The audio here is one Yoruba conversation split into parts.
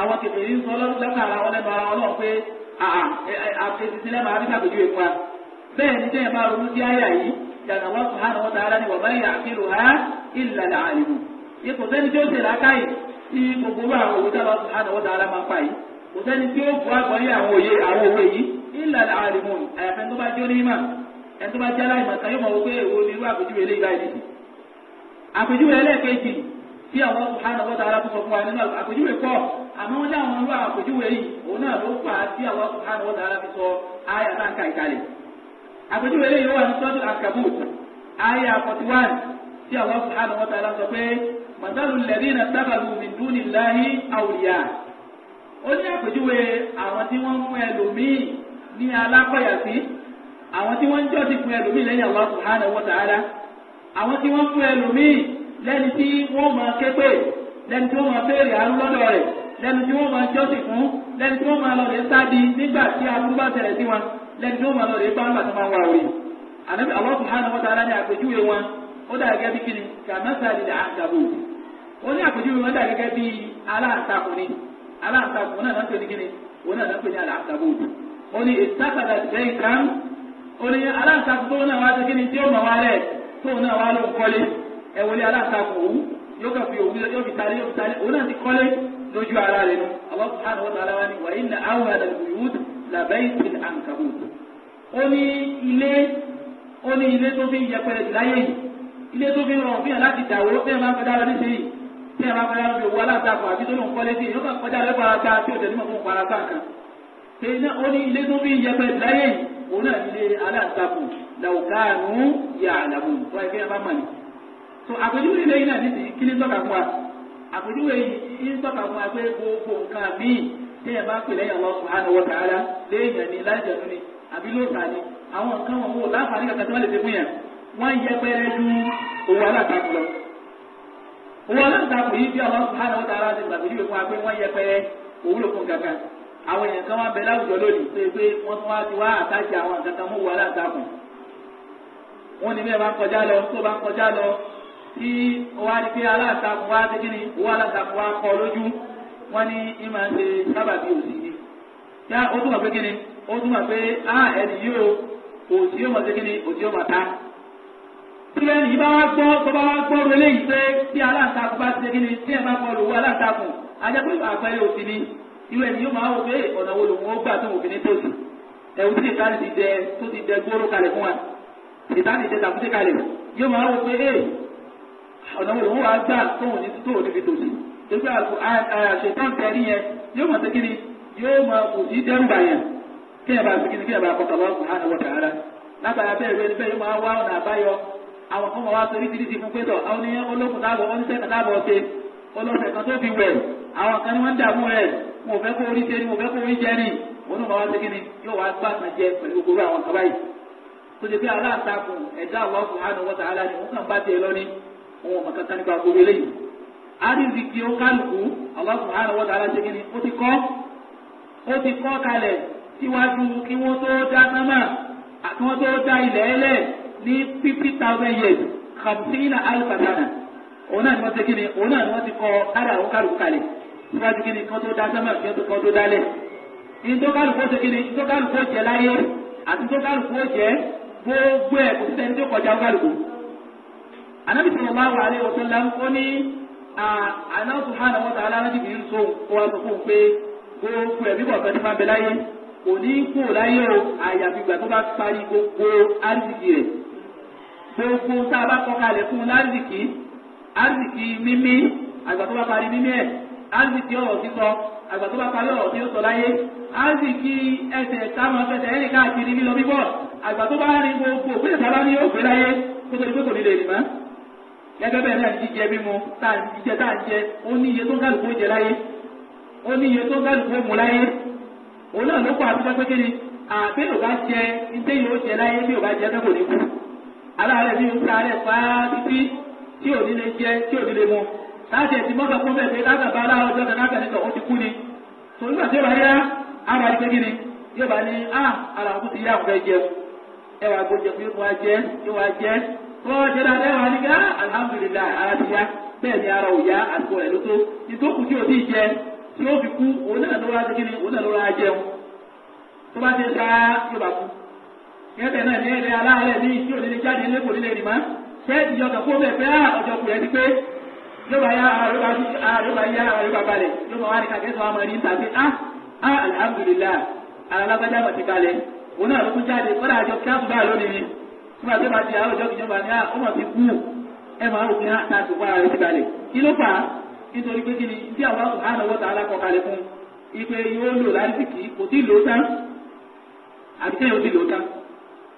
àwọn kẹfìrí ń sọ lọ́kàn ara wọn lẹ́nu ara wọn náà pé àfẹsísí lẹ́nu àbí sàpèjúwe fún wa bẹ́ẹ̀ ni bẹ́ẹ̀ máa ronú sí àyà yìí yàtọ̀ wọn sùn hàn wọn dára ni wọ́n máa ń yà àfihàn ha ìlànà àlìmù ipò sẹ́ni tí ó ṣe làákàyè tí gbogbo àwọn òwe táwọn sùn hàn wọn dára máa ń pa yìí kò sẹ́ni tí ó bu àgbọ̀nyé àwọn òye àwọn òwe yìí ìlànà àlìmù àyàfẹ́ tó bá jó ní ẹ̀ tó bá jẹ́ aláìmọ̀ tí àwọn subhanahu wa ta'ala tó sọ fún wa nínú àpèjúwe kọ́ àmọ́ wọn láwọn irú àpèjúwe yìí òun náà ló fà á tí àwọn subhanahu wa ta'ala fi sọ ayé àtàǹkà ìkàlẹ̀ àpèjúwe yìí wà ní sọ́dún àkàbùt ayé forty one tí àwọn subhanahu wa ta'ala sọ pé màdàlú lẹ́rìnà sábàlù min dunillahi awliya ó ní àpèjúwe àwọn tí wọ́n mú ẹlòmíì ní alákọ̀yàsí àwọn tí wọ́n ń jọ́ fún ẹlòmíì lẹ́yìn àwọn subhanahu wa ta'ala àwọn tí wọ́n fún ẹlòmíì lẹ́ni tí wọ́n máa ké pè lẹ́ni tí wọ́n máa béèrè àánú lọ́dọ̀ rẹ̀ lẹ́ni tí wọ́n máa jọ́sìn fún lẹ́ni tí wọ́n máa lọ rè sáàdì nígbà tí aburú bá tẹ̀lé sí wọn lẹ́ni tí wọ́n máa lọ rè bá ńlá tó máa wà wí. ànábi Allah subhanahu wa ta'ala ní àpèjúwe wọn ó dà gẹ́gẹ́ bí kíni kàmẹ́sàlì dà àgàbò ó ní àpèjúwe wọn dà gẹ́gẹ́ bí aláǹtakùnrin aláǹtakùnrin náà náà tó ní kíni òun náà náà tó ní aláǹtakùn ẹ wọlé alátakò òwú yóò kàn fi òwú yóò fi tali yóò fi tali òun náà ti kọ́lé lójú ara rẹ̀ nù Allah subhanahu wa ta'ala wa ni wa inna awhana al-buyut la baytul ankabut. ó ní ilé ó ní ilé tó fi yẹpẹrẹ jù láyé yìí ilé tó fi rọrùn fún yàrá ti dàwó bẹ́ẹ̀ máa ń kọjá lọ níṣẹ́ yìí tí ẹ máa kọjá lọ bí owó alátakò àbí tó ló ń kọ́lé sí yìí yóò kàn kọjá lẹ́kọ̀ọ́ ara ta tí ò tẹ̀síwọ̀n fún ọ̀pọ̀ ara ta kan ó ní ilé tó fi yẹpẹrẹ láyé yìí òun náà ilé aláǹtakùn làwùkáànù yà àlàbù tó ẹgbẹ́ bá mà ní tó àpèjúwe ilé yìí náà ní ti kí ní tọ́ka fún wa àpèjúwe yìí ní tọ́ka fún wa pé gbogbo nǹkan míì téèyàn bá pè lẹ́yìn Allah subhanahu wa ta'ala léèyàn ní lájẹ̀nu ni àbí lóòótá ni àwọn nǹkan wọn wò láǹfààní kankan tí wọ́n lè fi fún yẹn wọ́n yẹpẹrẹ ju owó alátakùn lọ. owó alátakùn yìí bí Allah subhanahu wa ta'ala ti gbàgbéjúwe fún wa pé wọ́n yẹpẹrẹ òwú ló fún kankan àwọn èèyàn kan wá bẹ láwùjọ lónìí pé pé wọ́n tún wá ti wá àtàkì àwọn kankan mú owó alátakùn. wọ́n ní bẹ́ẹ̀ bá ń kọjá lọ tó bá ń kọjá lọ tí wọ́n á di pé aláàtakùn wa ti kíni wọ́n aláàtakùn wa kọ́ lójú wọ́n ní ìmọ̀ ṣe sábàbí òsì yìí. yá ó túmọ̀ pé kíni ó túmọ̀ pé á ẹni yìí o òsì yóò mọ̀ ṣe kíni òsì yóò mọ̀ ta. sílẹ̀ ní bá wá gbọ́ tó bá wá gbọ́ relé yìí pé tí aláàtakùn bá ti ṣe kíni tí ẹ bá kọ́ lòwú aláàtakùn ajẹ́pẹ́ àpẹẹrẹ òsì ni irú ẹni yóò máa wò pé ọ̀nà wo lòun ó gbà tó òfin ní tòsí ẹ̀wù tí ìtàn ti dẹ tó ti dẹ gbóró kalẹ̀ fún wa ìtàn ọ̀nà wo lòun wá gbà tóun ní tóun níbi tòsí tóbi àlùkò àṣetán tẹ̀lé yẹn yóò mọ̀ sékìní yóò mọ̀ kò sí dẹ́rùbà yẹn kéèyàn bá sékìní kéèyàn bá kọ́kọ́ lọ́wọ́ kò hánà wọ̀tà ara látara bẹ́ẹ̀ bẹ́ẹ̀ bẹ́ẹ̀ yóò máa wá ọ̀nà àbáyọ àwọn kan máa wá sórí ti ti fún pé tọ̀ àwọn oníyẹn olókùn táàbọ̀ oníṣẹ́ kan táàbọ̀ ṣe olóṣẹ̀ kan tó fi wẹ̀ àwọn kan ní wọ́n ń dààmú rẹ̀ mo fẹ́ kó orí ṣe ni mo fẹ́ kó orí jẹ ni òun náà máa wá sékìní yóò wá gbà kan jẹ pẹ̀lú gbogbo àwọn kan báyìí tó ṣe pé aláǹtakùn ẹ̀dá àwọn ọkùnrin àánú wọ́tà ara ni òun kàn bá tiẹ̀ lọ ni wọn ò mọ kankan nípa gbogbo eléyìí àrísìkì ó kálukú Allah subhanahu wa ta'ala ṣe kí ni ó ti kọ́ ó ti kọ́ kalẹ̀ síwájú kí wọ́n tó dá sánmà àti wọ́n tó dá ilẹ̀ ẹlẹ̀ ní fifty thousand years khamsina alfa sana òun náà ni wọ́n ṣe kí ni òun náà ni wọ́n ti kọ́ ara ó kálukú kalẹ̀ síwájú kí ni kí wọ́n tó dá sánmà kí wọ́n tó dálẹ̀ ìdókàlùkù ó ṣe kí ni ìdókàlùkù ó jẹ láyé àti ìdókàlùkù ó jẹ gbogbo ẹ̀ kò sí anabi sallallahu alayhi wa sallam ó ní àná subhanahu wa ta'ala alájì kì í so kó wa sọ fún un pé gbogbo ẹ̀mí kọ̀ọ̀kan ti máa bẹ láyé kò ní kú láyé o àyàfi ìgbà tó bá parí gbogbo arzikì rẹ̀ gbogbo tá a bá kọ́ kalẹ̀ fún un lárzikì arzikì mímí àgbà tó bá parí mímí ẹ̀ arzikì ọ̀rọ̀ sísọ àgbà tó bá parí ọ̀rọ̀ tí ó sọ láyé arzikì ẹsẹ̀ táwọn ẹsẹ̀ ẹ̀rìn káàkiri lílọ bíbọ̀ àgbà tó bá rin gbogbo òpin ìtàlá ni yóò gbé láyé kó tó di pé lè rìn mọ́ gẹ́gẹ́ bẹ́ẹ̀ náà jíjẹ mímu tá à ń jíjẹ tá à ń jẹ ó ní iye tó ń kálukú jẹ láyé ó ní iye tó ń kálukú mu láyé òun náà ló kọ́ àtúntò pé kéde àbí ò bá jẹ iṣẹ́ yìí ó jẹ láyé bí ò bá jẹ mẹ́kò ní kú aláàárẹ̀ bí ń ta rẹ̀ fáá títí tí ò ní lè jẹ tí ò ní lè mu láti ẹ̀sìn mọ́tò kún bẹ́ẹ̀ pé lágbàbá aláwọ̀ ọjọ́ kan lágbàdì kan ó ti kú ni tòun náà tí ó bá yá ara rí pé kí ni yóò bá ní á ah, ara òkú ti yá òun fẹ́ jẹun wọ́n ṣe dáadáa wà ní gá alhamdulilayi ara ti yá bẹ́ẹ̀ ni ara ò yá àtúkọ̀ rẹ̀ lótó ìtòkù tí o ti jẹ tí o fi kú òun náà ló ra kíni òun náà ló ra jẹun tó bá ti ṣá yóò bá kú. gẹ́gẹ́ náà ní ẹ̀rẹ́ aláàárẹ̀ ní tí òní lè jáde ilé kò ní lè rìn mọ́ ṣẹ́ẹ̀tì yọkàn fún bẹ́ẹ̀ pé ah, ọjọ́ kù rẹ̀ ti pé yóò bá yá ara yóò bá yá ara yóò bá balẹ̀ yóò bá wà ní kàkẹ́ sọ àmọ́ ah, ní tàbí á á ah, alhamdulilayi ara lágbájá mọ̀ ti balẹ̀ òun náà ló tún jáde kọ́dà àjọ kí nígbà tó bá di àárọ̀ ọjọ́ kìjọba ni ó mọ̀ ti kú ẹ máa rò pé á ah, ta àsopọ̀ ara rẹ̀ ti kí ló fà á nítorí pé kí ni tí àwọn subhanahu wa ta'ala kọ kalẹ̀ fún ipe yóò lò lárísìkì kò tí ì lò tán àbí tẹ́yìn ó ti lò tán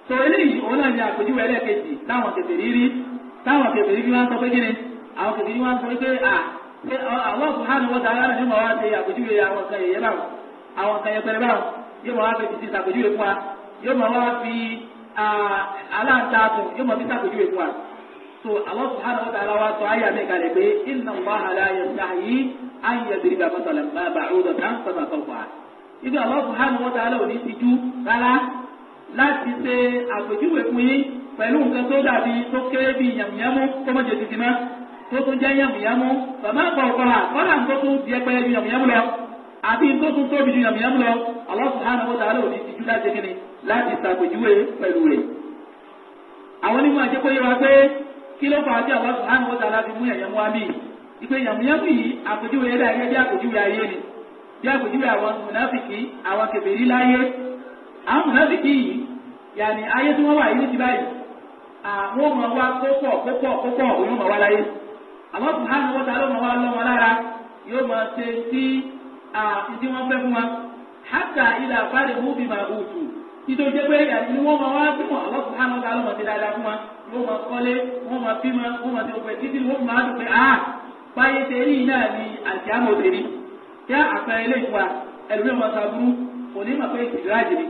so eléyìí òun náà ni àpèjúwe ẹlẹ́ẹ̀kejì táwọn kẹfẹ́ rírí táwọn kẹfẹ́ rírí wọn sọ pé kí ni àwọn kẹfẹ́ rírí wọn sọ pé à ah, àwọn subhanahu wa ta'ala ni mo wá ṣe àpèjúwe àwọn kan yẹ̀yẹ́ báwọn àwọn kan yẹpẹrẹ báwọn yóò máa wá fi ti ṣàpèjúwe fún wa Ah, aláǹtaàtò yóò mọ bí sàkójú ìfún e wa so Allah subhanahu wa ta'ala wa sọ ayé àmì ìkàlẹ̀ pé inna Allaha la yastahi an yadriba mathalan ma ba'udatan fama fawqaha ibi Allah subhanahu wa ta'ala ò ní ti jú rárá láti ṣe àpèjúwe fún yín pẹ̀lú nǹkan tó dàbí tó kéré bíi yàmùyàmù tó mọ̀ jẹ́ títí mọ́ tó tún jẹ́ yàmùyàmù fama fawqaha kọ́là tó láti ṣàpèjúwe pẹ̀lú rẹ̀. àwọn onímọ̀ àjẹkọ́ yẹ wa pé kí ló fà á bí àwọn sùhánù wọ́n sàlá fi mú ẹ̀yẹ̀mú wa míì ìpè yàmùyàmù yìí àpèjúwe yẹn dáa bí àpèjúwe ayé ni bí àpèjúwe àwọn mùnàfìkì àwọn kèfèrí láyé àwọn mùnàfìkì yìí yàní ayé tí wọ́n wà yìí ní ti báyìí àwọn ọmọ wa kópọ̀ kópọ̀ kópọ̀ òun mọ̀ wá láyé àwọn sùhánù wọ́n sàlá ọmọ wa lọ́mọ lára yóò máa ṣe títọ́ jẹ́ pé ìyàtọ̀ ni wọ́n máa wá sí wọn àwọn sùn hánà dáhùn àti dáadáa fún wa wọ́n máa kọ́lé wọ́n máa bímọ wọ́n máa tẹ̀wọ́ pé títí wọ́n máa dùn pé ah báyé tẹ̀lé náà ni àjàmọ̀ tẹ̀lé yá àpẹẹrẹ lè wa ẹ̀lùmí wọn ta burú òní mà pé ìsìláàjì ni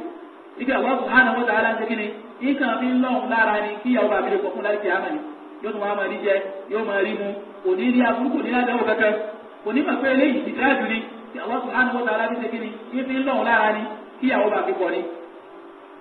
ibi àwọn sùn hánà wọn dáhùn àti kíni nǹkan fi ń lọ́hùn lára ni kí ìyàwó bàbí lè kọ̀ fún láti àmà ni yóò tún wá máa rí jẹ yóò máa rí mu òní ìyàwó bàbí kọ̀ ni.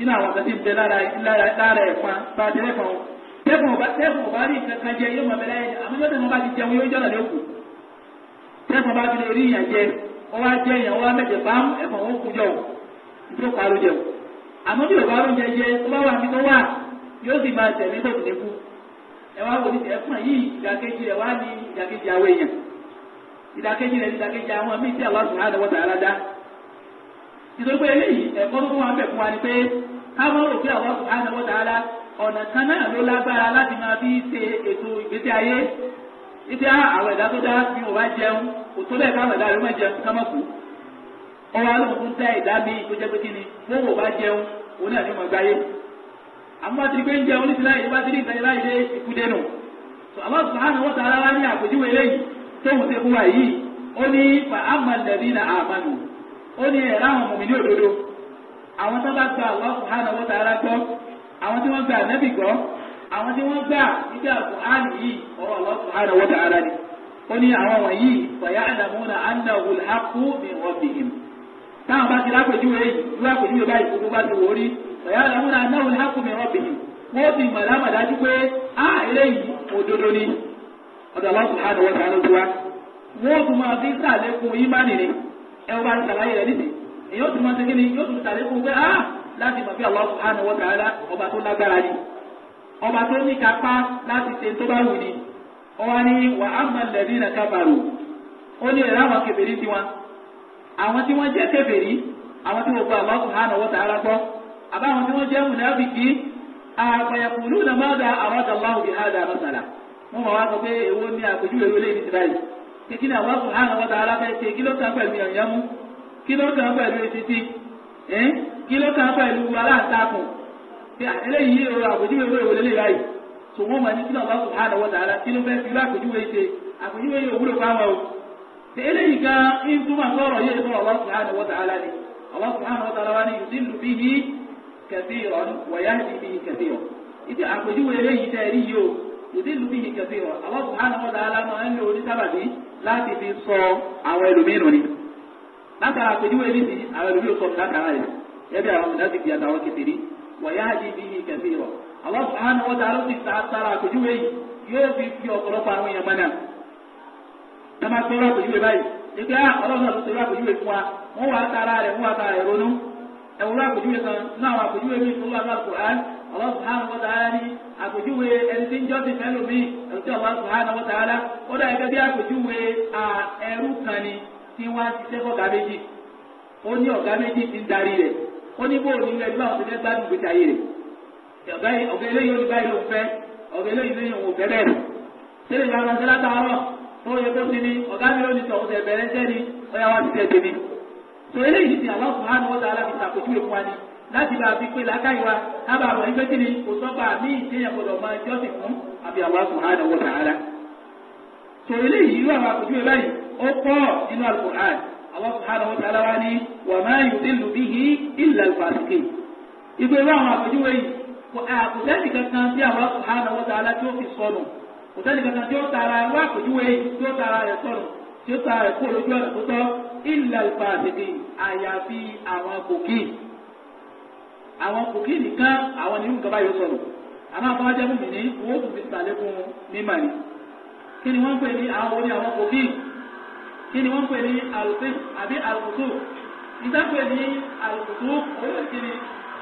nínú àwọn kan tí ń bẹ lára lára ẹ̀fọn bá a tẹ́lẹ̀ fún tẹ́fún ọba tẹ́fún ọba rí nǹkan kan jẹ yóò máa bẹ̀rẹ̀ ẹ̀yìn àmọ́ tẹ́fún ọba ti jẹun yóò jọ̀nà lóko tẹ́fún ọba ti lè rí ìyàn jẹ ọba jẹ ìyàn ọba mẹ́jẹ bám ẹ̀fọn ó kújọ o ìdúró parọ́ jẹ o àmọ́ bí ọba oúnjẹ jẹ ọba wà mí tó wà yóò sì máa tẹ̀lé tó ti dínkù ẹ wá wòlíì ẹ̀fọn yìí ìdàkejì rẹ̀ wá ní ìdàkejì àwọn èèyàn ìdàkejì rẹ̀ ìdàkejì àwọn míì tí àwọn àtúnwá káwọn rò pé àwọn subhanahu wa ta'ala ọ̀nà kan náà ló lágbára láti máa fi ṣe ètò ìgbésí ayé ibi àwọn ẹ̀dá tó dá bí wọ́n bá jẹun kò tó bẹ́ẹ̀ káwọn ẹ̀dá rẹ̀ máa jẹun ká má kú ọwọ́ alóhùn ń mi tó jẹ́ pé kí ni bó wọ́n bá jẹun òun náà ni mo ń jẹun ní ti ní láyé dé ikú dénú àwọn tó bá gba Allah subhanahu wa ta'ala gbọ́ àwọn tí wọ́n gba ànábì gbọ́ àwọn tí wọ́n gbà nígbà Al-Qur'an yìí ọ̀rọ̀ Allah subhanahu wa ta'ala ni ó ní àwọn wọ̀nyí fa ya'lamuna annahu al-haqqu min rabbihim táwọn bá ti lápèjúwe yìí irú àpèjúwe báyìí gbogbo bá ti wòórí fa ya'lamuna annahu al-haqqu min wọ́n ti màdámàdájú wọ́n tún máa fi sàlékún ìmánì ni èyí ó tún máa segin ni yóò tún tàlẹ́ fún un pé ah láti mọ̀ bí Allah subhanahu wa ta'ala ọba tó lágbára ni ọba tó ní kápá láti ṣe tó bá wù ni ọwọ́ ni wà á mọ lẹ́bí rẹ̀ kábàrò ó ní ẹ̀rọ àwọn kèfèrí tiwọn àwọn tí wọ́n jẹ́ kèfèrí àwọn tí wọ́n gba Allah subhanahu wa ta'ala gbọ́ àbáwọn tí wọ́n jẹ́ mùnàfíkì àpàyàkùnú nà má da àrọ́dà aláwọ̀ bí hàdà àrọ́sàlà wọ́n mọ̀ wá sọ pé èwo ni àpèjúwe wọlé ní ti báyìí kékeré Allah subhanahu wa ta'ala fẹ́ ṣe kí kí ló kàn pẹ̀lú etiti kí ló kàn pẹ̀lú aláǹtakùn eléyìí èrò àpèjúwe owó èwo lélẹ̀ báyìí tó wọ́n mọ̀ ní kí lọ́ba subhanahu wa ta'ala kí ló fẹ́ fi irú àpèjúwe ṣe àpèjúwe yìí òwúlò fáwọn o eléyìí kan ń túmọ̀ sọ̀rọ̀ yìí fún Allah subhanahu wa ta'ala ni Allah subhanahu wa ta'ala wa ni yudillu bihi kathiran wa yahdi bihi kathiran ìdí àpèjúwe eléyìí tẹ̀ ẹ̀rí yìí o yudillu bihi kathiran Allah subhanahu wa ta'ala máa látara àpèjúwe ní ti àwọn ẹlòmíì sọ látara rẹ̀ ẹbí àwọn mùnàfi di àtàwọn kékeré wọ̀nyá àti ibi ní kẹfì rọ̀ àwọn sùhánù wọ́n darọ́ sí tara àpèjúwe yìí yóò fi fi ọ̀pọ̀lọpọ̀ àwọn èèyàn mọ́nà ẹ máa gbọ́ àpèjúwe báyìí ìgbà ah, ọlọ́run náà tó ṣe àpèjúwe fún wa wọ́n wà tara rẹ̀ wọ́n wà tara ronú ẹ̀wọ̀n àpèjúwe kan náà àpèjúwe mi fún wa lọ́kùn án Allah subhanahu wa ta'ala ni àpèjúwe ẹni tí ń jọ́sìn fẹ́lómi ẹ̀rù tí Allah subhanahu wa ta'ala ó dá ẹgbẹ́ bí àpèjúwe ẹrú kan ni tí wá ti sẹ́kọ̀ọ́ ọ̀gá méjì ó ní ọ̀gá méjì ti ń darí rẹ̀ ó ní bóòlù ilẹ̀ nígbà wọn ti fẹ́ gbádùn gbèsè ayé rẹ̀ ọ̀gá eléyìí olùgbà yìí ló fẹ́ ọ̀gá eléyìí bẹ́ẹ̀ sílẹ̀ tó yẹ kó ọ̀gá mi ló ní bẹ̀rẹ̀ jẹ́ ni ó yà ti tẹ̀ láti bá a fi pé làákàyè wa á bá a kò ó pọ̀ nínú alukur'an Allah subhanahu wa ta'ala wa ni wa ma yudillu bihi illa al-fasiqin ìgbé wa àwọn àpèjúwe yìí kò sẹ́ni kankan tí Allah subhanahu wa ta'ala tí ó fi sọnù kò sẹ́ni kankan tí ó tara wá àpèjúwe yìí tí ó tara rẹ̀ sọnù tí ó tara rẹ̀ kó lójú ọ̀nà tó tọ́ illa al àyàfi àwọn kòkì àwọn kòkì nìkan àwọn nínú gaba yóò sọnù àwọn orí kí ni wọ́n pè ní alùpùpù àbí alùpùpù ìtàpè ní alùpùpù òun náà ti ní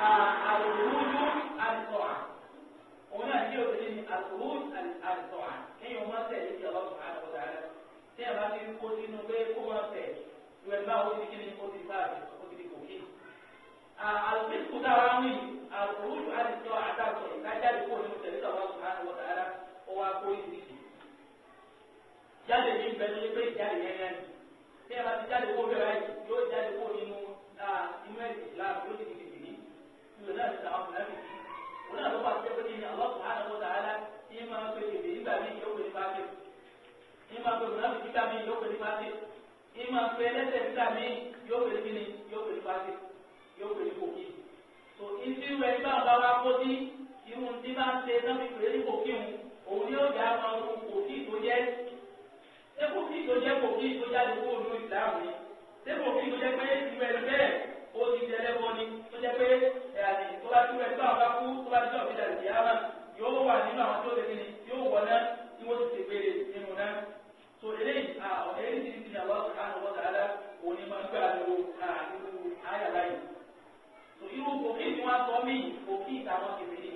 alùpùpù àlùsọ̀à òun náà ní òun ní alùpùpù àlùsọ̀à kéèyàn máa tẹ̀lé ní ọlọ́sùn àlùsọ̀à rẹ̀ tí a bá ti kó sínú pé kó máa tẹ̀ ìwé báwo ni kí ni ó ti bá ó ti di kòkí. alùpùpù táwa ń rìn alùpùpù àlùsọ̀à àtàkùn ìtajà ìkó ní tẹ̀lé ọlọ́sùn àlùsọ̀à rẹ̀ ó wá kó ìdí jáde ní ìfẹ́ tó yẹ pé jáde yẹn yẹn tí a bá ti jáde kó bẹ̀rẹ̀ ayé yóò jáde kó nínú inú ẹ̀sìn islam yóò ti di kìkìkì yóò náà ti sàwọn fúnra kìkì wọn náà ló bá tẹ́ pé kí ni Allah subhanahu wa ta'ala yìí máa ń pè kébè nígbà mí yóò pè ní fàákì yìí máa ń pè fúnra kìkì nígbà mí yóò pè ní fàákì yìí máa pè ẹlẹ́sẹ̀ nígbà mí yóò pè ní kíni yóò pè ní fàákì tó ìdí rẹ̀ nígbà bá wá kó sí irun tí máa ń ṣe náà fi pè ní kòkì ṣé kò kí tó jẹ́ kò kí tó jáde kó olú ìsìláàmù ni ṣé kò kí tó jẹ́ pé ìlú ẹni bẹ́ẹ̀ ó ti di ẹlẹ́wọ́ ni tó jẹ́ pé ẹ̀yàdì tó bá tún ẹ tó àwọn bá kú tó bá tún ọ̀gbìn àti àmà yóò wà nínú àwọn tó lẹ́ni yóò wọ̀ náà tí wọ́n ti ṣe gbére nínú náà so eléyìí àwọn eléyìí ti di àwọn àwọn ọ̀gá àdá òní máa gbé àdúró àdúró ayàlá yìí so irú òkè tí wọ́n sọ mí òkè ìtàwọn kìfìrí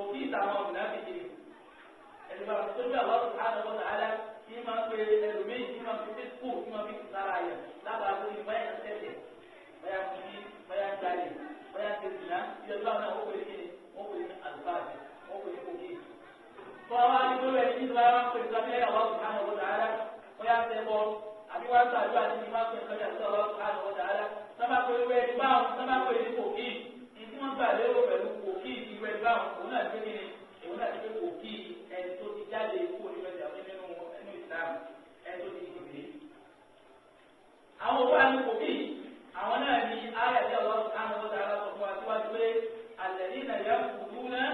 òkè ìtàwọn ọ̀gbìn àti kìfìrí ẹ̀dùnmọ̀ kí n máa pe ẹlòmíì kí n máa fi fésìkò kí n máa fi sára yẹ lábàá tó ní báyà tẹ̀lé báyà kùdí báyà jalè báyà tẹ̀síná ìjọba náà ó pèlè kíni ó pèlè ní àlùfáàdì ó pèlè kókè. tọ́wá nígbóló ẹni nígbà wá pè ní sábẹ́ ìyàwó àbùkánà wọ́n dáadáa báyà tẹ̀ bọ́ àbí wá sàdúrà ní ìmá pè ní sábẹ́ ìyàwó àbùkánà wọ́n dáadáa sábà pé wẹ́ ẹni báwọn sábà pé ní kòkì ìdí wọ́n gbà lérò pẹ̀lú kòkì ìwẹ̀ báwọn òun náà ti pé kíni òun náà ti pé kòkì ẹni tó ti jáde kúrò níbẹ̀ islam ẹ̀tọ́ ti kò dé. àwọn òkú àti kò bí àwọn náà ní ayé àti ọlọ́ àwọn ọ̀dà aláṣọ fún aṣíwájú pé àtẹ̀lé náà yẹ kúrú náà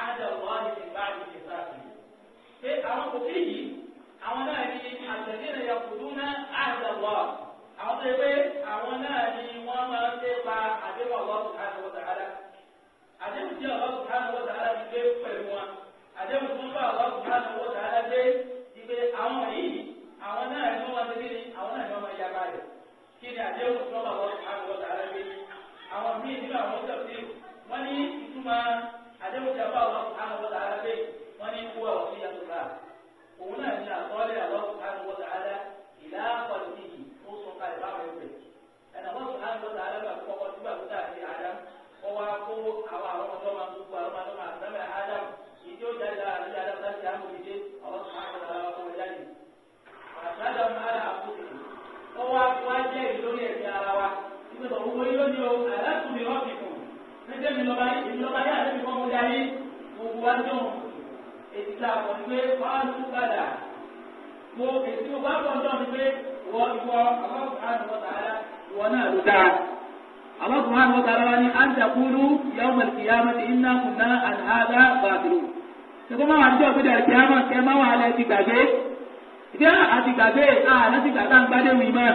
àádọ́ ọ̀rọ̀ àti ìgbà àti ìgbà pé àwọn yìí àwọn náà ni wọ́n ti kíni àwọn náà ni wọ́n máa yaba rẹ̀ kí ni àdéhùn tó bá wọ́n àwọn ọ̀tá rẹ̀ gbé àwọn míì nínú àwọn ọ̀tá rẹ̀ wọ́n ní ìtumọ̀ àdéhùn tó bá wọ́n àwọn ọ̀tá rẹ̀ gbé wọ́n ní kú àwọn sí yàtọ̀ bá òun náà ni àkọọ́lẹ̀ àwọn ọ̀tá rẹ̀ ìlà yìí ó sọ èyí ó jáde lára àti jáde láti jáde àmọ́ ìdíje ọ̀rọ̀ tó máa ń tẹ̀lé àwọn ọmọ jáde. àṣàjọ máa ń àkóso ọwọ́ àkókò ajẹ́ ìlórí ẹ̀sìn ara wa nígbà tó gbogbo yóò ní o àlàkùnrin ọ̀fìn kù nígbà mi lọ́ba yìí mi lọ́ba yìí àti mi kọ́ mo darí gbogbo wa dùn èyí tá a kọ̀ ní pé fáánù padà mo èyí tí mo bá kọ̀ ọjọ́ ni pé wọ ìwọ àkọ́kọ́ الله سبحانه وتعالى أن تقولوا يوم القيامة إنا كنا عن هذا غافلون ṣùgbọ́n máa wà ní ọ̀gbẹ́dẹ̀ àti àmọ́ kẹ máa wà lẹ́ ti gbàgbé ìgbẹ́ àti gbàgbé àlẹ́ ti gbàgbá ń gbádé wì mọ́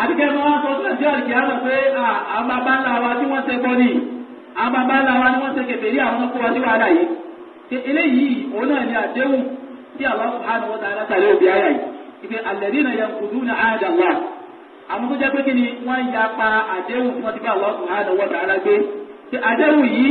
àbíkẹ́ máa wà sọ fún ẹ̀jẹ̀ àti àmọ́ pé àwọn bàbá ńlá wa tí wọ́n ṣe kọ́ni àwọn bàbá ńlá wa ni wọ́n ṣe kẹfẹ́rí àwọn kó wa sí wàhálà yìí eléyìí òun náà ni àdéhùn tí Allah subhanahu wa ta'ala tàlẹ́ òbí ayà yìí ìgbẹ́ alladhina yanquduna ahda Allah àwọn tó jẹ́ pé kí ni wọ́n ya pa àdéhùn tí wọ́n ti bá Allah subhanahu wa ta'ala gbé àdéhùn yìí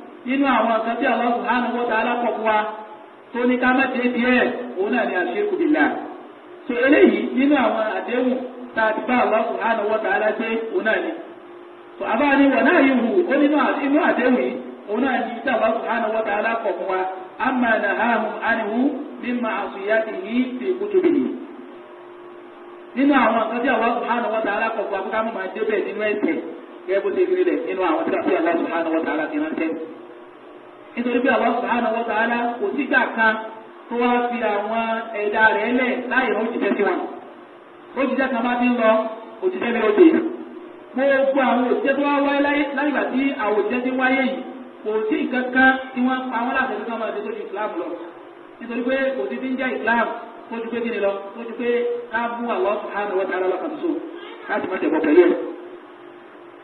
nínú àwọn nǹkan tí Allah subhanahu wa ta'ala kọ̀ fún wa tó ní ká má dé díẹ̀ òun náà ni àṣírkù tó eléyìí nínú àwọn àdéhùn tá a ti bá Allah subhanahu wa ta'ala gbé òun náà ni tó àbá ni wọ̀ náà yìí hù ó nínú inú àdéhùn yìí òun náà ni tí nítorí pé Allah subhanahu wa ta'ala kò sígbà kan tó wá fi àwọn ẹ̀dá rẹ̀ lẹ̀ láì rán òjìṣẹ́ sí wọn òjìṣẹ́ kan bá ti ń lọ òjìṣẹ́ mi ò dé gbogbo àwọn òjìṣẹ́ tó wá wáyé láyé láyìgbà tí àwọn òjìṣẹ́ ti wáyé yìí kò sí nǹkan kan tí wọ́n pa wọ́n láti ẹ̀sìn máa ṣe tó ju Islam lọ nítorí pé kò sí ti ń jẹ́ Islam tó ju pé kí ni lọ tó ju pé ká mú Allah subhanahu wa ta'ala lọ́kàn tó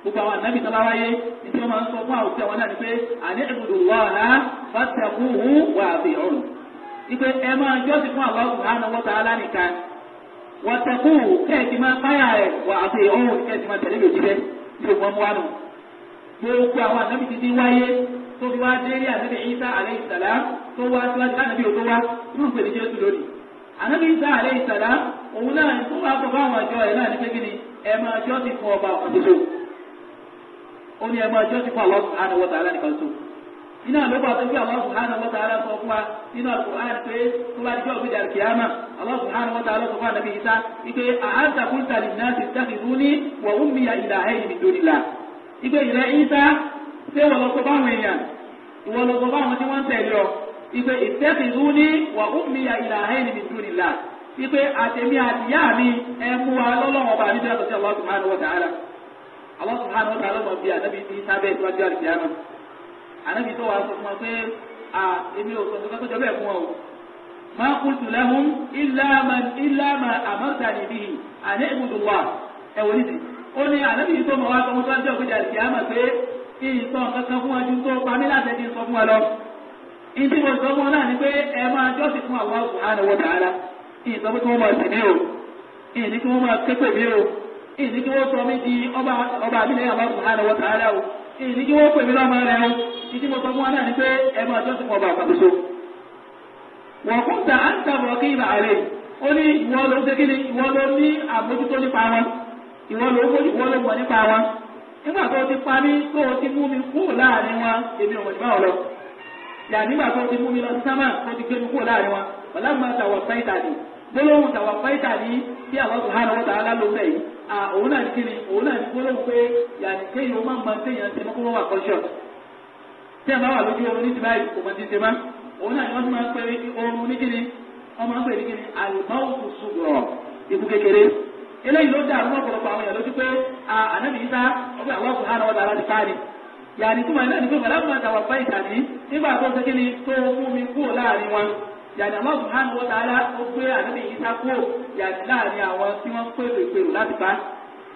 gbogbo àwọn ànábì tó bá wáyé ní tí wọ́n máa ń sọ fún àwùjọ wọn náà ni pé àní ibudullaha fattaquhu wa ati'un. ipe ẹ máa jọ́sìn fún Allah subhanahu wa ta'ala nìkan wattaquhu kẹ́ẹ̀sì máa páyà rẹ̀ wa ati'un kẹ́ẹ̀sì máa tẹ̀lé lòdì rẹ̀ ní ògbọ́n mú wánu. gbogbo àwọn ànábì ti ti wáyé tó fi wá dé rí ànábì Isa alayhi salam tó wá síwájú ànábì òtó wá tó wá sọ fún ó ní ẹ máa jọ́sìn fún Allah subhanahu wa ta'ala nìkan tó iná ló bá tó bí Allah subhanahu wa ta'ala sọ fún wa nínú Al-Qur'an pé tó bá dijọ́ òbí dàrí kìámà Allah subhanahu wa ta'ala sọ fún Ànábì Ìsá ìpè a'anta qulta linnasi ittakhiduni wa ummiya ilahayni min dunillah ìpè ìrẹ́ Ìsá ṣé wọ́n lọ sọ báwọn èèyàn ìwọ lọ sọ báwọn wọ́n ń tẹ̀lé ọ ìpè ittakhiduni wa ummiya ilahayni min dunillah ìpè àtẹ̀mí àtìyá mi ẹ mú wa lọ́lọ́wọ́ bá níbi àtọ̀sí Allah subhanahu wa ta'ala bí anabi ti sábẹ́ ìtọ́jú àlùkìyàmà anabi tó wàá sọ fún wa pé à èmi ò sọ nǹkan tó jọ bẹ́ẹ̀ fún ọ ma qultu lahum illa ma illa ma amartani bihi àní ìbùdó wa ẹ wò nídìí ó ní anabi tó mọ wá sọmọ tó ń jẹ́ òkúta àlùkìyàmà pé kí n sọ nǹkan kan fún wa ju tó pa mí láti ẹni sọ fún wa lọ ìdí mo sọ fún wa náà ni pé ẹ ìsì kí sọ mí di ọba ọba abilẹ̀ yàrá sùhánà wọ́n tààlà o ìsì kí pè mí lọ́mọ rẹ o ìdí mo sọ fún wa náà ni pé ẹ máa jọ́sìn ọba àkàtúnṣe. wọ́n kún ta à ń tàbọ̀ kí ibà rẹ̀ ó ní ìwọ ló ń ṣe kíni ìwọ ló ní àbójútó nípa wọn ìwọ ló ń ìwọ ló ń wọ nípa wọn nígbà tó ti pa mí tó o ti mú mi kú láàrin wọn èmi ò mọ̀ nípa ọ̀rọ̀ yà nígbà tó ti mú mi lọ sí sámà tó ti gbé mi kú láàrin wọn ọ̀làmọ̀ gbólóhùn tàwàfáìtà ní tí àwọn sùhánà wọn tàá lálọ́ bẹ́ẹ̀ yìí à òun náà kiri òun náà gbólóhùn pé yàtí kéèyàn máa ń máa ń téèyàn ṣe mọ́kúrò wà kọ́ṣọ́ tí a bá wà lójú oorun ní ti báyìí kò mọ̀ ti ṣe má òun náà ni wọ́n ti máa ń pè oorun ní kiri wọ́n máa ń pè ní kiri àlùbáwòkù sùgbọ̀rọ̀ ikú kékeré eléyìí ló dàrú ọ̀pọ̀lọpọ̀ àwọn èèyàn lójú pé ànábì yìí sá àwọn sùhánà wọn yàtí àwọn subhanahu wa ta'ala ó gbé ànábì Ìsá kú yàtí láàrin àwọn tí wọ́n pèrò ìpèrò láti bá.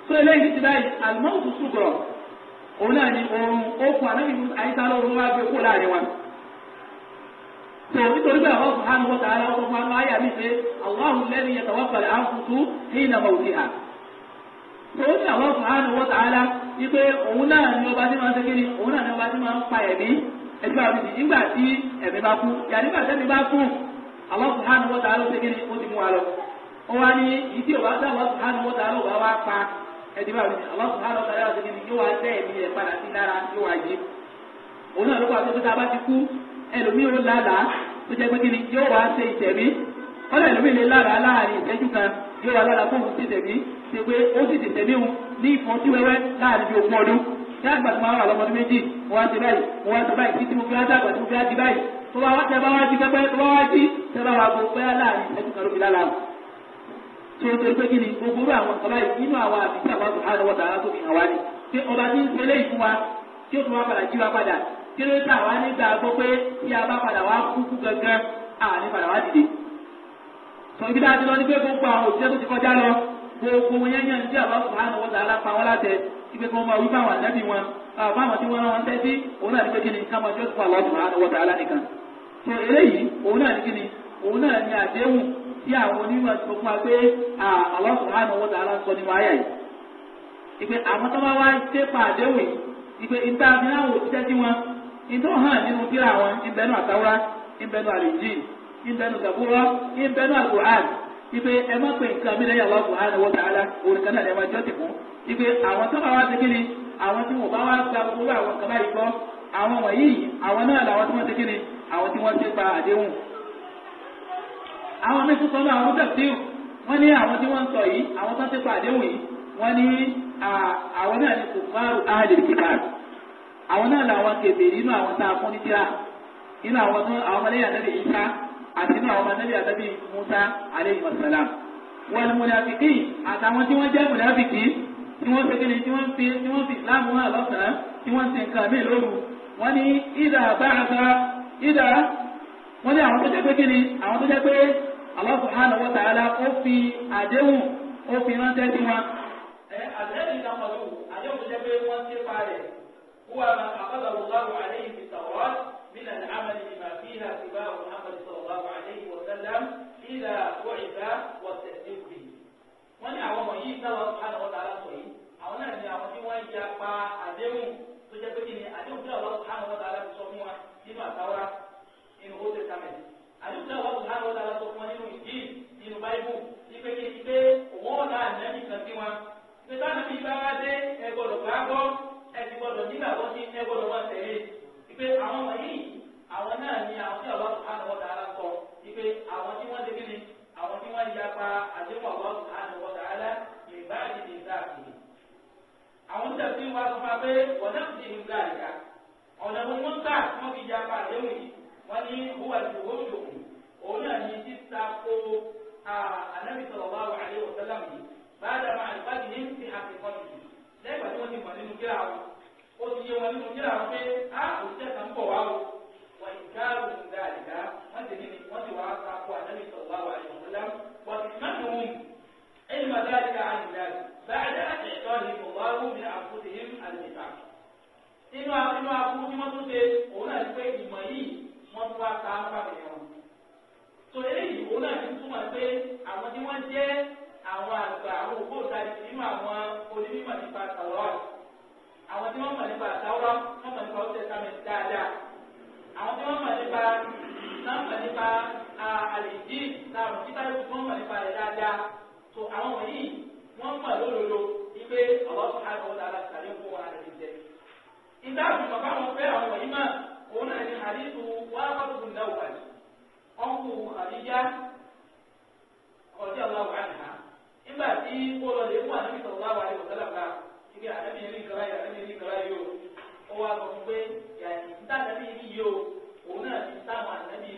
tó eléyìí ti báyìí àlùmọ́ọ̀tù sùgbọ̀rọ̀ òun náà ni oorun ó fún ànábì lọ́run wá gbé kú láàrin wọn. tó nítorí pé àwọn subhanahu wa ta'ala ó fún àwọn àyà mi pé Allahu alladhi yatawaffal anfusu hina mawtiha. tó ní àwọn subhanahu wa ta'ala ipe òun náà ni ọba tí máa ń segin ni òun náà ni ọba tí máa ń pa ẹ̀mí ẹ̀mí Allah subhanahu wa ta'ala ṣe kíni ó ti mú wa lọ. ó wá ní ìdí ọba tí Allah subhanahu wa ta'ala ọba wa pa ẹdí bá wípé Allah subhanahu wa ta'ala ṣe kíni yóò wá tẹ́ ẹ̀mí ẹ̀ padà sí lára yóò wá yé. òun náà ló kọ́ àti sọ́tà bá ti kú ẹlòmíì ó lálàá tó jẹ́ pé kíni yóò wá ṣe ìtẹ̀mí. ọ̀nà ẹlòmíì lè lálàá láàrin ìtẹ́jú kan yóò wá lọ́la fóun ti tẹ̀mí ṣe pé ó sì tó bá wá tẹ bá wá jí pẹpẹ tó bá di jí tẹ bá wá gbó pẹ láàrin ẹtù kan ló fi lára o tí o tó pé kí ni gbogbo bá àwọn kaba yìí nínú àwọn àbí sábà tó hàn wọ́n tààrà tó fi hàn wá ni tí ọba tí ń ṣẹlẹ̀ yìí fún wa tí o tó wá padà jí wa padà kí ló tà wá nígbà gbọ́ pé bí a bá padà wá kúkú gangan à ní padà wá dìde sọ ibi dáa ti lọ ní pé gbogbo àwọn òṣìṣẹ́ tó ti kọjá lọ gbogbo yẹn yẹn tí àbá sùn hàn wọ́n tààrà wọn fáwọn tí ṣe eléyìí òun náà ní kíni òun náà ní àdéhùn tí àwọn onímọ̀ tó pé sọ nínú ayà yìí. ìpè àwọn tó bá wá ṣe pa àdéhùn yìí ìpè ìta abináwò ṣiṣẹ́ sí wọn ìtò hàn nínú kíra wọn àtàwọ́rá àlèjì ìpè ẹ má pè nǹkan mi lẹ́yìn Allah subhanahu wa ta'ala òun náà lè máa jọ́ àwọn wọ̀nyí àwọn náà làwọn tí wọ́n àwọn tí wọ́n ti pa àdéhùn. àwọn mi tún sọ náà àwọn tẹ̀síù wọ́n ní àwọn tí wọ́n ń sọ yìí àwọn tó ti pa àdéhùn yìí wọ́n ní àwọn náà ní kùfàrù áàdìrì kìkàrù àwọn náà làwọn kèbè nínú àwọn tá a fún ní tíra nínú àwọn tó àwọn ọmọlẹ́yìn àtẹ́bí Ìsá àti nínú àwọn ọmọlẹ́yìn àtẹ́bí Musa aleyhi wa salam wal munafiki àtàwọn tí wọ́n jẹ́ munafiki tí wọ́n ṣe kíni tí wọ́n fi tí wọ́n fi Islam wọn àlọ́sàn-án tí wọ́n ṣe nǹkan mí lóru wọ́n ní ìdá àbáàbá ìdá wọ́n ní àwọn tó jẹ́ pé kí ni àwọn tó jẹ́ pé Allah subhanahu wa ta'ala ó fi àdéhùn ó fi ránṣẹ́ sí wọn. ẹ àtẹ́lẹ̀ ìdá pọ̀lú àdéhùn tó jẹ́ pé wọ́n ti pa rẹ̀ wúwa ma àkọ́lá wùdáwù àlẹ́ yìí ti tọ̀wọ́ mílẹ̀ ní amẹ́lì ìmà bí ilà ti bá àwọn amẹ́lì sallallahu alayhi wa sallam ilà wọ ìdá wọ tẹ̀sí òbí. wọ́n ní àwọn wọ̀nyí náà wọ́n yapa àdéhùn tó nínú àtàwọ́rá nínú old testament àdúgbò àwọn ọ̀sán àwọn ọ̀sán aláṣọ fún wọn nínú ìdí nínú báíbù ipe kí n pé òun ọ̀nà ànábì kan sí wọn pé báwọn bí bá wá dé ẹ gbọdọ̀ gbà gbọ́ ẹ ti gbọdọ̀ nígbàgbọ́ sí ẹ gbọdọ̀ wọn tẹ̀lé ipe àwọn wọ̀nyí àwọn náà ni àwọn tí àwọn ọ̀sán àwọn ọ̀sán aláṣọ ipe àwọn tí wọ́n ti kí ni àwọn tí wọ́n yapa àdéhùn àwọn ọ̀sán àwọn ọ̀sán alá ìbáàdì ní sáà kìí àwọn tí a ti wá sọ fún wa pé wọ́n náà ti ń gbà yìí ọ̀nà gbogbo gbà tí wọ́n fi yapa àdéhùn yìí wọ́n ní owó àdìgbò ṣòwò òun náà ní títa kó ànábì sallallahu alaihi wasallam yìí báyà máa àdìbàdì ní ti àfikọ́tì lẹ́gbàá tí wọ́n ti mọ̀ nínú kíra wọn ó ti yé wọn nínú kíra wọn pé á òṣìṣẹ́ kan bọ̀ wá o wọ́n ti ká òun wọ́n ti ní wọ́n ti wá sáko ànábì sallallahu alaihi wasallam wọ́n ti mẹ́nu علم ذلك inú inú aburú tí wọ́n tún ṣe òun náà ti pé ìmọ̀ yìí wọ́n tún wá ta fàmì wọn. tó eléyìí òun náà ti túmọ̀ pé àwọn tí wọ́n jẹ́ àwọn àgbà àwọn ògbóǹtarì nínú àwọn onímọ̀ nípa àtàwọ̀ àwọn tí wọ́n mọ̀ nípa àtàwọ̀ wọ́n mọ̀ nípa ọ̀sẹ̀ sámi dáadáa àwọn tí wọ́n mọ̀ nípa náà mọ̀ nípa àlèjì láàrùn títà yóò tún mọ̀ nípa rẹ̀ dáadáa tó àwọn wọ̀nyí wọ́n mọ̀ lólòlò wípé ọ̀rọ̀ sùn ìdá àfihàn káwọn fẹ́ àwọn wọ̀nyí mà òun náà ní àdìsù wà fọ́tò ńdáwó àdì ọ̀nkù àdìyá ọ̀dí aláwọ̀ àdìhà nígbà tí ó lọ lè wà níbi sọ̀rọ̀ láwọ̀ àdìhà ọ̀dọ́làgbà ibi àdàbí yẹn ní ìkàrà yìí àdàbí yẹn ní ìkàrà yìí o ó wà sọ fún pé ìdá àdàbí yẹn yìí o òun náà ti sáwọn àdàbí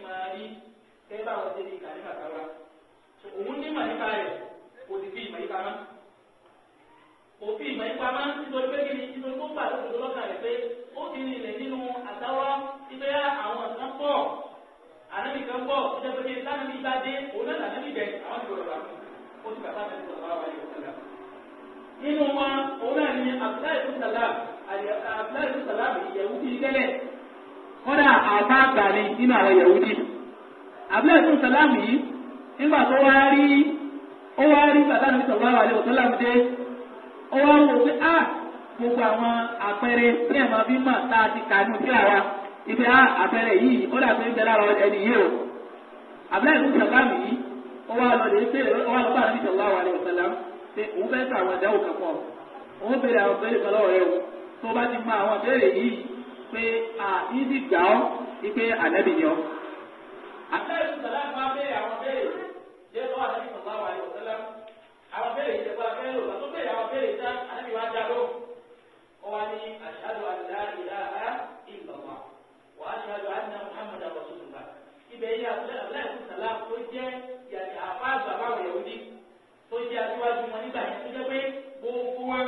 òfin ìmọ̀ ipa máa ń títorí pé kíni títorí tó gbà lóṣù lọ́kàn rẹ̀ pé ó ti rìnlẹ̀ nínú àtàwọn ibẹ̀ àwọn kan pọ̀ ànábì kan pọ̀ tó jẹ́ pé kí lánàbí bá dé òun náà lànàbí bẹ̀ àwọn ti gbọdọ̀ làkú ó ti bàbá mi sọ̀rọ̀ wá wáyé òkúta. nínú wa òun náà ni abdullahi bin salam abdullahi bin salam yahudi tẹ́lẹ̀ kọ́dà àtàgbà ni nínú àwọn yahudi abdullahi bin salam yìí nígbà tó wá rí ó wá rí bàbá mi sọ̀rọ̀ wá wáyé òkúta ó wá wò pé á ah, gbogbo àwọn àpẹẹrẹ tí ẹ̀ máa fi mà tá a ti kà nù sí àwa ibi á àpẹẹrẹ yìí ó dà pé ń bẹ lára ẹni yìí o àbúlẹ̀ ìlú sàlámù yìí ó wá lọ lè pé ó wá lọ bá àbí sàlámù alẹ́ òsàlám pé òun fẹ́ sọ àwọn ìdáwó kan o òun béèrè àwọn béèrè kan lọ́wọ́ rẹ o tó bá ti mọ àwọn béèrè yìí pé à yìí ti gbà ọ́ ipe ànábì ni ọ́. àbúlẹ̀ ìlú sàlámù máa béèrè àwọn béèrè yẹ́n lọ́wọ́ àbí sàlámù alẹ́ òsàlám àwọn abẹ́rẹ́ ìjẹba abẹ́rẹ́ lò lọ́tún bẹ̀rẹ̀ àwọn abẹ́rẹ́ ìta àti wàá dá ló. ó wá ní ashhadu an la ilaha illallah wa ashhadu anna muhammadan rasulullah. ibẹ̀ yẹ abdullahi sàlá tó jẹ́ yàtì àfáàzù àbáwọ̀ yahudi tó jẹ́ aṣíwájú wọn nígbà yẹn tó jẹ́ pé gbogbo wọn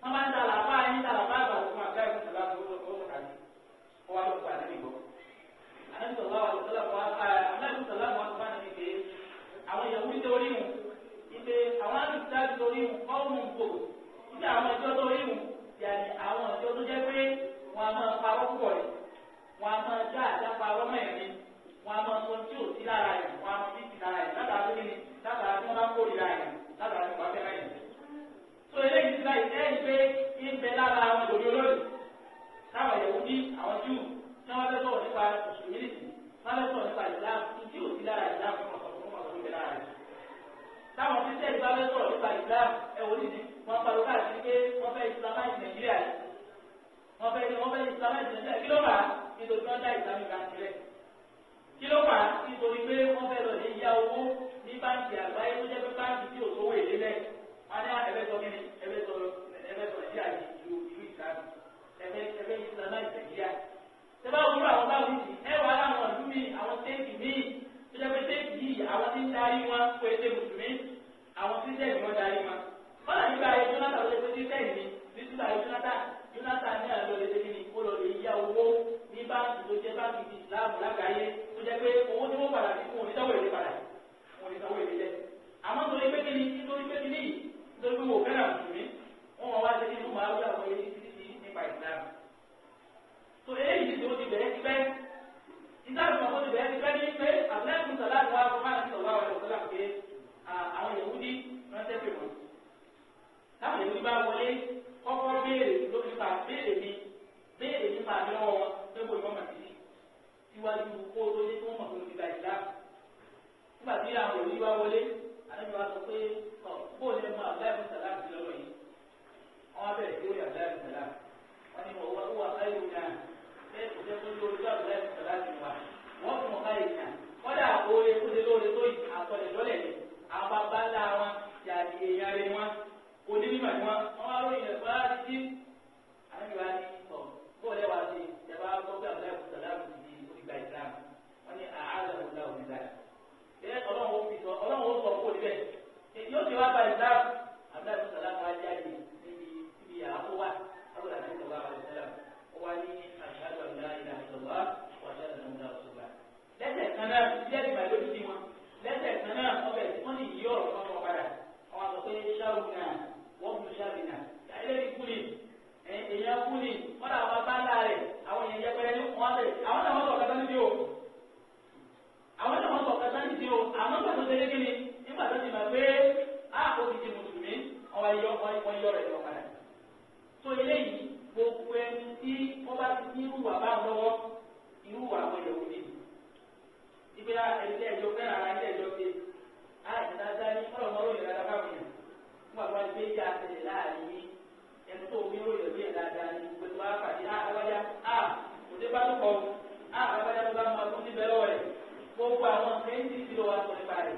wọn máa ń ta làbá yín ta làbá àgbà òkú àgbà ìlú pé àwọn àdùsá torí ọ̀hún kò nígbà àwọn ọjọ́ tó rí wọn yàtì àwọn ọjọ́ tó jẹ́ pé wọn a máa parọ́ púpọ̀ rẹ̀ wọn a máa já àjá parọ́ mẹ́rin wọn a máa sọ tí ò sí lára rẹ̀ wọn a máa fi sí lára rẹ̀ látara tó kíni látara tí wọ́n bá kó ìlà rẹ̀ látara tó wọ́n fẹ́ rẹ̀. tó eléyìí ti láì sẹ́yìn pé ibẹ̀ lára àwọn ìdòdó olóòlù táwọn ìyẹ̀wò ní àwọn júù tí wọ́n fẹ́ sọ̀rọ̀ nípa mùsùlùmí táwọn kristian bá fẹ́ sọ̀rọ̀ nípa islam ẹ wò nídìí wọn pariwo káàkiri pé wọn fẹ́ islamize nàìjíríà yìí wọn fẹ́ wọn fẹ́ islamize nàìjíríà kí ló fà á nítorí wọn dá islamic bank rẹ kí ló fà á nítorí pé wọn fẹ́ lọ lè ya owó ní báńkì àgbáyé tó jẹ́ pé báńkì tí ò sówó èlé lẹ wọn ní ẹ̀bẹ̀ sọ kí ni ẹ̀bẹ̀ sọ ẹ̀bẹ̀ sọ nàìjíríà yìí ju ju islam ẹ̀bẹ̀ ẹ̀bẹ̀ islamize nàìjíríà tẹ bá wúlò àwọn báwọn ìdí ẹ wà ìjọpẹ́tẹ́ yìí àwọn tí ń darí wọn kó ẹsẹ̀ mùsùlùmí àwọn tí sẹ́yìn wọn darí wọn. wọ́n náà nígbà ayé Jonathan ló ṣe sẹ́yìn ni nígbà ayé Jonathan Jonathan ní àlọ́ lè ṣe kíni kó lọ lè yá owó ní báńkì tó jẹ́ báńkì ti Islam lágbàáyé tó jẹ́ pé owó tí wọ́n padà sí fún oníṣòwò èlé padà fún oníṣòwò èlé jẹ́. àmọ́ torí pé kíni nítorí pé kíni nítorí pé wò fẹ́ràn mùsùlùmí wọ́n wọ́n wá ṣe kíni fún màálù àwọn èyí nípa Islam. tó eléyìí ti nítorí wọn kò tìbẹ̀ ẹni bẹ́ẹ̀ ní pé abdulayi sọlá ni wà á fún hàn sọlá wà lọ́sọ́ là pé àwọn yahudi ránṣẹ́ pè wọ́n. táwọn yahudi bá wọlé kọ́kọ́ béèrè lórí pa béèrè mi béèrè nípa mi lọ́wọ́ wọn pé kò ní wọ́n mọ̀ sí síwájú kó tó dé tó mọ̀ tó ti gba ìsìlámù. nígbà tí àwọn yahudi bá wọlé àlejò wa sọ pé ọ bóòlù ẹ̀ mọ abdulayi sọlá ti lọ́wọ́ yìí. wọ́n bẹ̀rẹ̀ lórí abdulayi sọlá wọ́n ní ṣé kò jẹ́ kó lórí tó àbúrò ẹ̀sìn tọ́lá ti wà wọ́n fún ọ̀ká ìjà kọ́dà oore kó ṣe lóore tó yìí àtọ̀lẹ̀ lọ́lẹ̀ ni àwọn bàbá ńlá wọn yàtì èèyàn rẹ wọn onímọ̀ ni wọn wọn wá lóyún ẹ̀kọ́ láti tí àwọn ìwà ni tọ̀ bó lẹ́ wá sí ìjọba gbọ́dọ̀ àbúrò ẹ̀sìn tọ́lá ti di olùgbà ìsìlámù wá ní àṣàdù àgbà ìlà àtọ̀wá wàṣàdù àgbà òṣùgbà. lẹ́sẹ̀ kan náà iṣẹ́ ìgbà ló ti wọn lẹ́sẹ̀ kan náà ọbẹ̀ wọ́n ní ìyí ọ̀rọ̀ kan wọn padà àwọn àgbà pé ṣáàrù náà wọ́n kú ṣáàrù náà ẹlẹ́rìí kú ni èèyàn kú ni wọ́n náà wọ́n bá ń láàrẹ̀ àwọn èèyàn yẹpẹrẹ ní wọn bẹ̀ àwọn náà wọ́n sọ̀ kátà nídìí o àwọn náà wọ́n sọ̀ kátà nídìí o àmọ́ pàtó tẹ́lẹ̀ kí ni nígbà tó ti máa gbé àkókò ti di mùsùlùmí ọ̀wọ́ ẹ̀yọ́ ọ̀yọ́ rẹ̀ lọ́kadà. so eléyìí gbogbo ẹni tí wọ́n bá ti ní ìrùwà bá lọ́wọ́ ìrùwà àwọn ẹ̀yọ̀ òde. ìgbéra ẹ̀dílé ẹ̀jọ́ fẹ́ràn ara ilé ẹ̀jọ́ ṣe àìsàdá ní ọlọ́mọ lóye rárá báwọn yẹn fún àwọn àti méjì àtẹlẹ láàrin yìí ẹni tó omi lóye lóye dáadáa ní pẹ̀lú àpàdé àbájá à òde bá tó kọ àbájá tó bá ah, ah, ah, máa tún níbẹ̀ lọ́wọ́ rẹ̀ gbogbo àwọn kẹ́hìn tí ti lọ wá sọ nípa rẹ̀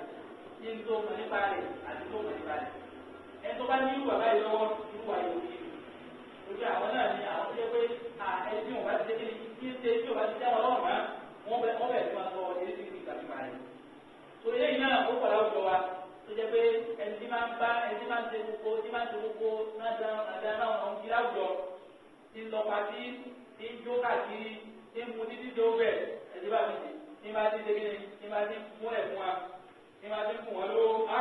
ní tó mọ̀ nípa rẹ̀ àti tó mọ̀ nípa rẹ̀ ẹni tó bá ní ìwà báyìí lọ́wọ́ torí àwọn náà ni àwọn tó yẹ pé ẹni tí ti ṣe kí n ṣe tí wọn ti ṣe àwọn ọlọ́run mọ́ bẹ wọn bẹ tí sọ eré tí kìí kàtúmọ̀ rẹ̀ torí lẹ́yìn náà ó padà wùdọ̀ wa tó jẹ́ pé ẹni tí máa ń bá ẹni tí máa ń ṣe gbogbo tí máa ń ṣe gbogbo náà dáná àwọn ọmọ ìlà wùdọ̀ ti lọ pàtí ti ń jó káàkiri ti ń mu títí dóbẹ̀ ẹ̀dí bá mi ṣe ní máa ti ṣe kíni ní máa ti mú ẹ̀ fún wa ní máa ti fún wọn ló á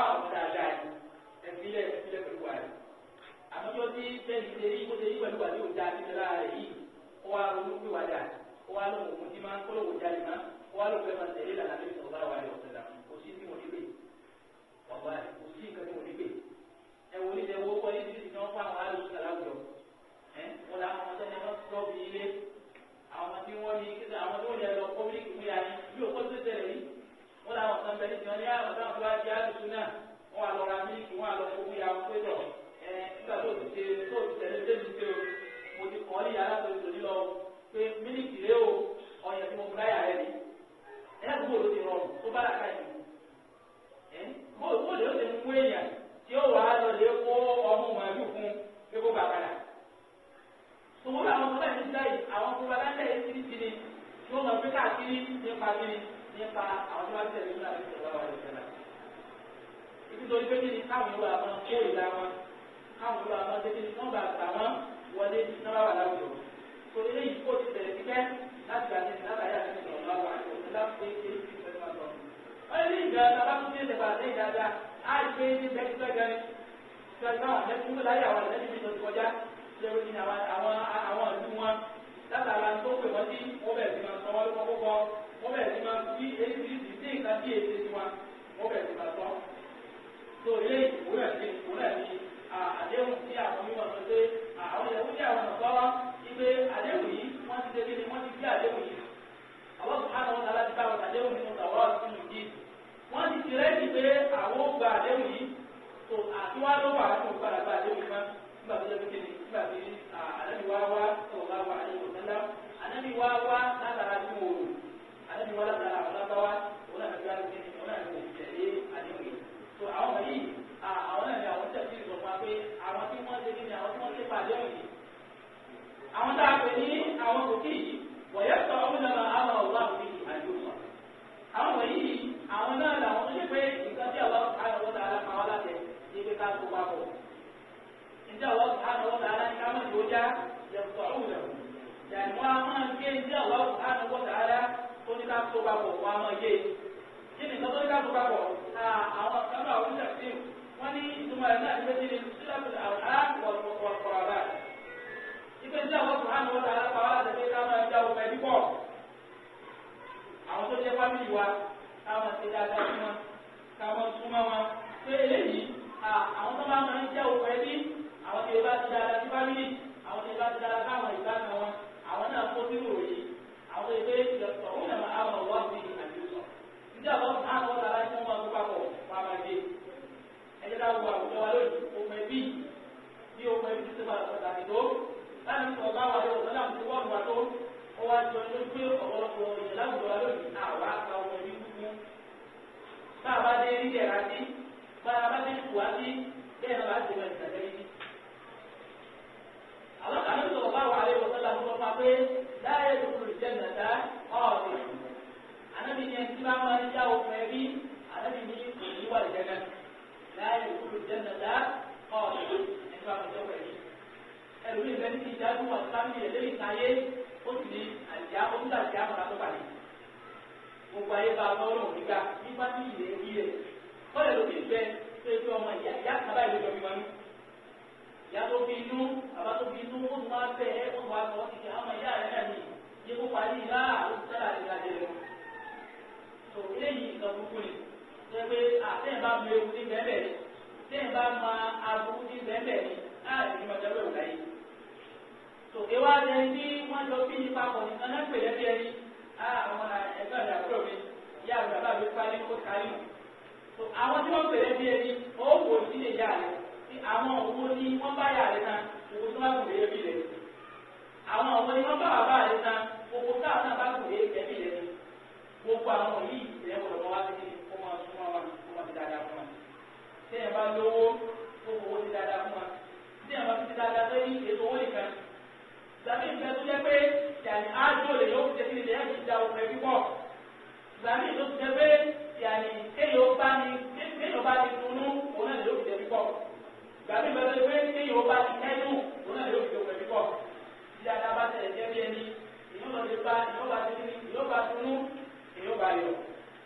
àmọ́jọ́ tí bẹ́ẹ̀ ti ṣe rí bó ṣe rí pẹ̀lú wàdí òjá títẹ̀lá rẹ̀ yìí ó wá ronú pé wàdà ó wá lóun òun ti máa ń kólóhùn jáde má ó wá lóun fẹ́ máa tẹ̀lé ìlànà bí sọ̀rọ̀ wà lọ sọ̀rọ̀ kò sí tí mo ní pè ọ̀gbà kò sí nǹkan tí mo ní pè ẹ wo ní ẹwọ́ kọ́ ní títí kan fún àwọn alùpùpù aláwùjọ ẹ wọn là àwọn ọmọdé wọn lọ bí ilé àwọn tí wọn ní àwọn tí wọn yẹ lọ kọ́ mílíkì fún yanni bí òkú tó tẹ̀lé yìí wọn làwọn kan bẹ̀rẹ̀ tí wọn ní àwọn táwọn tó bá jẹ́ àlùsùn náà wọn àlọ́ ra mílíkì wọn àlọ́ fún yà wọn pé lọ ẹ nígbà tó ti ṣe tó ti tẹ̀lé tẹ́lẹ̀ ti ṣe o mo ti kọ́ ní yàrá tó ti tò ní lọ pé mílíkì rẹ o ọyàn tí mo fi láyà rẹ ni ẹ láti bó ló ti rọrùn tó bá làkà yìí ẹ bó bó lè ó ti mú èèyàn tí ó wàá lọ lè kó ọmú màálù fún pé kó bàbàrà tòun bá àwọn ọmọláyà ti dá yìí àwọn tó bá láyà yìí ti ni tí wọ́n máa fi káàkiri nípa kiri nípa àwọn tó bá tẹ̀lé ní àdéhùn ni káwọn ìlú àwọn kó káwọn àwọn ọdẹ kékeré wọn bá gbà wọn wọlé ní wà láwùjọ so eléyìí kó ti bẹ̀rẹ̀ pípẹ́ láti gbà ní lábàáyé àti ìjọba wà ní òkúta pé kí ẹ máa lọ. wọ́n ní ìgbà bàbá tó ní ìdẹ̀bà àti ìdájà á gbé ní bẹ́ẹ̀kúpẹ́ gan gbàgbà àtẹ̀kùn láyé àwọn àtẹ̀kùn tó kọjá lẹ́rú àdéhùn sí àwọn mímọ̀ sọ pé àwọn ìyàwó jẹ́ àwọn ọ̀sọ́rọ́ wípé àdéhùn yìí wọ́n ti débi ni wọ́n ti gbé àdéhùn yìí àwọn sùhánà wọn tàbí bá wọn àdéhùn nínú tàwọn ọ̀sìn yìí wọ́n ti ti rẹ́ẹ̀dì pé àwọn ó àdéhùn yìí tó àti ló wà nínú padà gba àdéhùn yìí mọ́ nígbà tó jẹ́ pé kíni nígbà tí ànábì wá wá tó wá wá àdéhùn Ah, àwọn náà ni àwọn tẹ̀sí ìgbọ̀npa pé àwọn tí wọ́n ṣe nínú àwọn tí wọ́n ṣe pàdé òyìn. àwọn tá a pè ní àwọn òkè yìí wọ̀nyẹ́ sọ ọmọ ìjọba àwọn ọ̀gá òkè yìí àjò sọ. àwọn wọ̀nyí àwọn náà làwọn tó ṣe pé nǹkan tí àwọn àyọ̀wọ́ta alápáwá láti ṣe pé ká tó papọ̀. ǹjẹ́ ah, àwọn àyọ̀wọ́ta aláǹká mọ̀ ní ó já yẹ yàtí wọn a máa gé ní àwọn ká tó papọ̀ wọn a máa gé wọ́n ní ìtumọ̀ rẹ̀ náà ṣe nílé sílẹ̀kùn àwọn ọ̀pọ̀lọpọ̀ àbá. ìpè tí àwọn sùn hánà wọ́n pa wá àtẹ̀lé ká máa dá ọmọ ẹbí pọ̀. àwọn tó jẹ́ fámìlì wa ká máa ṣe dáadáa fún wọn ká máa súnmọ́ wọn. pé eléyìí àwọn tó máa ń jẹ́ ọmọ ẹbí àwọn tó yẹ bá ti dáadáa sí fámìlì àwọn tó yẹ bá ti dáadáa bá wo àwùjọ wa lónìí ọmọ ẹbí bí ọmọ ẹbí ti máa sọ̀tà nìgbó láti sọ bá wà lọ sọ́dà tó wà wà tó ó wá jọ ló gbé ọ̀pọ̀lọpọ̀ ìyẹn láwùjọ wa lónìí àwa ka ọmọ ẹbí kúkú. bá a bá dé rí ẹ̀rá sí bá a bá dé kù wá sí bẹ́ẹ̀ náà bá ti rẹ̀ ìtàgé yìí. àwọn kan sọ bá wà lọ sọ́dà tó wà pé láyé lóru jẹ́ nàdá ọ̀rẹ́ لا يدخل الجنة قاصد nípa ọjọ́ pẹ̀lú. ẹlòmíì bẹ́ẹ̀ ní ìjà tó wà sábì eléyìí sáyé ó sì ní àjà ó ń dàjà àmàlà tó pàdé. gbogbo ayé bá a bá ọlọ́run nígbà nípa tí ìlé rí rẹ̀. kọ́lẹ̀ ló fi bẹ ṣe fi ọmọ ìyá ìyá kábà ìlú ìjọba ìwà mi. ìyá tó fi inú bàbá tó fi inú ó tún wá ni yẹ kó parí ìlà ó ti sẹ́lá àti ìlà jẹ ṣe pé àtẹ̀yìn bá mọ ewu ní bẹ́ẹ̀ ni tẹ̀yìn bá mọ aburú ní bẹ́ẹ̀ ni láàbí ní ọjọ́ lóòrùn láyé. tó ewa jẹ tí wọ́n jọ bí papọ̀ nìkan náà pèlè bí ẹni àwọn ẹgbẹ́ ọ̀dà kúrò mi yá àgbà bá mi pa ní kó kárí mi. tó àwọn tí wọ́n pèlè bí ẹni ó wò sí ìyá rẹ̀ tí àwọn òwò ni wọ́n bá yà rẹ̀ tán òwò tó bá kù lé bí rẹ̀ àwọn òwò ni wọ́n bá bàbá rẹ̀ tán òwò táwọn náà bá kù lé ẹbí rẹ̀ gbogbo àwọn yìí kó máa súnmọ́ wa kó máa ti dáadáa fún wa téèyàn bá lówó kó owó ti dáadáa fún wa téèyàn bá ti dáadáa tó yí ètò owó nìkan ìgbàmí nǹkan tó jẹ́ pé yàní ájò lè yóò fi ṣe kí lè yẹ kí da òkè pípọ̀ ìgbàmí tó ti jẹ́ pé yàní kéèyàn bá ní kéèyàn bá ní dunú òun náà lè yóò fi ṣe pípọ̀ ìgbàmí bá tó pé kéèyàn bá ní kẹ́dùn òun náà lè yóò fi ṣe òkè pípọ̀ ìdáadáa bá tẹ̀lé jẹ́ bí ẹni ìyóò lọ sí bá ìyóò bá ti dunú ìyóò bá yọ.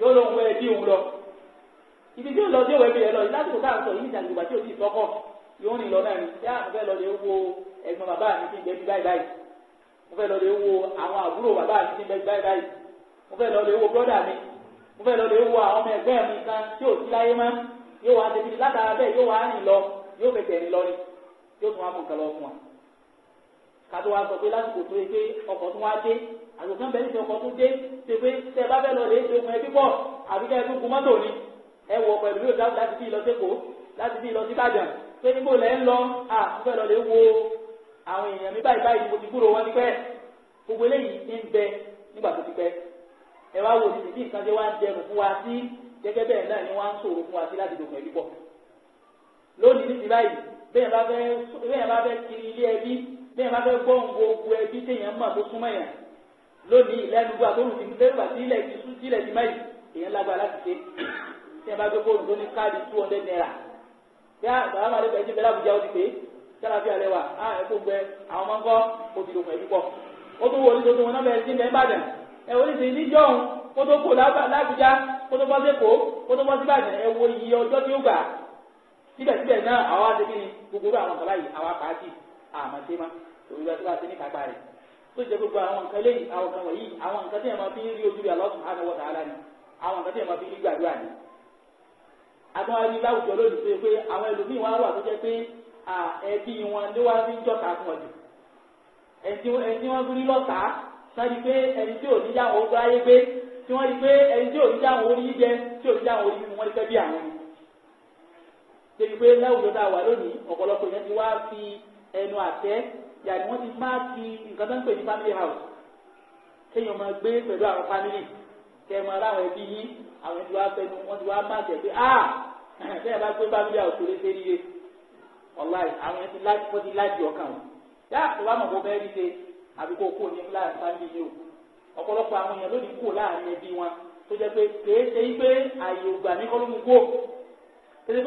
yóò lọ wọ ẹbí òun lọ ibi tí ó lọ sí òwe bí yẹn lọ lásìkò tá à ń sọ yìí ìṣàlùbà tí ò sì sọkọ yóò rìn lọ náà ni àwọn fẹ́ lọ lè wo ẹ̀gbọ́n bàbá mi ti gbẹ̀bí báyìí báyìí mo fẹ́ lọ lè wo àwọn àbúrò bàbá mi ti gbẹ̀bí báyìí báyìí mo fẹ́ lọ lè wo bọ́dà mi mo fẹ́ lọ lè wo àwọn ọmọ ẹgbẹ́ mi kan tí ò sí láyé mọ́ yóò wá débi látara bẹ́ẹ̀ àgbẹ̀kan bẹ̀rẹ̀ ìṣe ọkọ̀ tó dé ṣe pé tẹ bá fẹ́ lọ lè ṣe okùn ẹbí pọ̀ àbí ká ẹbí gun mọ́tò ni ẹ wọ ọkọ̀ ìlú ìdáwó láti bí lọ sẹ́kọ̀ọ́ láti bí lọ sí Ìbàdàn pé níbo lẹ́ ń lọ à ń fẹ́ lọ lè wo àwọn èèyàn mi báyìí báyìí mo ti kúrò wọn tipẹ́ gbogbo eléyìí ń bẹ nígbà tó ti pẹ́ ẹ wá wo títí bí nǹkan ṣe wá ń dẹrù fún wa sí gẹ́gẹ́ bẹ́ẹ̀ náà ni wọ́n á ń ṣòro fún wa sí láti dòkun ẹbí pọ̀ lónìí ní ti báyìí bẹ́ẹ̀ bá fẹ́ kiri ilé ẹbí bẹ́ẹ̀ bá fẹ́ gbọ́ gbogbo ẹbí téèyàn mọ̀ tó súnmọ́ yẹn lónìí lẹ́nu gbà tó lùdí lẹ́gbà tí ilẹ̀ ti sún sílẹ̀ ti máyì èèyàn lágbára láti ṣe tí ẹ bá gbé fóònù tó ní káàdì two hundred naira bí bàbá máa lè bẹ̀ẹ́ bẹ́ẹ̀ lábùjá ó ti pé sálàfíà lẹ́wà á ẹ kó gbẹ àwọn ọmọ ńkọ́ òdìdó pẹ̀lú pọ̀ ó tún wọlé tó tún wọn náà bẹ̀rẹ̀ sí ilẹ̀ ìbàdàn ẹ wọlé sí níjọ́ òun kó tó kó lábùjá kó tó bọ́ sí èkó kó tó bọ́ sí ìbàdàn ẹ wo iye ọjọ́ tí ó gbà síbẹ̀síbẹ̀ náà àwa ti kí ni gbogbo àwọn kọ̀ọ̀lá yìí àwa pàá sí àmọ́ sí ma òwúrọ̀ tó bá ti ní kápá rẹ̀ tó jẹ́ gbogbo àwọn nǹkan lẹ́yìn àwọn nǹkan wọ̀nyí àwọn nǹkan tí yẹn máa fi ń rí ojú rẹ̀ Allah subhanahu wa ta'ala ni àwọn nǹkan tí yẹn máa fi ń rí gbàdúrà ni. àtọ́ wa láwùjọ lónìí pé pé àwọn ẹlòmíín wá wà tó jẹ́ pé ẹbí wọn ló wá fi ń fún ọjọ́ ẹni tí wọ́n rí lọ́tàá sáyé pé ẹni tí ò ní yáwọn ó báyé tí wọ́n rí pé ẹni tí ò ní yáwọn orí jẹ tí ò ní yáwọn orí mímu rí fẹ́ bí àwọn ni. débi pé láwùjọ tá a wà lónìí ọ̀pọ̀lọpọ̀ yẹn yàrá wọ́n ti máàkì nǹkan tó ń pè ní family house kéèyàn máa gbé pẹ̀lú àwọn family kẹ́ ẹ máa láwọn ẹbí yín àwọn ti wá wọ́n ti wá máàkì ẹ̀ pé ah bẹ́ẹ̀ yàrá gbé family house lè ṣe níye ọ̀láì àwọn ẹni fọ́ ti láti ọkàn wọn yá àtúwá mọ̀ bọ́ bẹ́ẹ̀ níṣe àbí kó kó ní láti family yìí o ọ̀pọ̀lọpọ̀ àwọn èèyàn lónìí kó láàrin ẹbí wọn tó jẹ́ pé kèé ṣe yí pé àyè ògbà ní kọ́ ló mú kó tẹ́lẹ̀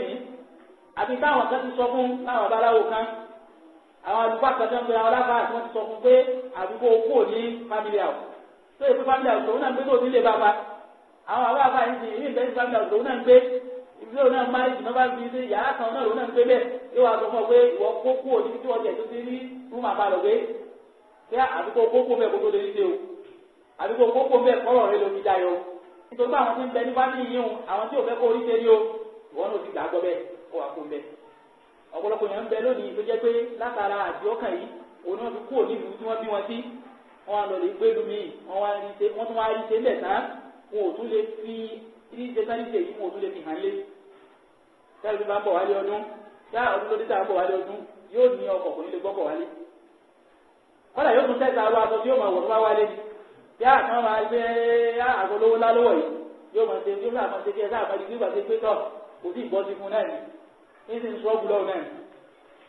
pé àti táwọn kan ti sọ fún láwọn babaláwo kan àwọn àlùfáà kan tó ń pe àwọn aláfáà tí wọ́n ti sọ fún pé àdúgbò kò ní family house tó yẹ pé family house òun náà ń gbé tó nílé bàbá àwọn àwọn àbá yìí ti ìlú ìfẹ́ sí family house òun náà ń gbé ìlú òun náà máa ń jìnnà bá fi ṣe yàrá kan náà òun náà ń gbé bẹ́ẹ̀ yóò wá sọ fún ọ pé ìwọ kó kú òní tí wọ́n jẹ̀ tó ti rí rúmà bá lọ gbé pé àdúgbò kókó bẹ́ẹ̀ kó tó lè ṣe o àdúgbò kókó bẹ́ẹ̀ bẹ ní o ó wà kó ń bẹ ọ̀pọ̀lọpọ̀ yẹn ń bẹ lónìí tó jẹ́ pé látara àdìọ́kàn yìí òun náà fi kúrò nílùú tí wọ́n bí wọn sí wọ́n á lọ lè gbé lumi wọ́n wá rí ṣe wọ́n tún wá rí ṣe lẹ̀ tán wọn ò tún lè fi rí ṣe sáré ṣe yìí wọn ò tún lè fi hàn lé sáré tó bá ń bọ̀ wálé ọdún sáà ọdún tó dé sáà ń bọ̀ wálé ọdún yóò ní ọkọ̀ kò ní lè gbọ́kọ̀ wálé kọ́dà yóò tún tẹ́sà lọ aṣọ tí yóò máa wọ̀ tó bá wálé ni bí àtàn máa gbé àgọ́ lówó lálówọ̀ yìí yóò máa ṣe yóò máa ṣe kí ẹ ní ti ń sọ ọ́gùn lọ́wọ́ náà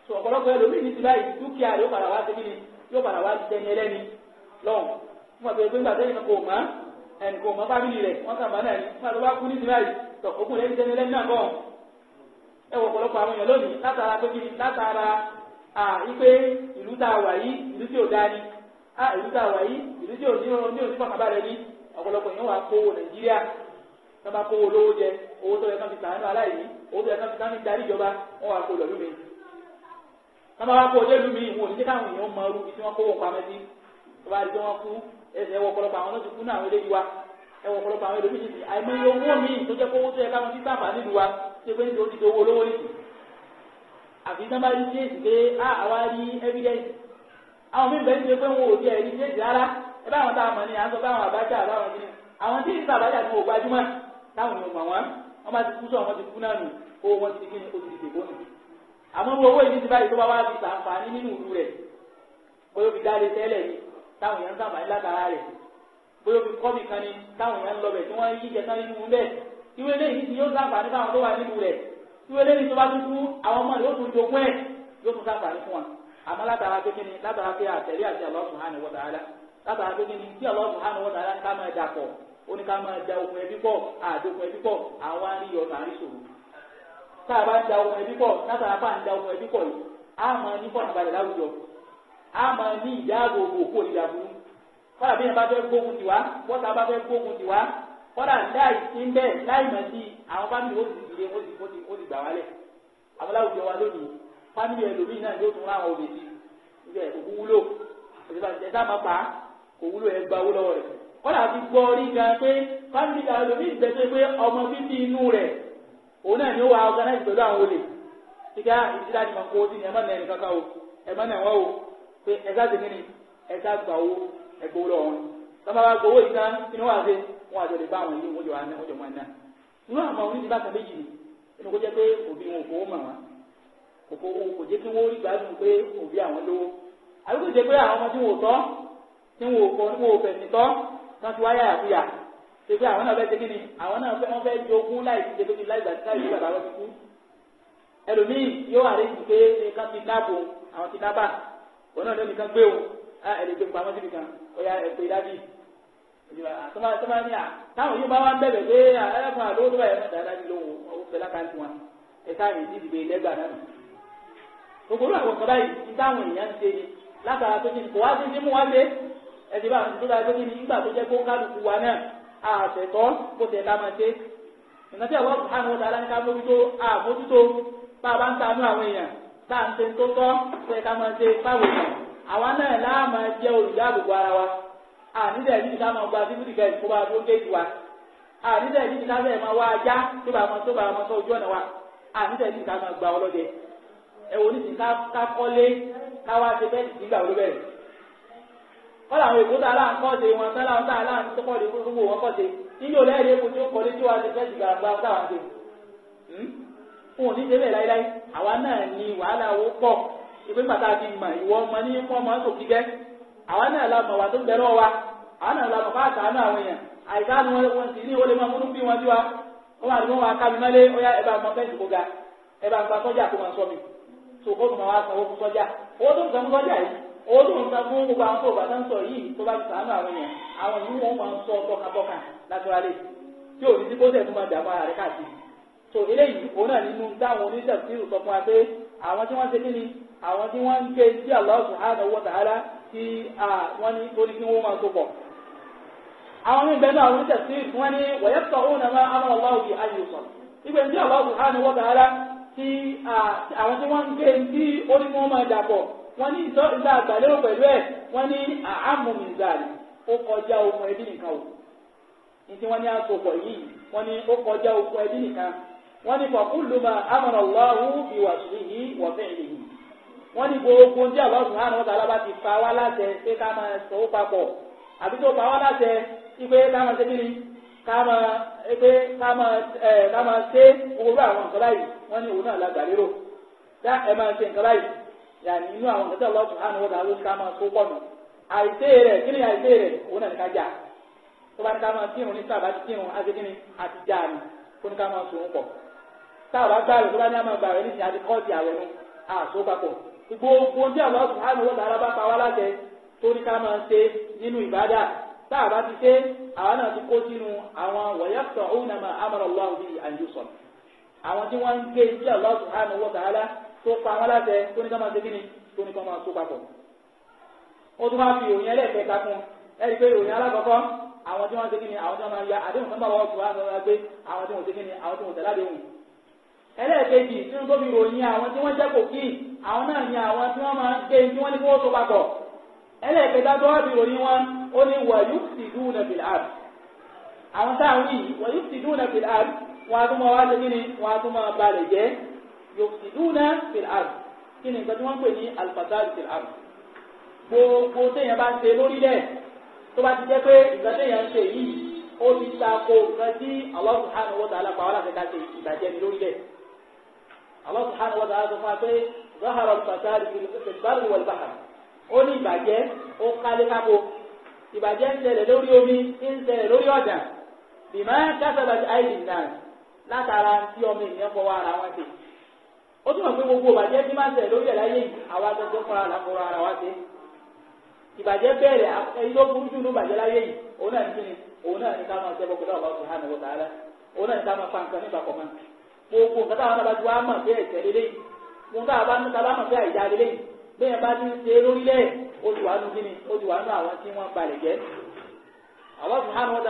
sọ ọ̀pọ̀lọpọ̀ ẹlòmíì ní ti báyìí dúkìá rẹ̀ yóò padà wá síbi ni yóò padà wá sí ẹni ẹlẹ́ni lọ́wọ́ fún ọ̀pẹ̀ pé ńgbà sẹ́yìn kò mọ́ ẹnì kò mọ́ fámìlì rẹ̀ wọ́n kà mọ́ náà ní fún àtọ́wá kú ní ti báyìí sọ òkun rẹ̀ ti ẹni ẹlẹ́ni náà bọ̀ ẹ wọ ọ̀pọ̀lọpọ̀ àwọn èèyàn lónìí látara pé kíni látara à ipe ìlú tá a wà yìí ìlú tí ò dáa ni à ìlú tá a wà yìí ìlú tí ò ní ọ̀rọ̀ ní òní pàkàbà rẹ̀ ni ọ̀pọ̀lọpọ̀ èèyàn wà kówó Nàìjíríà tó bá kówó lówó jẹ owó tó yẹ kán fi tàánú aláìní owó tó ká fi darí ìjọba wọn wà kó lọ lómi kámá wá kó lé lómi ìwọ̀n ní káwọn èèyàn mọ irú tí wọ́n kó wọn pamẹ́ sí tó bá rí kú ẹsẹ̀ ẹwọ́ ọ̀pọ̀lọpọ̀ àwọn ti kú náà àwọn eléyìí wa ẹwọ́ ọ̀pọ̀lọpọ̀ àwọn eléyìí ti àìmọye owó mi tó jẹ́ kó owó tó yẹ káwọn fi sáfà nílùú wa ṣe pé nítorí ti owó olówó nìyí àfi tán rí jésì pé á àwa rí evidence àwọn mí bẹ́ẹ̀ ti pé wọn ò tiẹ̀ rí jésì rárá ẹ bá àwọn tá mọ̀ ni à ń sọ wọ́n bá ti kú sọ wọ́n ti kú náà nù owó wọn ti di kíni ó ti di dèbò nù. àmọ́ owó yìí ti báyìí tó bá wá fi sàǹfààní nínú ìlú rẹ̀ bóyá fi dáre tẹ́lẹ̀ ni táwọn èèyàn ń sàǹfààní látara rẹ̀ bóyá fi kọ́ nìkan ni táwọn èèyàn ń lọ bẹ̀ tí wọ́n yí jẹta nínú bẹ́ẹ̀ ìwé eléyìí ni yóò sàǹfààní fáwọn tó wà nínú rẹ̀ ìwé eléyìí tó bá tún kú àwọn ọmọ yóò tún jogún ẹ̀ yóò tún sàǹfààní fún wọn àmọ́ látara pé kíni látara pé àtẹ̀lé àti Allah subhanahu wa ta'ala látara pé kíni tí Allah subhanahu wa ta'ala ó ní ká máa ja okùn ẹbí pọ̀ àdókùn ẹbí pọ̀ àwa ń rí ọ̀nà tá a bá ń ja okùn ẹbí pọ̀ látara bá ń ja okùn ẹbí pọ̀ yìí á máa ní fọ̀nàbalẹ̀ láwùjọ á máa ní ìdáàbòbò kó ìdá burú kọ́dà bí yẹn bá fẹ́ gbógun tiwa bọ́tà bá fẹ́ gbógun tiwa kọ́dà láì sí ń bẹ́ẹ̀ láì mọ̀ sí àwọn fámìlì ó sì dìde ó sì ó sì ó sì gbà wálẹ̀ àwọn láwùjọ wa lónìí fámìlì ẹlòmíì náà yóò tún ráwọn òbí sí ibẹ̀ òkú wúlò òṣèlú àti ẹ̀dá kọ́lá ti gbọ́ orí gan pé fámìlì kan lómi ìgbẹ́sẹ̀ pé ọmọ bíbí inú rẹ̀ òun náà ni ó wà organize pẹ̀lú àwọn olè sígá ìdílé àti màkó ti ní ẹ̀mọ́ náà ẹnì kankan o ẹ̀mọ́ náà wọ́n o pé ẹ̀sà ti kí ni ẹ̀sà gbà owó ẹ̀gbọ́ owó lọ́wọ́ tọ́ba bá gbowó yìí tán kí ni wọ́n á ṣe wọ́n á jọ lè bá àwọn yìí wọ́n jọ wọn náà inú àwọn onídìí bá kan méjì ni inú kó jẹ́ pé òbí wọn ò tọ́ tán ti wáyà àkúyà pépé àwọn náà fẹ́ ṣe kíni àwọn náà fẹ́ wọ́n fẹ́ jogún láì ṣe pé láì gbà láì ṣe bàbá wọn ti kú ẹlòmíì yóò àrẹ ti pé nǹkan ti dáàbò àwọn ti dábà òun náà ló nìkan gbé o á ẹlẹgbẹ́ pamọ́ síbi kan ó yà ẹ pé dábì àtọ́mọ́ ní à táwọn yóò bá wá ń bẹ̀bẹ̀ pé ẹlẹ́kùn àlọ́ tó bá yẹ náà dáadáa ní lóhùn ó fẹ́ lákàntì wọn ẹ káàmì ìdíje lẹ́gbàá náà gbogbo olú àwọn kọ báyìí ní táwọn èèyàn ń ṣe ni látara tó ti kò wá sí sí mú wá ṣe ẹ̀sìn bá tó dáa pé kí ni nígbà tó jẹ́ pé ó kálukú wa náà àtẹ̀tọ́ bó tẹ̀ ká máa ṣe ìrántí àwọn ọ̀hún ọ̀dà aláǹká mójútó àmójútó bá a bá ń tanú àwọn èèyàn bá ń ṣe tó tọ́ tẹ̀ ká máa ṣe fáwọn èèyàn àwa náà láàmà jẹ́ olùdáàbòbò ara wa ànídẹ̀ ní ìdá máa gba bíbélì gẹ̀ kó bá tó géèjì wa ànídẹ̀ ní ìdá bẹ́ẹ̀ máa wá ajá tó bá máa tó bá máa sọ ojú ọ̀nà wa ànídẹ̀ ní ìdá máa gba ọlọ́dẹ ẹ̀wọ̀n ní ti ká kọ́lé ká wá ṣe bẹ́ẹ̀ nígbà olóbẹ̀rẹ̀ kọ́lá àwọn èkó tààlà ń kọ́ṣe wọn tààlà ń tààlà ń tọ́kọ́ lè gbogbo wọn kọ́ṣe nílò lẹ́yìn epo tí ó kọ́lé tí wàá ti fẹ́ ti gbàgbà táwa ṣe. Hmm? fún òní débẹ̀ láíláí àwa náà ni wàhálà owó pọ̀ ìpè pàtàkì mọ̀ ìwọ ọmọ ní fún ọmọ tó kíkẹ́ àwa náà la mọ̀ wà tó bẹ̀rẹ̀ wa àwa náà la mọ̀ fún àtàánú àwọn èèyàn àìsàn o dùn sọ fún gbogbo àwọn fòbà tó ń sọ yìí tó bá ti àwọn àwọn ìlú wọn máa ń sọ so eléyìí òun náà nínú táwọn oníṣàfihàn sọ fún wa pé àwọn tí wọ́n ṣe kí ni àwọn tí wọ́n ń ké sí wọ́n ní ní kí wọ́n máa so pọ̀ àwọn mí bẹ́ẹ̀ náà oníṣàfihàn wọ́n ní wọ̀yẹ́pọ̀ òun náà máa amọ̀ ọlọ́wọ́ bíi ayé sọ àwọn wọ́n ní ìtọ́ ìta àgbàlérò pẹ̀lú ẹ̀ wọ́n ní àhámùmíńzàlì ó kọjá okùn ẹbí nìkan o ní tí wọ́n ní àsopọ̀ yìí wọ́n ní ó kọjá okùn ẹbí nìkan wọ́n ní fàkúlù máa amọ̀nà Allahu ìwàsíyìí wọ̀fẹ́ ìlú wọ́n ní gbogbo tí Allah subhanahu wa ta'ala bá ti fa wá láṣẹ pé ká máa sọ ó papọ̀ àbí tó fa wá láṣẹ pé ká máa ṣe kí ni ká máa pé ká máa ká máa ṣe owó àwọn nǹkan báyìí wọ́n ní òun náà la gbà dá ẹ máa ṣe nǹkan báyìí yàní inú àwọn nǹkan tí Allah subhanahu wa ta'ala ká máa tó pọ̀nù àìsè rẹ̀ kí ni àìsè rẹ̀ òun náà ní ká jà tó bá ní ká máa kírun ní sábà ti kírun á ti kí ni àti jà ní kó ní ká máa sòun pọ̀ sábà gbà rẹ̀ tó bá ní àmọ́ gbà rẹ̀ ní ìsìn àti kọ́ọ̀tì àwẹ̀ nu àṣó papọ̀ gbogbo ohun tí Allah subhanahu wa ta'ala bá pa wá láṣẹ tó ní ká máa ṣe nínú ìbádà sábà ti ṣe àwọn náà ti kó sínú àwọn wọ̀yẹ́sọ̀ òun náà máa amara Allah bíi àyùsọ̀ àwọn tí wọ́n ń gbé tí Allah subhanahu wa ta'ala tó pa wọn láṣẹ tó ní ká máa ṣe kí ni tó ní ká máa tó papọ̀. ó tún máa fi ìròyìn ẹlẹ́ẹ̀kẹta kún ẹ̀rí pé ìròyìn alákọ̀ọ́kọ́ àwọn tí wọ́n ṣe kí ni àwọn tí wọ́n máa ya àdéhùn kan bá wọn sùn wọn máa gbé àwọn tí wọ́n ṣe kí ni àwọn tí wọ́n tẹ̀lé àdéhùn. ẹlẹ́ẹ̀kejì tí wọ́n tóbi ròyìn àwọn tí wọ́n jẹ́ kò kí àwọn náà ni àwọn tí wọ́n máa gbé tí wọ́n ní kó tó papọ̀. ẹlẹ́ẹ̀kẹta tó wá fi ròyìn wọn ó ní wàyú tìdú nàbìlà àwọn táwọn yìí wàyú tìdú nàbìlà wọn a tún máa wá ṣe kí ni wọn a tún máa balẹ̀ jẹ́ yòsìdúnà fìlàrù kí ni nǹkan tí wọ́n ń pè ní alifasari fìlàrù gbogbo téèyàn bá ń ṣe lórílẹ̀ tó bá ti jẹ́ pé nǹkan téèyàn ń ṣe yìí ó ti ta ko nǹkan tí Allah subhanahu wa ta'ala pàwọ́ láti ká ṣe ìbàjẹ́ ní lórílẹ̀ Allah subhanahu wa ta'ala sọ fún wa pé zahara alifasari fìlàrù wal bahr ó ní ìbàjẹ́ ó kálé kápò ìbàjẹ́ ń ṣẹlẹ̀ lórí omi ń ṣẹlẹ̀ lórí ọ̀dà bìmọ̀ kásábàtì àìsàn látara tí ọmọ ènìyàn fọwọ́ ara wọn ṣe ó túmọ̀ pé gbogbo ìbàjẹ́ tí máa ń tẹ̀ lórí ẹ̀ láyé yìí àwa gbogbo fara làkọrọ ara wa ṣe ìbàjẹ́ bẹ̀rẹ̀ èyí tó burú jù ní ìbàjẹ́ láyé yìí òun náà ní kíni òun náà ní ká máa ṣẹ́ bọ́kútà ọ̀bá ọ̀sán hànà wọ̀tá rẹ̀ òun náà ní ká máa fa nǹkan nípa kọ̀ọ̀mọ́ gbogbo nǹkan táwọn náà bá ti wá mọ̀ pé ẹ̀ṣẹ̀ lélẹ̀ gbogbo àwọn bá ní ká bá mọ̀ pé àìjà lélẹ̀ bẹ́ẹ̀ bá ti ń ṣe lórílẹ̀ ó ti wà nù kíni ó ti wà nù àwọn tí wọ́n balẹ̀ jẹ́ àwọn sùn hànà wọ̀tá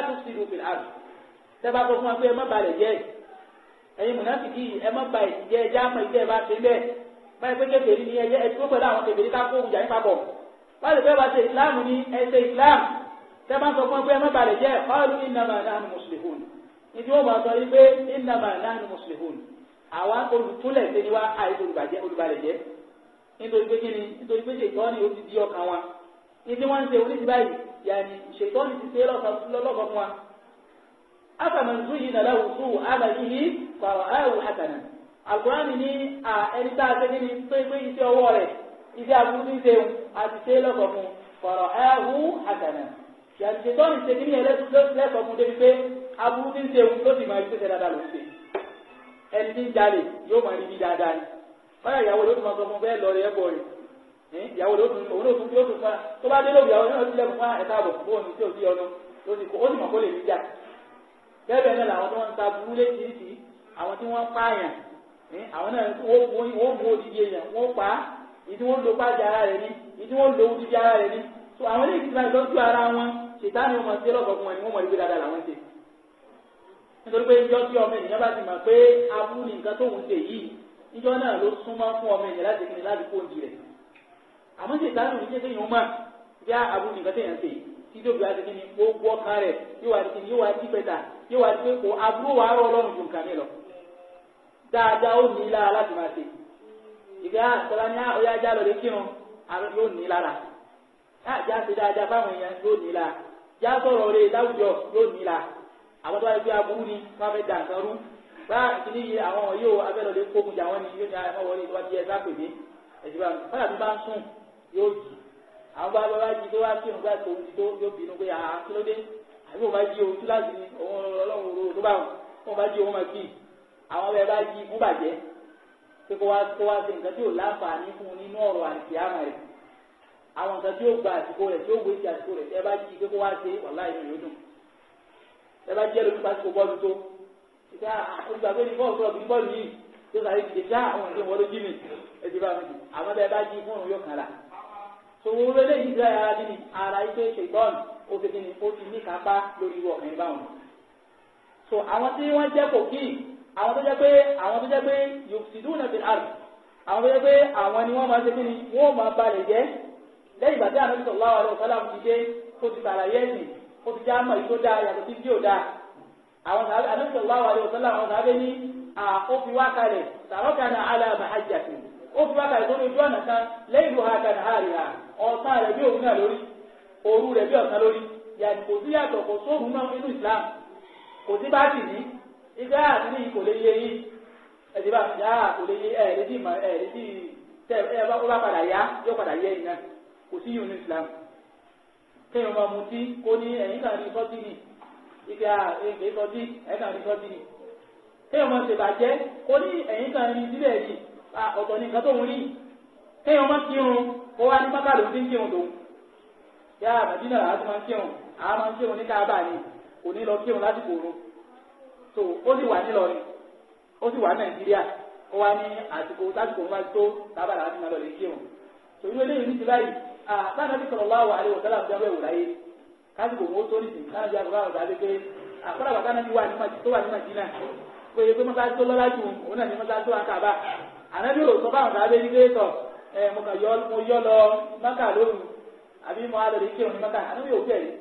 aláṣọ tẹ́bá sọ fún wa pé ẹ má balẹ̀ jẹ́ ẹ̀yin mùnàfìkì ẹ má ba ìjẹ́ ẹjẹ́ àmọ́ ìjẹ́ ẹ bá ṣe bẹ́ẹ̀ báyìí pé kèfèrí ni ẹjẹ́ ẹtí tó pẹ̀lú àwọn kèfèrí ká kó ìjà nípa bọ̀ báyìí pé wàá ṣe ìsìláàmù ni ẹ ṣe ìsìláàmù tẹ́bá sọ fún wa pé ẹ má balẹ̀ jẹ́ ọ́ọ́lù ìnàmà náà mùsùlùmùn ìdí wọn bá sọ yìí pé ìnàmà náà mùsùlùmùn àwa olùtúlẹ̀ ṣe ni wá àìsàn olùbalẹ̀ jẹ́ nítorí pé kíni nítorí pé ṣètọ́ ni ó ti di ọkàn afaman zuyina lahu su amalihi faraahu hasana alukurani ni a ẹni tá a ṣe kíni tó ṣe pé iṣẹ́ ọwọ́ rẹ̀ iṣẹ́ aburú ti ṣe àti ṣe lọkọ fún faraahu hasana yàtìṣetọ́ ni ṣe kíni ẹlẹ́sọ̀ fún débi pé aburú ti ṣe ló sì máa ṣe dáadáa ló ṣe ẹni tí ń jalè yóò máa rí bí dáadáa ni báyà ìyàwó ló tún máa sọ fún bẹ́ẹ̀ lọ rẹ̀ ẹ̀bọ̀ ìyàwó ló tún òun ló tún yóò tún fún wa tó bá dé lóbi àwọn ẹ̀ka àbọ̀ fún òun tí ò sí ọnu ló ti bẹ́ẹ̀ bẹ́ẹ̀ náà làwọn tó ń ta burú létí àwọn tí wọ́n pààyàn eh, àwọn náà wọ́n mú odidi èèyàn wọ́n pa á ìdí wọ́n lo pàjá ara rẹ̀ ní ìdí wọ́n lo odidi ara rẹ̀ ní so àwọn ilé ìtura ìlọ́jú ara wọn ṣètánì wọn ti lọ́kọ̀ fún wọn ni wọ́n mọ̀ ní pé dáadáa làwọn ṣe nítorí pé ìjọ tí ọmọ ènìyàn bá ti mọ̀ pé aburú ni nǹkan tó ń ṣe yìí ìjọ náà ló súnmọ́ fún ọmọ ènìyàn láti kiri láti kó oúnjẹ rẹ̀ àmọ́ ṣètánì wọn ní kéde yìí ó ni nǹkan tó yàn ṣe yìí tí tóbi wá kí ni gbogbo ọkàn rẹ̀ yóò wá sí pé kò aburú wa rọ ọlọ́run ju nǹkan mi lọ dáadáa ó ní lára láti máa ṣe ìgbà àtàlà ní ọyá ajá lọ lè kírun àrùn yóò ní lára láàjá ṣe dáadáa fáwọn èèyàn yóò ní lára já sọ̀rọ̀ rẹ̀ láwùjọ yóò ní lára àwọn tó wá gbé aburú ni wọ́n fẹ́ dà nǹkan rú bá ìkíní yìí àwọn ọ̀hún yóò abẹ́rẹ́ lè kókun jà wọ́n ni yóò ní àwọn ah, wọlé ìwádìí ẹ̀ sápè mí ẹ̀sìn bá mi fọ́nà tó bá ń sùn yóò jì àwọn bá bá wá jí tó wá kírun gbà tó ti tó yóò bínú pé àá ah, kí ló dé àbí wọn bá jí ohun kíláàsì ni òun ọlọ́run ro ló bá wọn wọn bá jí ohun máa kí àwọn ọmọ ẹ bá jí fún bàjẹ́ pé kó wá kó wá ṣe nǹkan tí yóò láǹfààní fún un nínú ọ̀rọ̀ àti àmà rẹ̀ àwọn nǹkan tí yóò gba àsìkò rẹ̀ tí yóò wé ti àsìkò rẹ̀ ẹ bá jí pé kó wá ṣe wàhálà ìlú yóò dùn ẹ bá jí ẹ lórí pásítọ̀ bọ́ọ̀lù tó ìgbà àkójọ àgbẹ̀ ní bọ́ọ̀lù tó bọ́ọ̀lù yìí yóò sáré dìde sí àwọn ìṣèwọ́lójì mi ẹ ti bá mi dì àmọ́ bẹ́ẹ̀ bá jí fóònù yóò kàn sòwòrò eléyìí rẹ̀ ara nínú ara ife ṣègbọ́n obìnrin ni ó ti ní kápá lórí irú ọkùnrin báwọn. so àwọn tí wọ́n jẹ́ kò kí àwọn tó jẹ́ pé àwọn tó jẹ́ pé yòókùsìdú náà ti àrùn àwọn tó jẹ́ pé àwọn ni wọ́n máa ṣe kí ni wọ́n máa balẹ̀ jẹ́ lẹ́yìn ìgbà tí ànábì sallallahu alaihi wasallam ti dé ó ti sàlàyé ẹ̀sìn ó ti já mọ̀ ìtó dáa yàtọ̀ sí tí ò dáa àwọn ànábì sallallahu alaihi wasallam àwọn sàbẹ̀ ní àkófiwákalẹ̀ sàrọ́kànà alábàájà sí ó fi bàtà ìtọ́jú ojú ọ̀nà kan lẹ́yìn ló ha kan ha rí ha ọ̀sán rẹ̀ bí òun náà lórí òru rẹ̀ bí ọ̀sán lórí kò sí yàtọ̀ kò sóòrùn náà nínú Islam kò sí bá sì ní igbá àti ní kò lè yé yín ẹ̀dí bá yá kò lè yé ẹ̀ẹ́dẹ́dì mọ̀ ẹ̀ẹ́dẹ́dì tẹ ẹ bá wọ́n padà yá yóò padà yé yín náà kò sí yìí nínú Islam kéèyàn máa mutí kó ní ẹ̀yìn kan ní sọ́tì ni igbá ẹ̀yìn kan ní sọ́tì ni kéèyàn máa ṣèbàjẹ́ kó ní ẹ̀yìn kan ní sílẹ̀ yìí Ah, ọ̀tọ̀ ní nǹkan tó ń rí kéèyàn máa ń kírun ó wá ní pápá ló ti ń kírun tó yá àbàdínà làá ti máa ń kírun àá máa ń kírun ní káàbà ni kò ní lọ kírun lásìkò oorun tó ó sì wà nílọrin ó sì wà nàìjíríà ó wá ní àsìkò lásìkò oorun bá tó káàbà làá ti máa lọ lè kírun tó irú eléyìí ní ti báyìí àbáná bí sọ̀rọ̀ láwọ̀ àlẹ́ òtẹ́lá àbújáwé wò láyé kásìkò owó tó nìsín náà bí àbúrò àwọn ọ̀dà pé àkọ́lá bàtà náà ti wà ní màjínà pé pé mọ́tà tó lọ́lá ju òun náà ní mọ́tà ànábì ò sọ fáwọn sábẹ́ ní létọ̀ ẹ mo kàn yọ lọ mọ́kà lóru àbí mo alẹ́ kí òun ní mọ́kà ànábì ò bẹ̀ yìí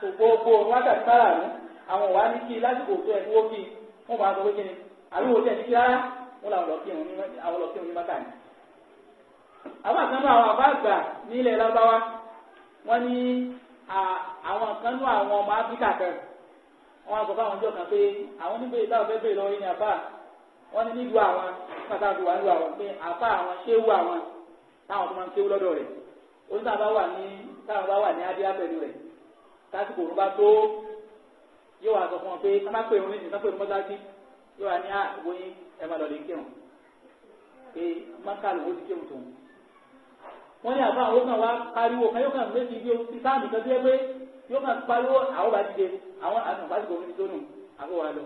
kò gbogbo wákàtí sára rú àwọn wà ní kí lásìkò tó ẹ̀ ní wọ́n kí wọ́n bá sọ pé kí ni àbí wọ́n tẹ̀ ní kí rárá wọ́n làwọn lọ kí òun ní mọ́kà ni. àwọn àkànnú àwọn àbáàgbà ní ilẹ̀ lábáwá wọ́n ní àwọn àkànnú àwọn ọmọ áfíríkà kan wọ́n á sọ fáwọn ọjọ́ kan pé àwọn onígbèrè táwọn fẹ́ bèrè lọ́wọ́ wọ́n ní nílùú àwọn pátá fi wà nílùú àwọn pé àfa àwọn ṣéwú àwọn táwọn tó máa ń ṣéwú lọ́dọ̀ rẹ̀ ó ní táwọn wà ní táwọn bá wà ní adé àpẹẹrẹ rẹ̀ tásìkò òun bá tó yóò wá sọ fún wọn pé ká má pè wọn nídìí ká pè wọn mọ́sáàtì yóò wá ní àwòyìn ẹ má lọ́ọ́ lè kírun pé mọ́sáàlù ó ti kírun tòun. wọ́n ní àfa àwọn kan wá pariwo kan yóò kàn méjì bí ohun sáàmì kan tó yẹ pé yóò kàn pariwo àwọn bá ti dé àwọn àtùnfàsìkò òun ti tó nù àbúrò wa lọ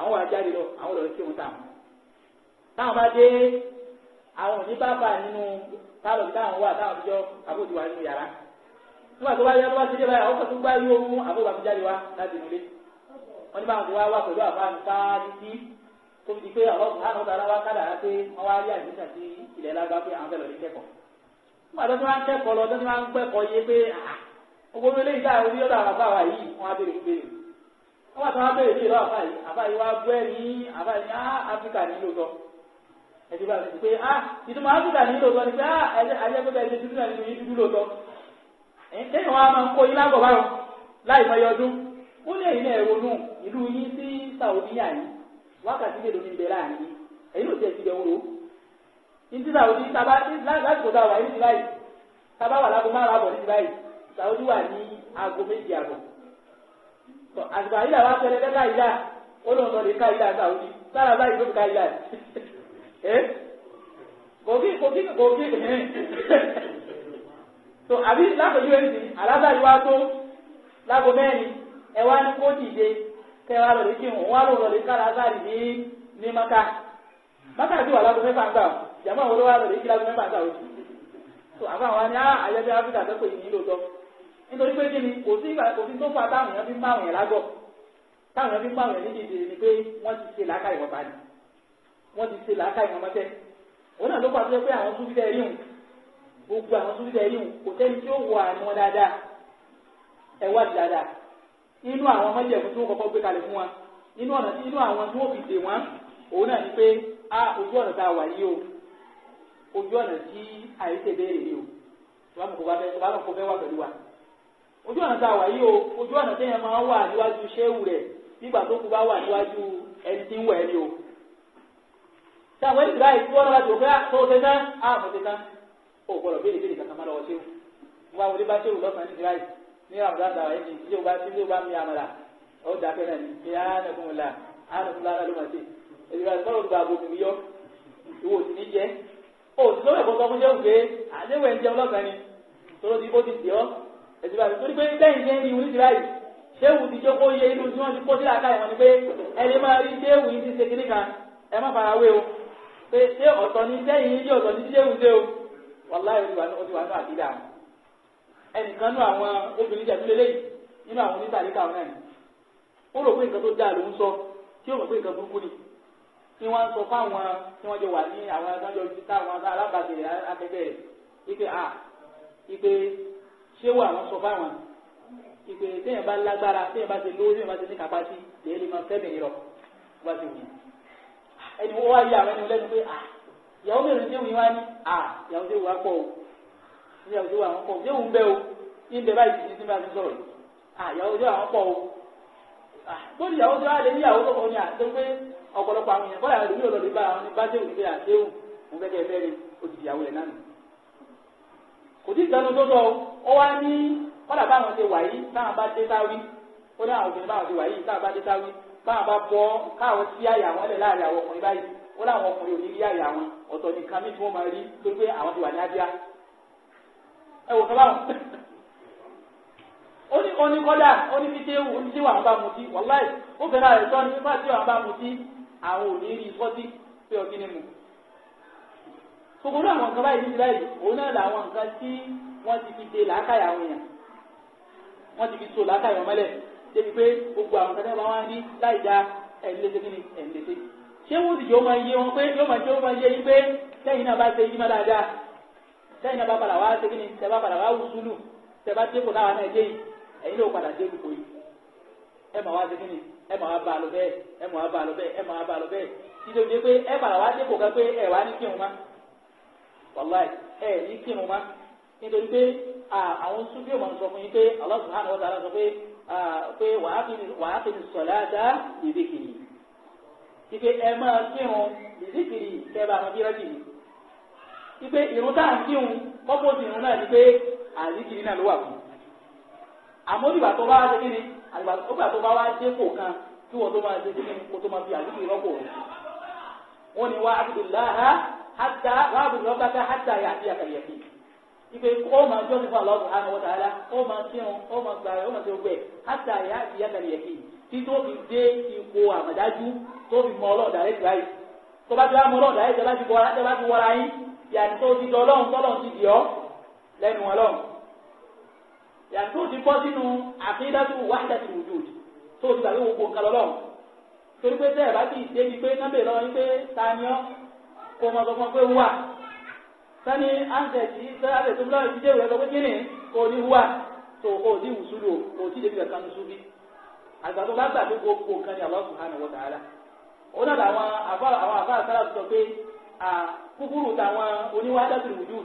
àwọn wà jáde lọ àwọn lọ sí òun táwọn táwọn bá dé àwọn òní bá bà nínú táwọn òbí táwọn wà táwọn àbújọ àbójú wà nínú yàrá nígbà tó bá yẹ wọn bá ti dé báyìí àwọn kan tó gbá yí ohun àbúrò àbújá lè wá láti nílé wọn ní báwọn tó wá wá pẹ̀lú àfáàn sáárìtì tó fi di pé àwọn ọkùnrin àwọn kádà á pé wọn wá rí àdìsá sí ilẹ̀ lágbá pé àwọn fẹ́ lọ ní kẹ́kọ̀ọ́ nígbà tó ti wá ń kẹ́kọ̀ọ́ lọ tó ti wá ń gbẹ́kọ̀ọ́ yé pé ah, ogun olóyè tá a rí ọ̀dọ̀ wà yìí wọn á béèrè fún béèrè wọ́n àtàwọn abẹ́rẹ́ ní ìlú àfáàyè àfáàyè wa gbẹ́ ní àfáàyè ah, ní áfíríkà ní lóòótọ́ ẹ̀dí bá ti pé á ah, ìtumọ̀ áfíríkà ní lóòótọ́ ni pé á ayẹ́gbẹ́gbẹ́ ẹ̀dí dúdú náà ní ìlú dúdú lóòótọ́ ẹ̀yìn wọn a máa ń kó yín lágọ̀ báwọn láì mọ ọdún ó lè ní ẹ̀rọ nù ìlú yín sí sàwọ́díyà yìí wákàtí mélòó ní bẹ̀rẹ̀ àní ẹ̀yìn ò tiẹ̀ ti dẹ̀ wúro ní ti sàwọ́dí tábà lásìkò táwà ní ti báyìí tábà wà lágbo márùn-ún àbọ̀ ní ti báyìí sàwọ́dí wà ní aago méjì àbọ̀ àgbà yìí làwọn afẹ́rẹ́ fẹ́ káyìlá ó lóun lọ lè káyìlá sàwùjì sára báyìí ló fi káyìlá eh? kòkí kòkí kòkí so àbí lápẹjú ẹni sì alábàáyí wá tó lágbo mẹ́rin ẹ wá ní kó dìde kẹ wá lọ lè kí wọn wá lóun lọ lè kára sáàrì ní ní maka maka ti wà lágbo mẹ́fà ń gbà jàmọ́ àwọn olówó wá lọ lè kí lágbo mẹ́fà ń gbà ó so àbáwọn wá ní àyẹ̀bẹ̀ ah, áfíríkà tó pè ní nítorí pé kí ni kò sí ìgbà kò sí tó fa táwọn èèyàn fi ń bá àwọn èèyàn lágọ̀ táwọn èèyàn fi ń bá àwọn èèyàn nídìí ni pé wọ́n ti ṣe làákà ìwọ̀n bá wọ́n ti ṣe làákà ìwọ̀n òun náà ló pa pé àwọn tún rí hùn gbogbo àwọn tún rí hùn kò sẹ́ni tí ó wọ àrùn wọn dáadáa ẹ wá di dáadáa inú àwọn mọ́jẹ̀kú tó kọ́kọ́ gbé kalẹ̀ fún wa inú àwọn tí wọ́n fi dè wọ́n òun náà ni pé a ojú ọ̀nà tá a wà yìí o ojú ọ̀nà tí àyè tẹ̀ bẹ́ẹ̀ rèé o tó bá mọ̀ kó bá fẹ́ wà pẹ̀lú wa ojú ọ̀nà tá a wà yìí o ojú ọ̀nà téèyàn máa wà níwájú ṣéwù rẹ̀ nígbà tó kú bá wà níwájú ẹni tí ń wẹ̀ ni o. táwọn ìdílé àìsí wọn láti òkè tó ṣe tán á ah, mọ̀ ṣe tán ó gbọ́dọ̀ béèrè béèrè kankan má lọ́wọ́ ṣéwù. wọ́n àwọn oníbá ṣéwù lọ́sàn-án ìdílé àìsí ní ramadan dàwà yìí ní ṣéwù bá ṣéwù bá mi àmàlà ó dàkẹ́ náà ní pé ánàkùnlá ánàkùnlá ló máa ṣe ìdílé àìsí wọn gba gbogbo yọ ìwò sì ní jẹ ó sì ni tó ẹ̀sìn báyìí torí pé lẹ́yìn lẹ́yìn ní orí ti báyìí ṣéwù ti jókòó yẹ inú tí wọ́n ti kó sí làákà ìwọ̀n ni pé ẹni máa rí ṣéwù yìí ti ṣe kiri kan ẹ má fara wé o pé ṣé ọ̀tọ̀ ni sẹ́yìn yìí ọ̀tọ̀ ni ṣéwù ṣe o wàláyé oṣùwà náà àti dáa ẹnìkan nú àwọn obìnrin jẹ̀ tún lélẹ́yìí nínú àwọn onítàlíkà náà ni ó rò pé nǹkan tó dáa lòún sọ tí ó mọ̀ pé nǹkan burúkú ni tí wọ́n ń sọ fáwọn tí wọ́n jọ wà ní àwọn adájọ́ ìfita àwọn alábàṣe akẹgbẹ́ rẹ̀ wípé a wípé ṣé wà wọ́n sọ fáwọn ìpè téèyàn bá lágbára téèyàn bá ti lówó téèyàn bá ti ní kápá sí tèèyàn lè máa rọ wá sí wù ẹni wọ́n wá yí àwọn ẹni lẹ́nu pé ìyàwó mẹ́rin tí wọ́n wá ní ìyàwó tí wọ́n pọ̀ o ìyàwó tí wọ́n pọ̀ o yóò ń bẹ́ o ní bẹ́ẹ̀ báyìí ti ti ti sọ̀rọ̀ ìyàwó tí wọ́n pọ̀ o lórí ìyàwó tí wọ́n wá lé ní ìyàwó tó kọ́ àti pé ọ̀pọ̀lọpọ̀ àwọn èèyàn bọ́lá àwọn èèyàn lọ́lọ́ kò tí ì sẹ́nu tó tọ́ ọ wá ní kọ́dà báwọn ṣe wà yìí táwọn bá dé sáwí ó ní àwọn obìnrin báwọn ṣe wà yìí táwọn bá dé sáwí báwọn bá bọ́ káwọn sí àyà wọn lẹ̀ láàrin àwọn ọkùnrin báyìí ó láwọn ọkùnrin ò ní rí àyà wọn ọ̀tọ̀ nìkan mí tí wọ́n máa rí tó pé àwọn ti wà ní ájá ẹ wò fọlá wọn ó ní oní kọ́dà ó ní fi téwù ó ní tí bá mu tí wàláì ó fẹ́ràn àìsàn ni mu gbogbo náà àwọn nǹkan báyìí ní ti báyìí òun náà làwọn nǹkan tí wọ́n ti fi de làákàyà àwọn èèyàn wọ́n ti fi so làákàyà wọn mọ́lẹ̀ débi pé gbogbo àwọn nǹkan tẹ́lẹ̀ wọn rí láì da ẹ̀ńlẹ́sẹ̀ kí ni ẹ̀ńlẹ́sẹ̀ ṣé wọ́n ti jọ máa yé wọn pé yóò máa jẹ́ wọ́n máa yé yín pé sẹ́yìn náà bá ṣe yí máa dáadáa sẹ́yìn náà bá padà wá ṣe kí ni tẹ́ bá padà wá wùsùlù tẹ́ bá dépò láwa náà dé yìí ẹ̀yin náà wá ṣe a lọ bẹ́ẹ̀ ẹ a lọ bẹ́ẹ̀ ẹ a lọ bẹ́ẹ̀ títí o dé pé ẹ padà wá dépò kan pé ẹ wá ní wàláì ẹ ní kírun má nítorí pé àwọn súnbí ọmọ sọ fún yín pé Allah subhanahu wa sọ pé pé wàá fi sọ̀láàdá ìdíkìrì ìpè ẹ máa kírun ìdíkìrì kẹ́ àwọn bírọ́dì yìí ìpè ìrún tá à ń kírun kọ́pọ̀ sí náà ni pé àdíkìrì náà ló wà fún àmọ́ ìgbà tó bá wá ìgbà tó bá wá dé kò kan kí wọ́n tó máa kó tó máa fi àdíkìrì hata wàá bù lọ́ba ká hata yà àti àkàyẹ̀kì ìpè ó máa jọ́ nípa Allah subhanahu wa ta'ala ó máa kírun ó máa gbàrẹ̀ ó máa ṣe gbẹ hata yà àti àkàyẹ̀kì tí tó fi dé ipò àmàdájú tó fi mọ ọlọ́ọ̀dà rẹ̀ tìbáyì tó bá ti wá mọ ọlọ́ọ̀dà rẹ̀ tẹ́lá ti wọra yín yàtí tó ti dọ̀ ọlọ́run tọ́lọ́run ti dì ọ́ lẹ́nu ọlọ́run yàtí tó ti bọ́ sínú àfihàn wahdatul wujud tó ti gbàgbé kó mọ sọ fún ọ pé wà sani ansẹti sani ansẹti fúnra ti dé ìwé sọ pé kíni kò ní wà tó o ní wùsùlù o ti débi kankan ní súbí àgbàdo bá gbàgbé gbogbo nǹkan ní Allah subhanahu wa ta'ala ó dàda àwọn àbá àwọn àbá àtàrà sọ pé kúkúrú táwọn oníwájú wùdú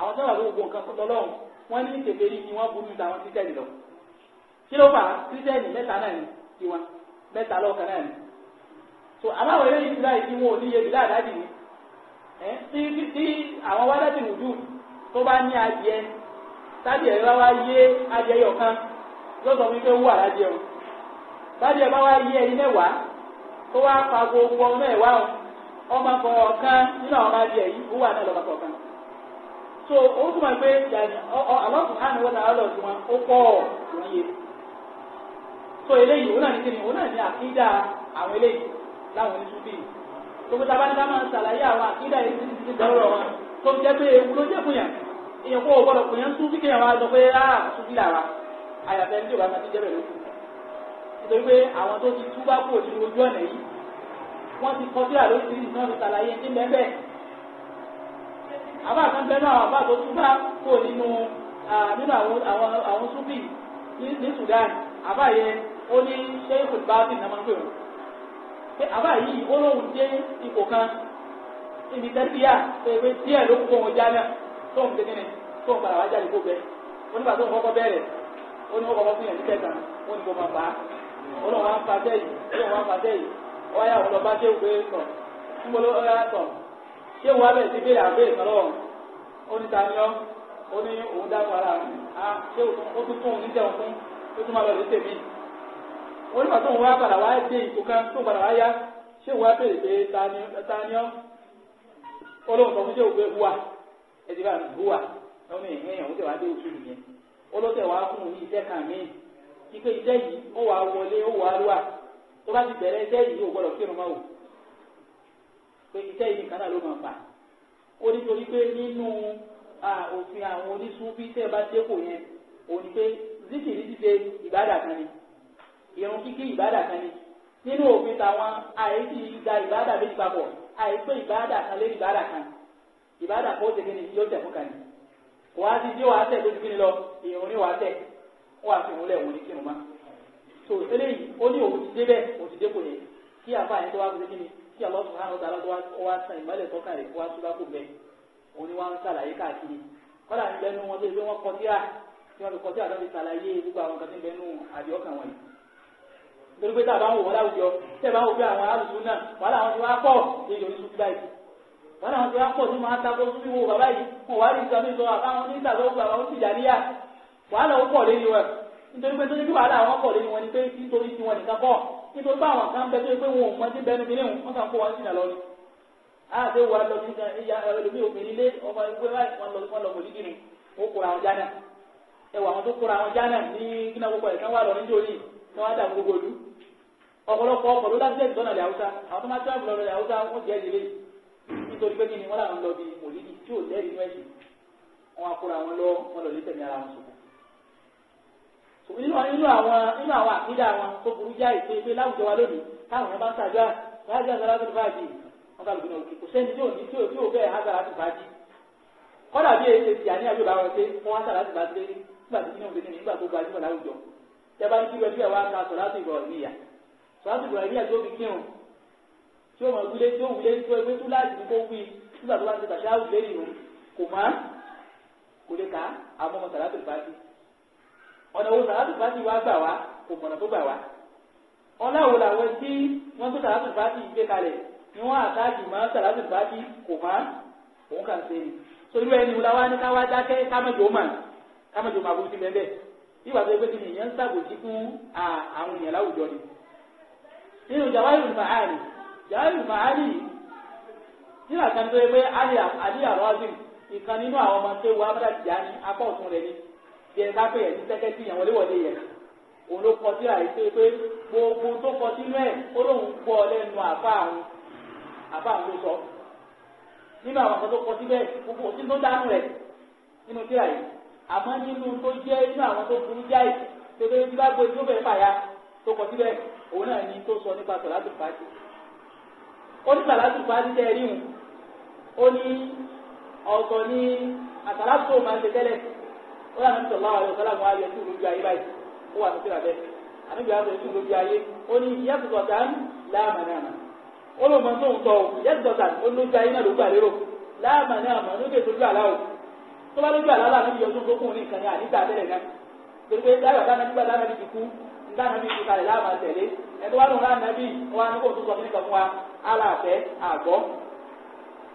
àwọn sábà gbogbo nǹkan kọ́ tọ́lọ́run wọ́n ní kékeré ni wọ́n burú táwọn kírísítẹ́nì lọ kí ló fà kírísítẹ́nì mẹ́ta náà ní tiwọn mẹ́ta lọ́ọ̀kan náà ní so àbáwọ̀ eré ìdílá ìdí wọn ò níye tí tí àwọn wá láti wùdú tó bá ní adìẹ tádìẹ bá wá yé adìẹ yọ kan yóò sọ fún mi pé wú o bá wá yé ẹni mẹ́wàá tó wá pa gbogbo ọmọ o ọmọ nínú àwọn adìẹ yìí wú àná lọ́ba kọ̀ọ̀kan so o ọ ọ hàn náà lọ wọn ó so eléyìí òun náà ní kíni òun náà ní àwọn gbogbo tá a bá ní ká máa ṣàlàyé àwọn àkídà yìí ti ti dọ̀rọ̀ wọn tó ń jẹ́ pé ewu ló jẹ́ fún yàn èèyàn kó o gbọ́dọ̀ pè é ń súnfí kéèyàn wá sọ pé á súnfí làwà àyàfẹ́ ní ìjọba ti jẹ́ bẹ̀rẹ̀ lókù nítorí pé àwọn tó ti túbá kúrò nínú ojú ọ̀nà yìí wọ́n ti kọjú àlọ́ ìṣirí náà ti ṣàlàyé ní bẹ́ẹ̀ àbá kan bẹ́ẹ̀ náà àbá tó túbá kúrò nínú nínú àwọn súnfí ní Sudan àbá yẹn ó ní ṣé ìkùnbá sì náà máa ń pè wọ́n pé àbá yìí ó lóun dé ipò kan ibi tẹ́tíyà pé díẹ̀ ló kó wọn já náà tó ń tẹ́tẹ́ ní tó ń padà wá jáde kó bẹ́ẹ̀ onígbà tó ń kọ́kọ́ bẹ̀rẹ̀ ó ní kọ́kọ́ fún yẹn ní kẹta ó ní kó máa fà á ó lóun wá ń fa sẹ́yìn ó lóun wá ń fa sẹ́yìn ó wáyà wọn lọ bá ṣé òwe tọ̀ níbo ló rà tọ̀ ṣé òun wá bẹ̀rẹ̀ sí bèrè àbẹ̀ ó ní tani ó ní òun dá wọ́n nígbà tó ń wá padà wá dé ìtò kan tó ń padà wá yá ṣé ìwà béèrè pé ta ni ọ́ olóhùn kan fún ṣé òwe wà ẹ ti bá mi wà lọ́nà ìhẹ́yàn ó tẹ̀ wá dé oṣù nìyẹn olóṣèlú wa fún òun iṣẹ́ kan míì ipe iṣẹ́ yìí ó wà wọlé ó wà wà tó bá ti bẹ̀rẹ̀ iṣẹ́ yìí ó gbọ́dọ̀ kírun máa wò pé iṣẹ́ yìí nìkan náà ló máa fà ó nítorí pé nínú òfin àwọn oníṣúbí tẹ́ bá dépò yẹn òun ni pé zikiri ti ṣe ìbádà kan ni ìrun kíkí ìbádà kan ni nínú òfin tàwọn àìsí da ìbádà méjì papọ̀ àìpé ìbádà kan lé ìbádà kan ìbádà kan ó ti yóò tẹ̀ kan ni wà á ti dé wà á tẹ̀ lójú kíni lọ ìrun ní wà á tẹ̀ wọ́n á fi ìrun lẹ̀ wọ́n ní kírun má so eléyìí ó ní òun ti dé bẹ́ẹ̀ òun ti dé kò yẹ kí àfààní tó wá gbé kíni kí Allah subhanahu wa ta'ala tó wá san ìmọ̀lẹ̀ tọ́ka rẹ̀ kó wá túbá kò bẹ́ẹ̀ òun ni wọ́n ń ṣàlàyé káàkiri kọ́lá ń bẹnu wọn tó ṣe wọ́n kọtíra tí wọ́n fi kọtíra lọ́ọ́ fi ṣàlàyé gbogbo àwọn kan tí ń bẹnu àdìọ́kàn wọn yìí torí pé táwọn àwọn aláwùjọ tẹ́ẹ̀ bá wò pé àwọn aláwùjọ náà wàhálà àwọn ti wá pọ̀ ní ìyọrí sùn báyìí wàhálà àwọn ti wá pọ̀ tí wọ́n á takò sí wo bàbá yìí wọn wá rí ìsọmí sọ àbáwọn ní ìsàlọ́ gbà wọn pọ̀ lẹ́yìn wọn nítorí pé wàhálà àwọn pọ̀ lẹ́yìn wọn ni pé nítorí tí wọn nìkan pọ̀ nítorí pé àwọn kan bẹ tó yẹ pé wọn wọn á dààmú gbogbo olú ọ̀pọ̀lọpọ̀ ọkọ̀ ló dájú lẹ́yìn tọ́nà ilẹ̀ haúsá àwọn tó máa tẹ́ àbúrò ilẹ̀ haúsá wọ́n jẹ́ ìdílé nítorí pé kí ni wọ́n làwọn lọ bí mòlídìí tí ò lẹ́rìí inú ẹ̀sìn wọn akóra wọn lọ wọn lọ lé tẹ̀mí ara wọn sọ̀kò. nínú àwọn nínú àwọn àkídà wọn tó burú jáì pé pé láwùjọ wa lónìí táwọn yẹn bá ń sàjọ́ àgbájá sọlá tó bá jì wọn kà lùgbìn òkè kò sẹ́ni tí ò ní tí ò bẹ́ẹ̀ hásàlá tó bá jì. kọ́dà bí èsì àníyànjú bá wọn ṣe wọ́n hásàlá tó bá ṣe nígbà tó kí tẹ́bá ń kíwẹ́ bí ẹ̀ wá ka sọ̀láṣì ìbọ̀rìníyà sọ̀láṣì ìbọ̀rìníyà tó fi o tí ó mọ̀ wílé tí ó wílé tó ẹgbẹ́ tó láti ní kó wí nígbà tó bá ń ṣe tàṣà wílé ìrùn kò má kò lè ka àwọn ọmọ sọ̀láṣì ìbáṣì ọ̀nà wo sọ̀láṣì ìbáṣì wá gbà wá kò mọ̀nà tó gbà wá ọ̀nà wo làwọn tí wọ́n tó sọ̀láṣì ìbáṣì gbé kalẹ̀ ni wọ́n àtàkì mọ́ sọ̀láṣì ìbáṣì kò má òun kà ń ṣe ni so irú ẹni wọ́n wá ní ká dákẹ́ ká mà ká mà bú sí bẹ́ẹ̀ ìwà tó yẹ pé kí ni èèyàn ń ṣàbòsí fún àwọn èèyàn láwùjọ ni nínú jàwáìrù fàáàlì jàwáìrù fàáàlì nígbà kan tó yẹ pé alí àrọ́ọ̀sìn ìkan nínú àwọn ọmọ tó wọ abúlé tìyá ní apá ọ̀tún rẹ̀ ni jẹ́ ká pè é ní sẹ́kẹ́tì yẹn wọlé wọlé yẹn òun ló kọ sí àìsí pé gbogbo tó kọ sínú ẹ̀ ó lóun gbọ́ lẹ́nu àbá àwọn àbá àwọn ló sọ nínú àwọn kan tó kọ síbẹ̀ gbogbo òsín tó dánú rẹ̀ nínú tíra yìí àmọ́ nínú tó jẹ́ inú àwọn tó burú jáì tó tó bá gbé tó bẹ̀rẹ̀ pàyà tó kọ síbẹ̀ òun náà ni tó sọ nípa sàlátù fàájì ó ní sàlátù fàájì tẹ́ rí hùn ó ní ọ̀sọ̀ ní àsàlátù tó máa ń ṣe tẹ́lẹ̀ ó lànà ní sọ̀lá àwọn ọ̀sán làwọn ayọ̀ tí ò lójú ayé báyìí ó wà sókè làbẹ́ àníbi àwọn ètò lójú ayé ó ní yẹ́sùtọ̀tà ń láàmànàmà ó lò mọ́ tóun tọ̀ yẹ́sùtọ̀tà ó lójú ayé náà ló gbà lérò láàmànàmà ló dé tó bá lójú àlálà níbi ọdún tó kún ní nǹkan ní ànígbà tẹ́lẹ̀ náà torí pé dáyọ̀ dáná nígbà dáná níbi kú nígbà náà níbi kalẹ̀ láàmà tẹ̀lé ẹni wá lóun láàmà bí wọn ní kó tó sọ nípa fún wa aláàfẹ́ àgọ́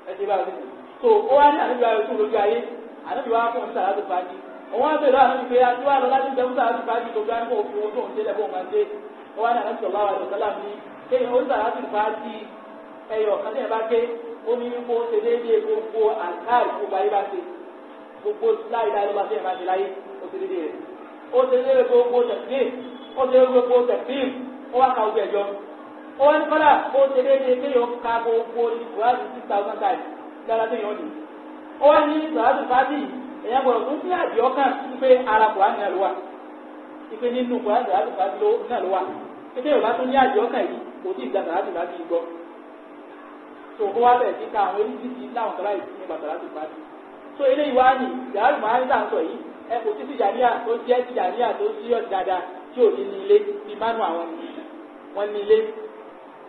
ẹ ti bá a lójú tó ó wá ní àníbi ayọ̀ tó lójú ayé àníbi wá fún ìsàlá tó fàájì òun á bèrè àníbi pé a ti wá lọ láti bẹ̀rù sàlá tó fàájì tó gbá ní kó fi owó tó ń délẹ̀ bó máa dé ó wá ní àníbi sọ̀lá wa lọ́sọ̀lá mi kéèyàn ó sàlá tó fàájì ẹyọ̀ kan ní ẹ̀ bá ké ó ní kó ṣe déédéé gbogbo àkáàrí gbogbo ayé bá ṣe gbogbo láìda ló bá ṣe ìrìnàjò láyé ó ti dídì rẹ̀ ó ti dídì rẹ̀ gbogbo tẹ̀sí ó ti dídì gbogbo tẹ̀sí ó wá ka ojú ẹ̀jọ́ ó wá ní kọ́lá ó ti dídì kéèyàn ka gbogbo ìwádìí six thousand times lára téèyàn ní ó wá ní ìwádìí fásitì èèyàn gbọ́dọ̀ tún sí àdìọ́ kan pé ara kùránì náà ló wà ìpè nínú kùránì náà ló wà kété yorùbá tún ní àdìọ́ kan yìí kò tí ì gba sàrátì fásitì gbọ́ tó ó wá bẹ̀rẹ̀ sí ká àwọn oníṣìṣì láwọn sàrátì ní tó ilé ìwá ni ìyáàrú máa ń tà sọ yìí ẹ kò sí tìjàníà tó jẹ́ tìjàníà tó sí ọ̀dì dáadáa tí ò ní ní ilé bí mánú àwọn nìyí wọ́n ní ilé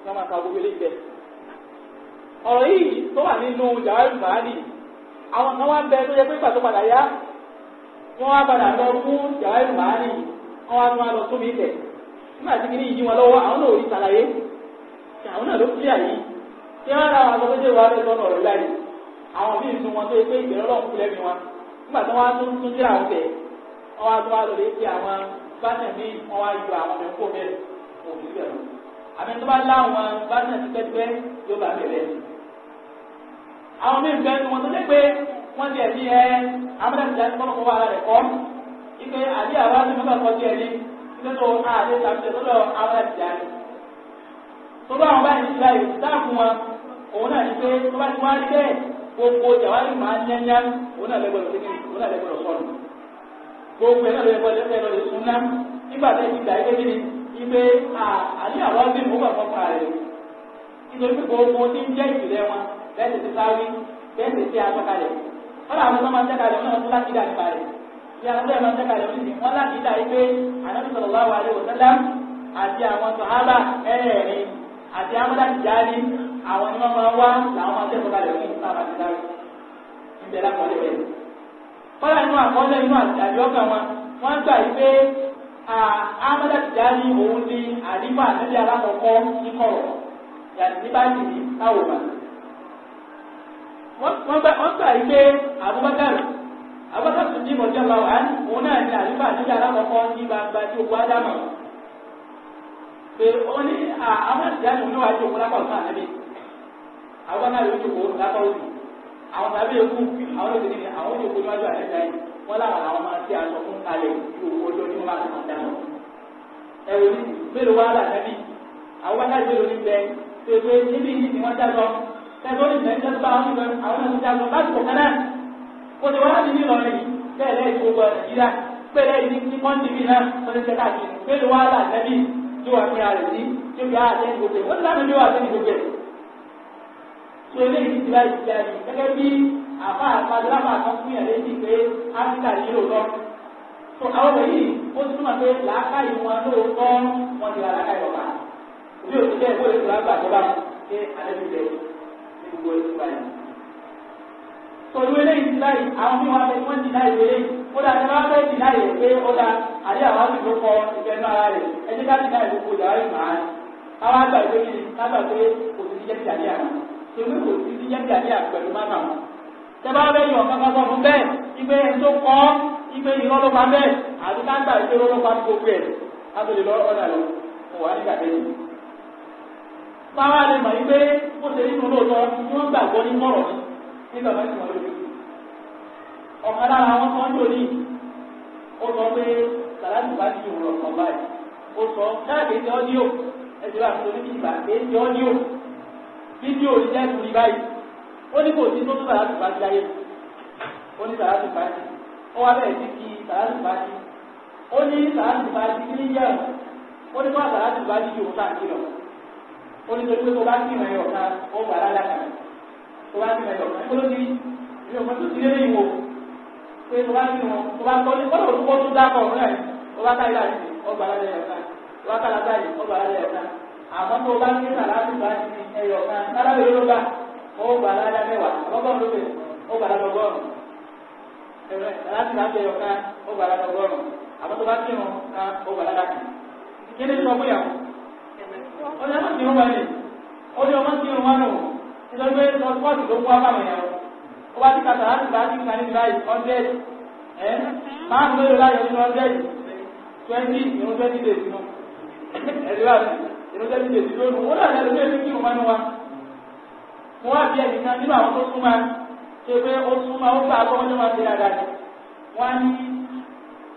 wọ́n máa ka gbogbo ilé ibẹ̀. ọ̀rọ̀ yìí tó wà nínú ìyáàrú máa nì àwọn kan wá ń bẹ tó yẹ pé ìgbà tó padà yá wọ́n wá padà lọ fún ìyáàrú máa nì wọ́n wá tún wá lọ sómi ilẹ̀ nígbà tí kìíní yìí wọn lọ́wọ́ àwọn náà ò rí ṣàlàyé àwọn náà ló kílíà yìí tí wọ́n ra àwọn akọ́kọ́jẹ́ wa àwọn míì tún wọn tó yẹ pé ìbẹ̀rẹ̀ ọlọ́run kulẹ̀ mi wọn nígbà tí wọ́n á tún tún síra ọ̀tẹ̀ wọ́n á tún wá lórí ti àwọn bátẹ̀ míì wọ́n á yọ àwọn ẹ̀kọ́ bẹ́ẹ̀ òbí bẹ̀rù àmì tó bá láwọn bátẹ̀ pẹ́pẹ́ yóò bá bẹ̀rẹ̀ àwọn míì bẹ́ẹ̀ ni wọ́n tó lé wọ́n ti ẹ̀dí ẹ amúnáfíà ti kọ́nà kọ́wọ́ ara rẹ̀ kọ́ ipe àbí àwọn àti gbogbo jàwárí máa ń yányá òun náà lẹ́gbọ̀dọ̀ sí ni òun náà lẹ́gbọ̀dọ̀ sọ̀rọ̀ gbogbo ẹ̀ náà lẹ́gbọ̀dọ̀ lẹ́gbọ̀dọ̀ lè sún náà nígbà tẹ́ ìgbà yẹn kí ni ibe àní àwọn ọdún ìmú bàbá pa rẹ̀ nítorí pé gbogbo ní jẹ́ ìpìlẹ̀ wọn bẹ́ẹ̀ ti ti sáré bẹ́ẹ̀ ti ti àtọ́kalẹ̀ wọ́n àwọn tó máa ń tẹ́kalẹ̀ wọn náà tún láti dà nípa rẹ̀ bí àwọn tó máa ń tẹ́kalẹ̀ wọn nìyí wọ́n láti dà ipe ànábì sallallahu alaihi wasallam àti àwọn àti amúdá tìjáni àwọn tí wọ́n máa wá làwọn máa tẹ́kọ̀ọ́ balẹ̀ fún ìtara ti dárí níbẹ̀ lákọọ́lẹ̀ rẹ̀. kọ́lá inú àkọọ́lẹ̀ inú àjọ kan wọn wọ́n gbà yí pé Ahmadu Tijani òun ni àdìmọ́ àtẹ́lẹ́ alákọ̀ọ́kọ́ níkọ̀rọ̀ yàtí ní báyìí ní táwọn ọ̀gbà. wọ́n gbà yí pé Abubakar Abubakar tó dín mọ̀jọ́ bá wà ní òun náà ni àdìmọ́ àtẹ́lẹ́ alákọ̀ọ́kọ́ ní gbangba tí ó gbọ́ Ádámù pé ó ní Ahmadu Tijani òun náà wà ní òkúlápọ̀ fún àlẹ́bí àwọn náà yóò jòkó lápá òdì àwọn tàbí èkú àwọn òdì nìyẹn àwọn jòkó níwájú àlẹ́ta yìí wọ́n láwọn àwọn máa ti aṣọ fún kalẹ̀ ju ọjọ́ ní wọn bá ti dáná. ẹ wò ní mélòó wá là nẹ́bí àwọn náà mélòó ní bẹ pépé níbi yìí ni wọ́n dájọ́ tẹ́tọ́ ní bẹ́ẹ̀ tẹ́tọ́ bá wọn àwọn náà ti dájọ́ bá ti kọ̀ọ̀kan náà kò sí wọ́n á ní ìlọrin yìí bẹ́ẹ̀ lẹ́yìn gbogbo nàìjíríà pẹ̀lẹ́ ní kọ́ńtìmí náà wọ́n ti tẹ́ka tó eléyìí ti láì ti àyè gẹ́gẹ́ bí àbá àpàdúrà kan fún yàrá èyí pé áfíríkà yìí ló lọ. tó àwọn wọ̀nyí ó túmọ̀ pé làákàyè wọn ló tọ́ wọn ti ra làákàyè ọ̀gá. òbí òbí jẹ́ ìwé ìtura gbà tó bá ṣe alẹ́ ti jẹ gbogbo ìtura yìí. tòlú eléyìí ti láì àwọn bí wọn fẹ́ wọ́n ti láì wọlé ó dà tẹ́lá fẹ́ ti láì rẹ̀ pé ó dà àdé àwọn àti ló kọ ìfẹ́nu ara rẹ̀ ẹni ká ti láì gbogbo ìdáwọ́ ìmọ̀ èmi kò sí ní yẹ́dí àdé àpẹ̀lú má kà tẹ́bá bẹ́ẹ̀ yọ̀ kankan sọ fún bẹ́ẹ̀ ìgbé ẹni kọ́ ìgbé irọ́ ló pa bẹ́ẹ̀ àti káńtà ìgbé irọ́ ló pa ní gbogbo ẹ̀ láti lọ́rọ́ ọ̀dà lọ kò wá nígbà bẹ́ẹ̀ báwa lè mọ̀ ìgbé ó ṣe nínú lóòótọ́ tí wọ́n gbàgbọ́ ní mọ̀rọ̀ nígbà bá ti wọ́n lójú. ọ̀kan lára wọn kan lónìí ó sọ pé sàlátì bá ti yòrò ọ̀kan báyìí ó sọ káàdì ìjọ́ fídíò lẹ́nu rí báyìí ó ní kò sí tó tó sàrátù bá ti láyé ó ní sàrátù bá ti ó wá bẹ̀rẹ̀ sí kí sàrátù bá ti ó ní sàrátù bá ti ní yẹ̀rù ó ní kó sàrátù bá ti yòó sáà kìlọ̀ ó ní torí pé tó bá ti rìn ẹ̀yọ̀ kan ó wà lálẹ́ kan tó bá ti rìn ẹ̀yọ̀ kan kó ló ti ní ọmọ tó ti lé lẹ́yìn wò pé tó bá ti wọn tó bá tọ́ ní kọ́lọ̀ olùkọ́ tó dákọ̀ ọ̀rẹ́ tó bá ká àmọ́ tó bá ní sàlátù bá ti ní ẹyọ kan sálábẹ̀ yóò gbà ó gbà ládàá mẹ́wàá ọgọ́rùn lóde ó gbà ládàá ọgọ́rùn sàlátù bá ti ẹyọ kan ó gbà ládàá ọgọ́rùn àmọ́ tó bá ti rún kan ó gbà ládàá kan. kí ni sọ fún yàwó ọdún ọmọ tí ń wá ní ọdún ọmọ tí ń wá nù nítorí pé ọdún tó ń wá báwọn yàwó ó bá ti ka sàlátù bá ti kan níbi láì ọ̀ndẹ́ ẹ̀ máa ń lóyún láyọ̀ nínú ọ̀ndẹ́ twenty ìrún twenty days nù ẹ̀rí wà sí ìrọ̀lẹ́ mi lè dúró nù wọ́n náà lẹ́nu lẹ́nu kí mo máa ń wa. mo wá bí ẹnìkan nínú àwọn tó súnmọ́ ṣe pé ó súnmọ́ ó gbà á gbọ́n máa ṣe dáadáa ni. wọ́n á ní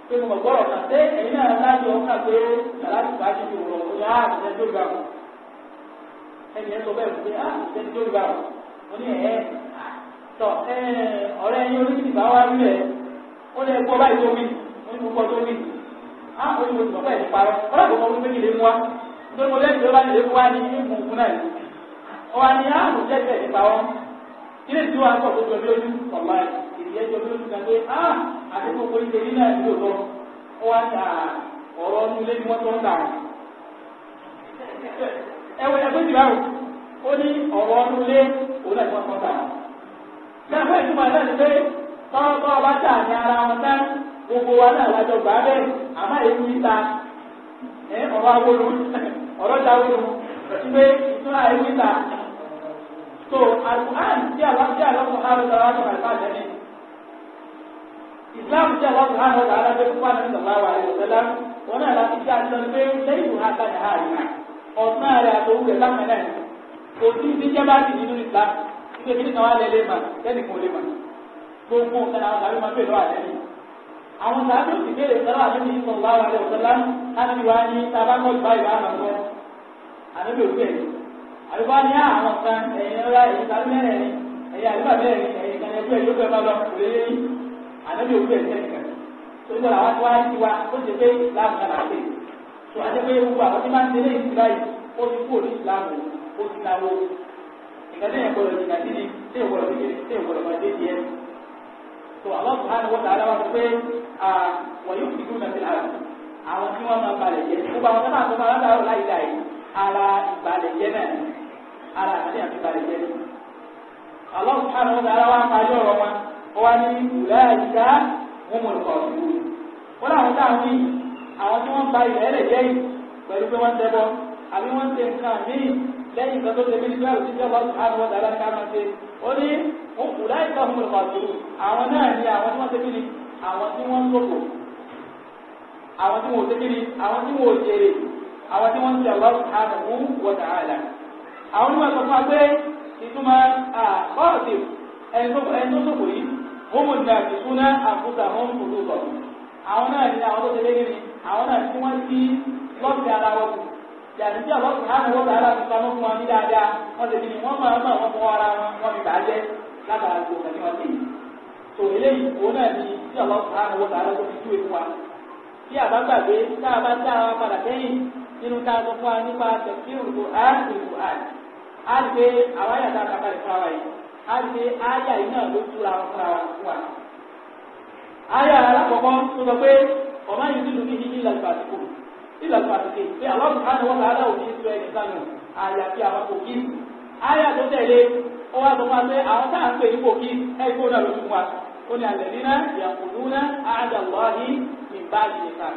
pé mo gbọ́rọ̀ kà sé ẹ̀yin náà láti ọkà pé aláàbò bá ṣe ìwòrò ọ̀gá àtẹ̀jẹ́ tó gbà wọ́n. ẹnì yẹn sọ bẹ́ẹ̀ pé àtẹ̀jẹ́ ah, tó gbà wọ́n. mo ní ẹ̀ tọ ọ̀rẹ́ yín oríṣiríṣi bá wá nílẹ̀ ó lè gbọ́ báyìí tó wí mo ní mo gbọ́ tó wí. á ó ní pé mo lẹ́sìn ló bá lè wá ní ah, ìmú fún náà yìí ọ̀wá ni á mú jẹ́jẹ́ nípa wọn ilé tí wọ́n á sọ̀kò jọ lójú ọ̀la ìdíyẹ jọ lójú kan pé á ah, àti gbogbo ilé yìí náà yóò lọ ọ̀wá ni à ọ̀rọ̀ ọdún ilé ni wọ́n tó ń dà ẹwẹ ẹgbẹ́ ìgbà wò ó ní ọ̀rọ̀ ọdún ilé òun náà tó ń dà gbàgbé ìtumọ̀ náà ni pé tọ́wọ́ bá tà ní ara wọn tán gbogbo wa náà lájọ gbà bẹ́ẹ̀ àmọ́ èyí ń ta ọ̀rọ̀ awolo ọ̀rọ̀ dawolo ìgbé ìtún àìwíta tó àlùkàn tí àlọ́sí àlọ́sọ̀ àlọ́sọ̀ àlọ́sọ̀ àlùkàn ní islam tí àlọ́sọ̀ àlọ́sọ̀ àlọ́sọ̀ fún pàdé sọ̀láwà àlọ́sọ̀lá wọn náà láti fi àti lọ́nà pé lẹ́yìn òun àtàdé àárín ọ̀sán rẹ̀ àtòwú rẹ̀ láwọn náà kò sí ibi jẹ́ bá ti nínú islam ìgbé kí ni kan wá lẹ́lẹ́ mà lẹ́nìkan ò lè mà gbogbo nǹkan àwọn àlùmọ́ àwọn sàbẹ̀ ti béèrè sọ́lá àbí ní sọ̀rọ̀ láwọn àlẹ́ òṣèlá láti wá ní tabakọ́ ah, ìgbà ìwà àkọ́kọ́ àbẹ̀bẹ̀ òkú ẹ̀yìn àbíkọ́ ní àwọn kan ẹ̀yìn ọ̀la ẹ̀yìn sàbẹ̀ mẹ́rẹ̀ẹ̀rin ẹ̀yìn àbíkọ́ mẹ́rẹ̀ẹ̀rin ẹ̀yìn kan ẹ̀kú ẹ̀yìn lókè máa lọ kò lé lẹ́yìn àbẹ̀bẹ̀ òkú ẹ̀yìn sẹ́yìn torí wọn àwọn tó wá sí wa ó ṣe pé láàmú náà láti tó a jẹ pé gbogbo àwọn tí máa ń ṣe lé ìsìn báyìí ó ti kú òní ìsìláàmù ó ti náwó ìgbà tí èèyàn gbọ́dọ̀ ìgbà tí ni tí èèyàn gbọ́dọ̀ kékeré tí èèyàn gbọ́dọ̀ máa dé díẹ̀ so àwọn sùhánù wọ́n tààrà wá sọ pé wọ̀nyí kì í dùn nàbí àrà àwọn tí wọ́n máa balẹ̀ jẹ́ gbogbo àwọn náà tó máa ń dárò láyé láyé ara ìbalẹ̀ jẹ́ náà ara àti àti ìbalẹ̀ jẹ́ àwọn sùhánù wọ́n tààrà wá parí ọ̀rọ̀ wọn wọ́n ní ìwúlẹ̀ àyíká wọn mọ̀ nǹkan ọ̀dùnkù wọ́n láwọn táwọn ní àwọn tí wọ́n ba ìrẹ́lẹ̀ jẹ́ yìí pẹ̀lú pé wọ́n tẹ́ bọ́ àbí wọ́n tẹ nǹkan míì lẹ́yìn nǹkan tó tẹ̀lé nígbà tí ìjọba àwọn ọ̀dà aláǹkà máa ṣe ó ní òkú láì tọ́ fún ìpàdé àwọn náà ni àwọn tí wọ́n ṣe kíni àwọn tí wọ́n ń lòkò àwọn tí wọ́n ṣe kíni àwọn tí wọ́n jèrè àwọn tí wọ́n ń ṣe àwọn àdàmú wọ̀dà àlà. àwọn onímọ̀ sọ fún wa pé ìtumọ̀ bọ́ọ̀sì ẹni tó sòkò yìí wọ́n mọ̀ nígbà tí súná náà ni àwọn yàtí bí àwọn ọ̀sán àwọn ọ̀sán aláàbò pamọ́ fún wa ní dáadáa wọ́n ti ní wọ́n máa máa wọ́n fọ́ ara wọn wọ́n fi bàjẹ́ látara tó kàní wọn sí. tó eléyìí òun náà ni bí àwọn ọ̀sán àwọn ọ̀sán aláàbò fi túwèé fún wa. bí àbágbàgbé tá a bá dá wa padà sẹ́yìn nínú ká sọ fún wa nípa tẹ̀síwòn kò áàtìwò áàtì. á lè pe àwọn àyà tá a lè fún wa yìí á lè pe yìí náà ló túra wọn fúnra wa fún wa. áyà alákọ̀ọ́kọ́ tó sọ pé ọ̀ma nígbà tó àti ké pé àwọn ìkànnì wọn làálà òní ìlú ẹni sánú àyà kí àwọn kò kí àyà tó tẹ̀lé ó wá sọ fún wa pé àwọn tá à ń pè ní kò kí ẹ̀kọ́ náà ló fún wa ó ní alẹ́ nínú ìyàkùnú náà àjà wàhí ní báàgì nìka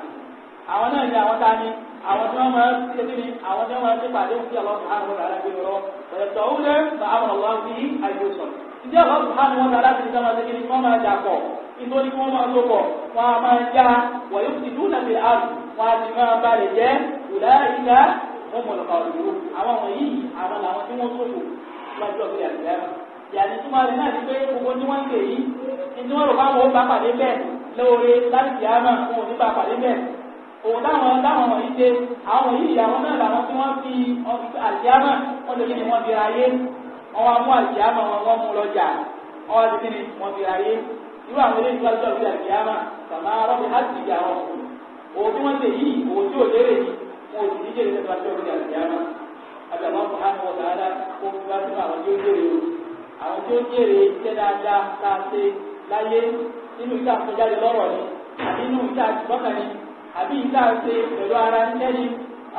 àwọn náà ní àwọn tání àwọn tí wọn máa ń ṣe kí ni àwọn tí wọn máa ń ṣe pàdé òkú àwọn ìkànnì wọn làálà gbé lọ ọ̀rẹ́tọ̀ òun náà bá àwọn fi àyè sọ̀rọ̀ ìdí àwọn ìkànnì wọn làálà fi dáná ṣe ni wọn máa jà pọ̀ nítorí wọn máa lò pọ̀ wọn máa ti dúnà lè àrùn wọn a ti máa bá rẹ̀ jẹ́ ìlà ìlà wọn mọ̀lọ́kà òdòdó àwọn wọ̀nyí àwọn làwọn tí wọ́n sòfò lọ́jọ́ ọ̀gbìn àti ẹ̀rọ. ìyàní tó máa rẹ̀ náà ti pé gbogbo tí wọ́n ń pè yí ni tí wọ́n rò bá wọn ó bá pàdé bẹ́ẹ̀ lóore láti kì á máa fún òní bá pàdé bẹ́ẹ̀. òun táwọn táwọn wọ̀nyí ṣe àwọn wọ̀nyí ìyàwó náà làwọn tí wọ́n fi àlìyámà wọ́n lè kí ni wọ́n fi ayé wọ́n wá mú àlìyámà wọn wọ́n mú lọ́jà wọ́n wá ti kí ni wọ́n fi ayé irú àwọn eléyìí wọ́n lọ́jọ́ ìgbà àlìyámà sàmárọ́ bí hàtì ìyàwó òun tí wọ́n ṣe yìí òun tí ò lérè yìí wọn ò sì ní jèrè nípa tí ọ̀gbìn àti àmà àgbàmọ́ fún àwọn ọ̀tàlá kó fi bá fún àwọn tí ó jèrè o àwọn tí ó jèrè iṣẹ́ dáadáa tá a ṣe láyé nínú ìta àtúnjáde lọ́rọ̀ ni àbí nínú ìta àtúnbọ́kà ni àbí ìta ṣe pẹ̀lú ara níṣẹ́ ni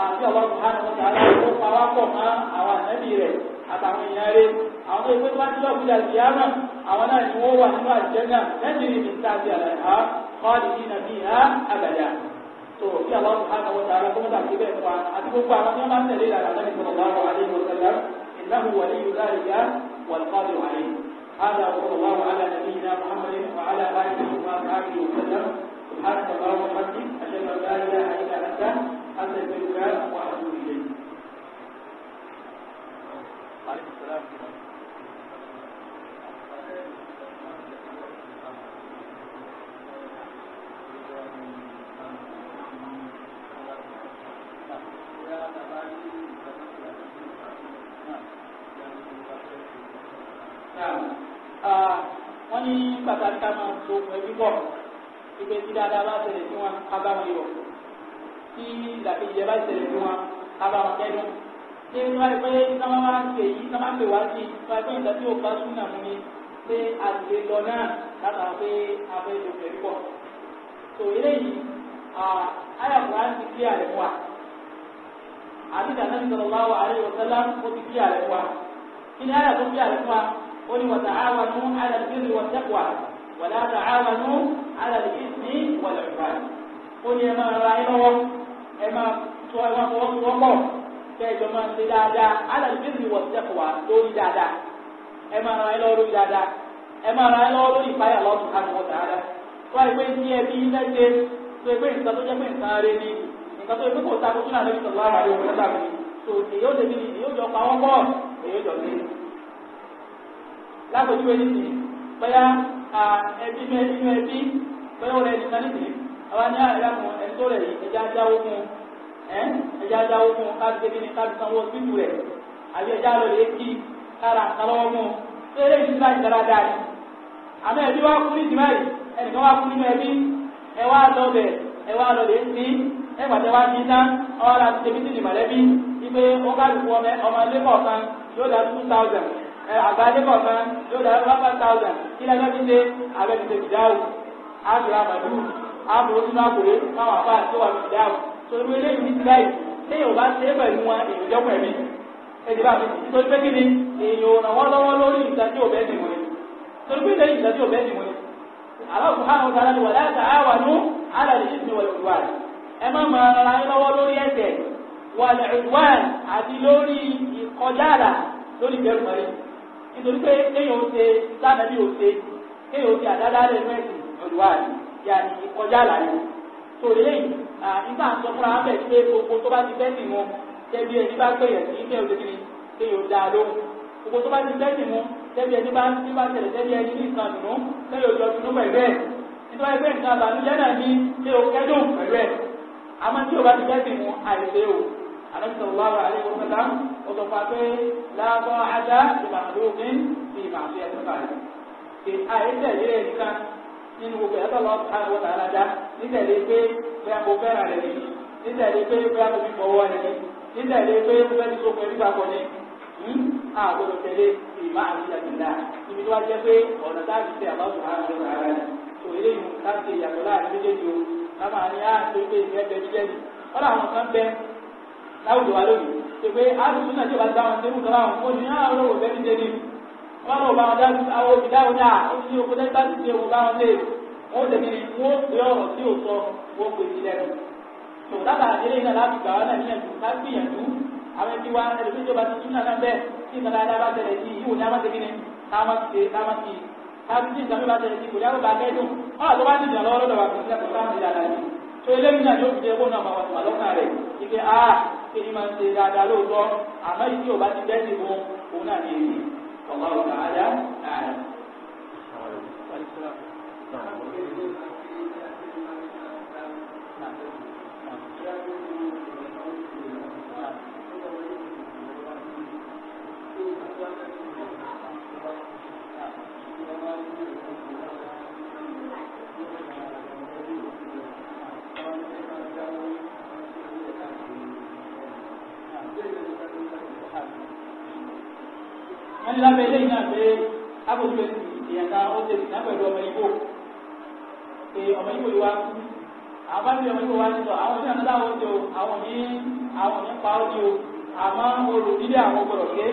àti àwọn fún ọ̀tàlá kó pa wá pọ̀ mọ́ àwọn ànábì rẹ̀ àtàwọn èèyàn rẹ̀ àwọn tó gbé wá sílọ̀ fún ìdàgbé àmà àwọn náà ni wọ́n wà nínú àjẹ́ lẹ́yìn ìrìn ìta àti àlàyé ha kọ́ọ̀dì tó kí àwọn ọ̀hánà wọ̀ tààrà kó mọ́tà síbẹ̀ fún wa àti gbogbo àwọn tí wọ́n bá ń tẹ̀lé ìlànà àti sallallahu alaihi wa sallam innahu waliyyu dhalika wal qadiru alayh هذا وصلى الله على نبينا محمد وعلى اله وصحبه وسلم سبحانك اللهم وبحمدك اشهد ان لا اله الا انت استغفرك واتوب اليك. عليكم السلام dáadáa bá ṣẹlẹ̀ sí wọn ká bá wọn yọ̀ tí ìdàkejì ẹ bá ṣẹlẹ̀ sí wọn ká bá wọn kẹ́dùn ṣé wọ́n ti pé sábà wá ń pè yí sábà ń pè wá sí wọ́n ti pé ìgbà tí ó bá súnà mú ni pé àtìlẹ́ lọ náà látara pé abẹ́ ló fẹ́ pọ̀ tó eléyìí ayàwòrán á ti kílíà rẹ̀ wà àti ìdáná ti sọ̀rọ̀ láwọ̀ àrẹ ìwọ̀sẹ́lá ó ti kílíà rẹ̀ wà kí ni ayà tó kílíà rẹ̀ wà ó ní wọ̀tà àwọn àlàbí ìwọ̀sẹ́kùwà wàlá ta'awanu ala al-ithmi wal-'udwan ó ní ẹ máa ra ẹ lọ́wọ́ ẹ máa tọ́ ẹ máa fọwọ́ sọ pọ̀ kẹ́ ẹ jọ máa ṣe dáadáa ala al-birri wat-taqwa lórí dáadáa ẹ máa ra ẹ lọ́wọ́ lórí dáadáa ẹ máa ra ẹ lọ́wọ́ lórí ìpáyà Allah subhanahu wa ta'ala wá ìpè ní ẹbí lẹ́sẹ̀ tó ẹgbẹ́ nǹkan tó jẹ́ pé nǹkan rẹ ni nǹkan tó ẹgbẹ́ kò ta kókó náà lórí sọ̀rọ̀ àwọn àríwá ìgbàlá mi tó èyí ó lè ní èyí ó jọ pa wọ́n pọ̀ èyí ó jọ lé. lápèjúwe ní ti bóyá ẹbí mẹ́rin ẹbí bóyá wọ́n rẹ̀ ẹni kan nìkan àwọn ní àyà kan ẹni tó rẹ̀ yìí ẹja jáwó fún ẹja jáwó fún káàdì débi ní káàdì sanwó sípù rẹ̀ àbí ẹja lọ lè kí kára kálọ́wọ́ fún ṣé eléyìí ti láti dára dáa ni àmọ́ ẹbí wa kú ní ìdìmá yìí ẹnìkan wa kú nínú ẹbí ẹ wá lọ bẹ̀ ẹ wá lọ lè sí ẹ pàtẹ wá ní iná ọ̀rọ̀ àti débi ti dìmọ̀lẹ́bí ipe ó káàdì àgbáyé kọ̀ọ̀kan yóò dá one five thousand kí lẹ́gbẹ́ ti ṣe abẹ́ ti ṣe fìdáwò àgbẹ̀ àbàdù àbò sínú àkùrẹ́ káwọn àbá tó wà fìdáwò torí pé lẹ́yìn ti láì tí yóò bá ṣe é pẹ̀lú wọn èyí jọ́pọ̀ ẹ̀mí ẹ̀dí bá mi torí pé kí ni èyí ò ràn wọ́n lọ́wọ́ lórí ìta tí ò bẹ́ẹ̀ dì wọ́n torí pé lẹ́yìn ìta tí ò bẹ́ẹ̀ dì wọ́n Allah subhanahu wa ta'ala ni wala ta'awanu 'ala al-ithmi wal-'udwan ẹ má máa rara yín lọ́wọ́ lórí ẹ̀ṣẹ̀ eh, wal-'udwan àti lórí ìkọjá lórí ìbẹ̀rù mọ́lẹ́ nítorí pé kéèyàn ó ṣe sànàbí ó ṣe kéèyàn ó ṣe àdáda rẹ̀ ní ẹ̀sìn olùwà rẹ̀ yà ní kọjá àlàyé tó lẹ́yìn nígbà tó fúnra bẹ̀ pé gbogbo tó bá ti bẹ́ẹ̀ sìn wọn tẹ́bí ẹni bá pè yẹn sí kéèyàn ó kéèyàn ó dá a lóhùn gbogbo tó bá ti bẹ́ẹ̀ sìn wọn tẹ́bí ẹni bá ti bá tẹ̀lé tẹ́bí ẹni ní ìkan dùnú kéèyàn ó jọ dùnú pẹ̀lú ẹ̀ nítorí pé nǹkan àbànújẹ́ náà ní kéèyàn ó kẹ́dùn pẹ̀lú ẹ̀ àmọ́ tí o bá ti bẹ́ẹ̀ sìn wọn àìsè o àlẹ́sọ̀ wà wà àlẹ́ ìwọ̀n mẹ́ta ó sọ fún wa pé láàbọ̀ ajá ìgbà tó ń bí fi ìmọ̀ àti ẹ̀sìn báyìí. kì àyè tẹ̀lé rẹ̀ nìkan nínú gbogbo ẹ̀sọ́ lọ ká ẹ̀wọ̀n tà ládá nítẹ̀lé pé bóyá mo fẹ́ràn rẹ̀ ni nítẹ̀lé pé bóyá mo fi fọwọ́ rẹ̀ ni nítẹ̀lé pé mo fẹ́ ti sókun ẹ̀rí papọ̀ ni àgbọ̀dọ̀ hmm, tẹ̀lé ìmọ̀ àti ìyàgbìlá ibi tó wá jẹ́ pé ọ̀nà táàbì tẹ àbáwọ̀ àárọ̀ rárá ni tò eléyìí láti ìyàtọ̀ láàrin méjèèjì o lábàá ní àá ah, tó pé ìfẹ́ bẹ jíjẹ́ ni ọ̀rọ̀ àwọn kan bẹ láwùjọ wa lónìí ṣe pé àdùnnú náà tí o bá ti bá wọn ṣe ń sọ́ra wọn oṣù náà ló wò bẹ́ẹ̀ ní dédé wọn lọ bá wọn dá àwọn òbí dáhùn náà ah, ó ti ní oko tẹ́tà ti ṣe òun bá wọn lé wọn ó tẹ̀lé wọn ó pe ọ̀rọ̀ tí o sọ wọn pè sí lẹ́nu tó látara délé náà láti gbà wọn náà níyànjú ká gbìyànjú àwọn ẹbí wa ẹlòmíì tí o bá ti tún náà bẹ́ẹ̀ tí ìtàn dáadáa bá tẹ̀lé sí ìwò ní amátẹ́bí ni táwọn ti táwọn ti táwọn ti ìtàn mi bá tẹ̀lé sí ìwò ní amátẹ́bí ni kò ní àwọn bá kẹ́dùn ọ̀ tó eléyìí náà yóò fi jẹ́ kó náà máa wà lọ́kàn rẹ̀ ike a ah, kí ni máa dáadáa lóòótọ́ àmọ́ ìdí ò bá ti bẹ́ẹ̀ nìbó òun náà ní èyí ọ̀gá ọ̀gá ajá ààrẹ. Thank you. rí lábẹ́ ilé iná pé abòjú ẹ̀sìn ìyàtà ó ṣe ìsìn pẹ̀lú ọmọ ibo pé ọmọ ibo yìí wá kú àwọn bá ti ọmọ ibo wá sísọ àwọn oníyàtà láwọn oúnjẹ o àwọn ní àwọn ní pa oúnjẹ o àmọ́ olùdílé àwọn gbọdọ̀ pé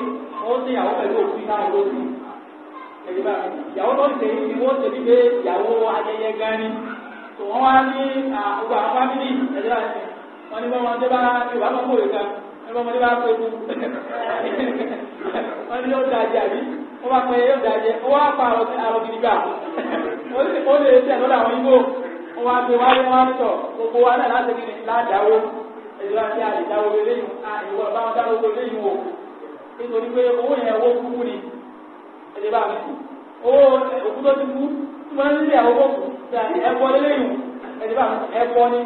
wọ́n ṣe ìyàwó pẹ̀lú òkú iná olóòtú ẹ̀dìbà ìyàwó tó ń ṣe ni wọ́n ṣe wípé ìyàwó ayẹyẹ gan ni tò wọ́n wá ní àwọn fámìlì ẹ̀dìbà wọn ni wọ́n wọn dé bá Yorùbá lọ́kọ̀ọ́ ẹgbẹ́ ọmọdé bá pé mu wọ́n ní yóò dájẹ́ àbí wọ́n bá pẹ́ yóò dájẹ́ ó wá pa àrọ̀ gidi gbà ó lè ṣe àlọ́dà àwọn igbó wọ́n wá gbé wáyé wọ́n á tọ̀ gbogbo wa náà láti gidi ládàáwó ẹ̀jẹ̀ wá sí àdìdáwó eléyìí àìwọ̀ bá wọn dáwó eléyìí wò nítorí pé owó yẹn owó kúkú ni ẹ̀jẹ̀ bá mi owó òkú tó ti kú tí wọ́n ń lé àwọn owó kù ẹ̀kọ́ eléyìí ẹ̀jẹ̀ bá mi ẹ̀kọ́ ni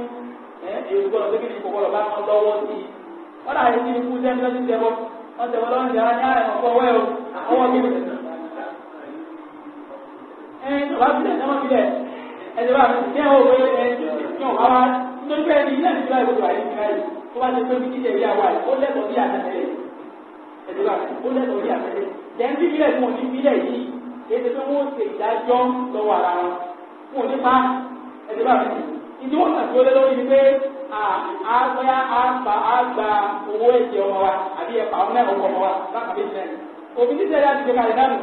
ẹ̀ èyí gbọ́dọ̀ pé wọ́n dà yẹ kí ikú sẹ́ńtẹ́ ti tẹ̀ bọ́ wọ́n tẹ̀ bọ́ lọ́wọ́ ìyára ní àrẹ̀ ọ̀pọ̀ wẹ́ o ọwọ́ mi rẹ̀. ẹ bàbá fi lẹ̀ ẹ má fi lẹ̀ ẹ ti bá mi kí ẹ wò pé ẹ ti ọ̀ wá wá nítorí pé ẹni ilé ìtura ìwòsàn àyè ti ráyè tó bá ti pé bí kíkẹ́ ìyá wa ó lẹ́tọ̀ọ́ bí àtẹ̀lẹ́ ẹ ti bá ó lẹ́tọ̀ọ́ bí àtẹ̀lẹ́ lẹ́ńtì bílẹ̀ fún òní bílẹ̀ yìí ètò pé wọ́n ṣe ìdájọ́ lọ́wọ́ ara wọn fún òní pa ẹ ti bá mi ìdí wọn kà tó lé lórí a bóyá a fa a gba owó ẹ̀jẹ̀ ọmọ wa àbí ẹ̀fà ọmọ ẹ̀rọ ọmọ wa lápàdé ìlẹ̀ òfin títẹ̀ yá ti gbé kalẹ̀ dànù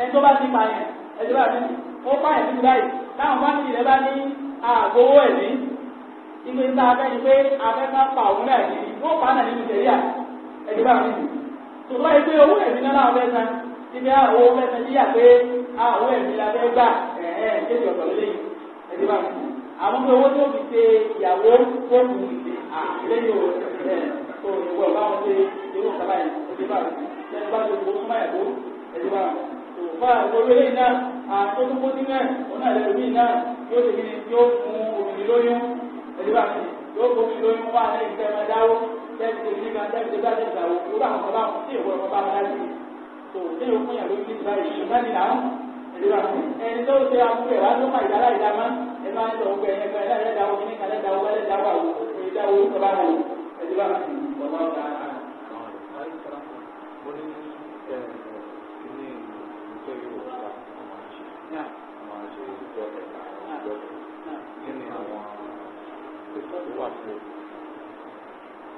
ẹni tó bá ti pa yẹn ẹjọ́ bá ti ó pa yẹn títí báyìí táwọn fámìlì rẹ bá ní àgbowó ẹ̀mí ìgbé tá a fẹ́ ni pé a fẹ́ ká pa òun náà yìí yóò pa náà nínú ìṣẹ̀lẹ̀ ẹjọ́ bá ti tò tó báyìí pé owó ẹ̀mí náà làwọn fẹ́ san ibi àwọn owó fẹ́ san yíyà pé àwọn ẹ̀mí la fẹ́ gbà ẹ̀ẹ́ àwọn owó tó fi ṣe ìyàwó fóònù ìṣe àlẹ́yìn ẹ̀ tó ìwọ báwọn ṣe irú kaba yìí ṣe bá ṣe bá ṣe gbogbo máa yàgò ẹ̀dí wa tó bá olóyè yìí náà àtọ́kùnkùn sí náà ọ̀nà àlẹ́lùmí náà yóò ṣe kí ni yóò fún obìnrin lóyún ẹ̀dí wa yóò fún obìnrin lóyún wá lẹ́yìn tẹ́ máa dáwó tẹ́sí tẹ́sí nígbà tẹ́sí tẹ́sí láti ìgbà wo irú àwọn kaba tí ìwọ ọ̀pá máa dá sí tó ẹni tó ṣe akúkẹ̀ wá ló máa ìdára ìdámá ẹ máa ń sọ ọgbẹ ẹ gbẹ ẹlẹ́dàá ẹlẹ́dàá ọgbẹ níkan ẹlẹ́dàá ọgbẹ ẹlẹ́dàá wà wò ẹlẹ́dàá wò ó bá wò ẹdí bá wàtí ọmọ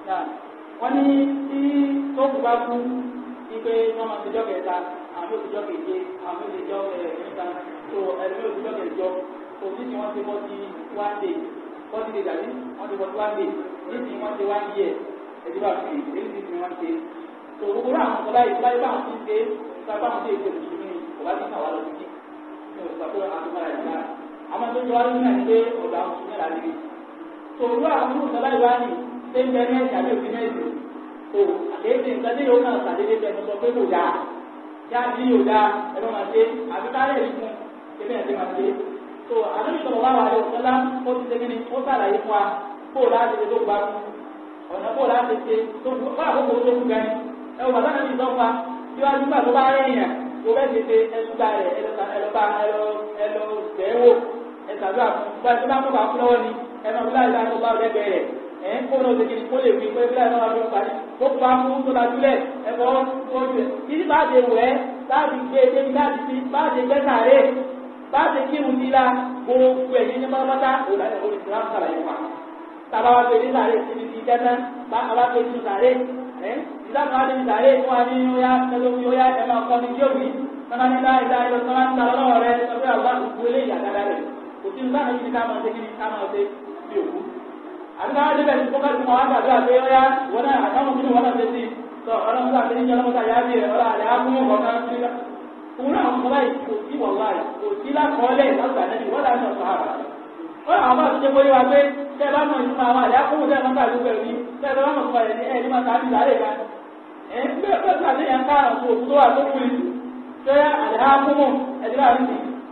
ọ̀gá. wọ́n ní tí tó kù bá kú ní pé wọ́n máa ṣe jọ́ kẹta àmì òtijọ́ kejì àmì òtijọ́ eh, ẹ̀ẹ́dẹ́gbẹ̀ta tó ẹ̀mí òtijọ́ kẹjọ òbí ni wọ́n ti bọ́ sí one day forty days àbí wọ́n ti bọ́ sí one day níbi wọ́n ti one year ẹ̀dínwó àti èyí ti fi wọ́n ṣe. tó gbogbo náà àwọn ọ̀la yìí báyìí báwọn ti ń ṣe sábà wọn ti èso mùsùlùmí ọba ti kà wá lọ sí ní òṣùpàtó àtúmọ̀lá ìgbà àmọ́ tó jọ wá nínú àìpé ọ̀dà mùsùlùmí là lè. tó gbogbo àwọn ọ̀la yìí wá ní ṣé ń bẹ ní ẹ̀ṣẹ̀ àbí òfin ẹ̀ṣẹ̀ tó àlejò ìgbàdé kí á dín yóò dá ẹ̀rọ máa ṣe àbí káyọ̀ yìí fún ẹgbẹ́ ẹ̀dẹ́ máa ṣe. tó àdúgbò sọ̀rọ̀ wá wàhálà ọ̀sọ́lá ó ti ṣe kíni ó sàlàyé fún wa kó o láti ṣe tó gba ọ̀nà kó o láti ṣe tó gba bá àkókò tó gba ni ẹ wò bàbá náà ti sọ fa bí wàá nígbà tó bá rẹ̀yìn tó bẹ́ẹ̀ ṣe ṣe ẹlúgba rẹ̀ ẹlọ́ba ẹlọ́ ẹlọ́ ẹ̀ ń kó náà ṣe kí kó lè fi pé bíláì náà ló ń parí ó pa fún tó lajú lẹ̀ ẹ̀fọ́ ojú ẹ̀ títí bá ṣe wẹ̀ láti gbé e débi láti fi bá ṣe gbẹ́ sàárè bá ṣe kírun nílá gbogbo ẹ̀yìn ní pátápátá òlànà olùsìlámù sàlàyé wa tàbá wa pè ní sàárè síbi ti jẹ́ tán bá a bá pè ní sàárè ẹ̀ ìdáhùn adé ní sàárè fún wa ní yóyá ẹlòmí yóyá ẹ̀ máa kọ́ ní kí òbí sọ́nà nígbà ìdáyé lọ sọ́nà ń ta lọ́wọ́ rẹ̀ sọ pé àwọn àgbò eléyìí àgádá rẹ̀ kò sí nígbà náà yìí ká máa ṣe kí ni ká máa ṣe bí òkú àbíká wá débẹ̀ tó ká tún àwọn àgbàdo àti ọ̀yá wọn náà àtàwọn nínú wọn náà fèsì tó ọlọ́run tó àti níjọ́ lọ́mọta yá bíi ọlọ́ àlẹ́ ákúnmọ́ kọ̀ọ̀kan sí ká. òun àwọn ọmọ báyìí kò sí wọ̀lá kò sí lákọọ́lẹ̀ lọ́gbà nẹ́bí wọ́n láti ọ̀sán àbá. wọ́n àwọn bá ti jẹ́ bóyá pé tẹ́ ẹ bá mọ̀ nípa àwọn àlẹ́ ákúnmọ́ tẹ́ ẹ máa gbàgbé pẹ̀lú tẹ́ ẹ bá mọ̀ nípa ẹ̀ ní ẹ̀ ní máa tàbí lálẹ́ ká. ẹ̀ ń gbé pẹ́ẹ́sì àti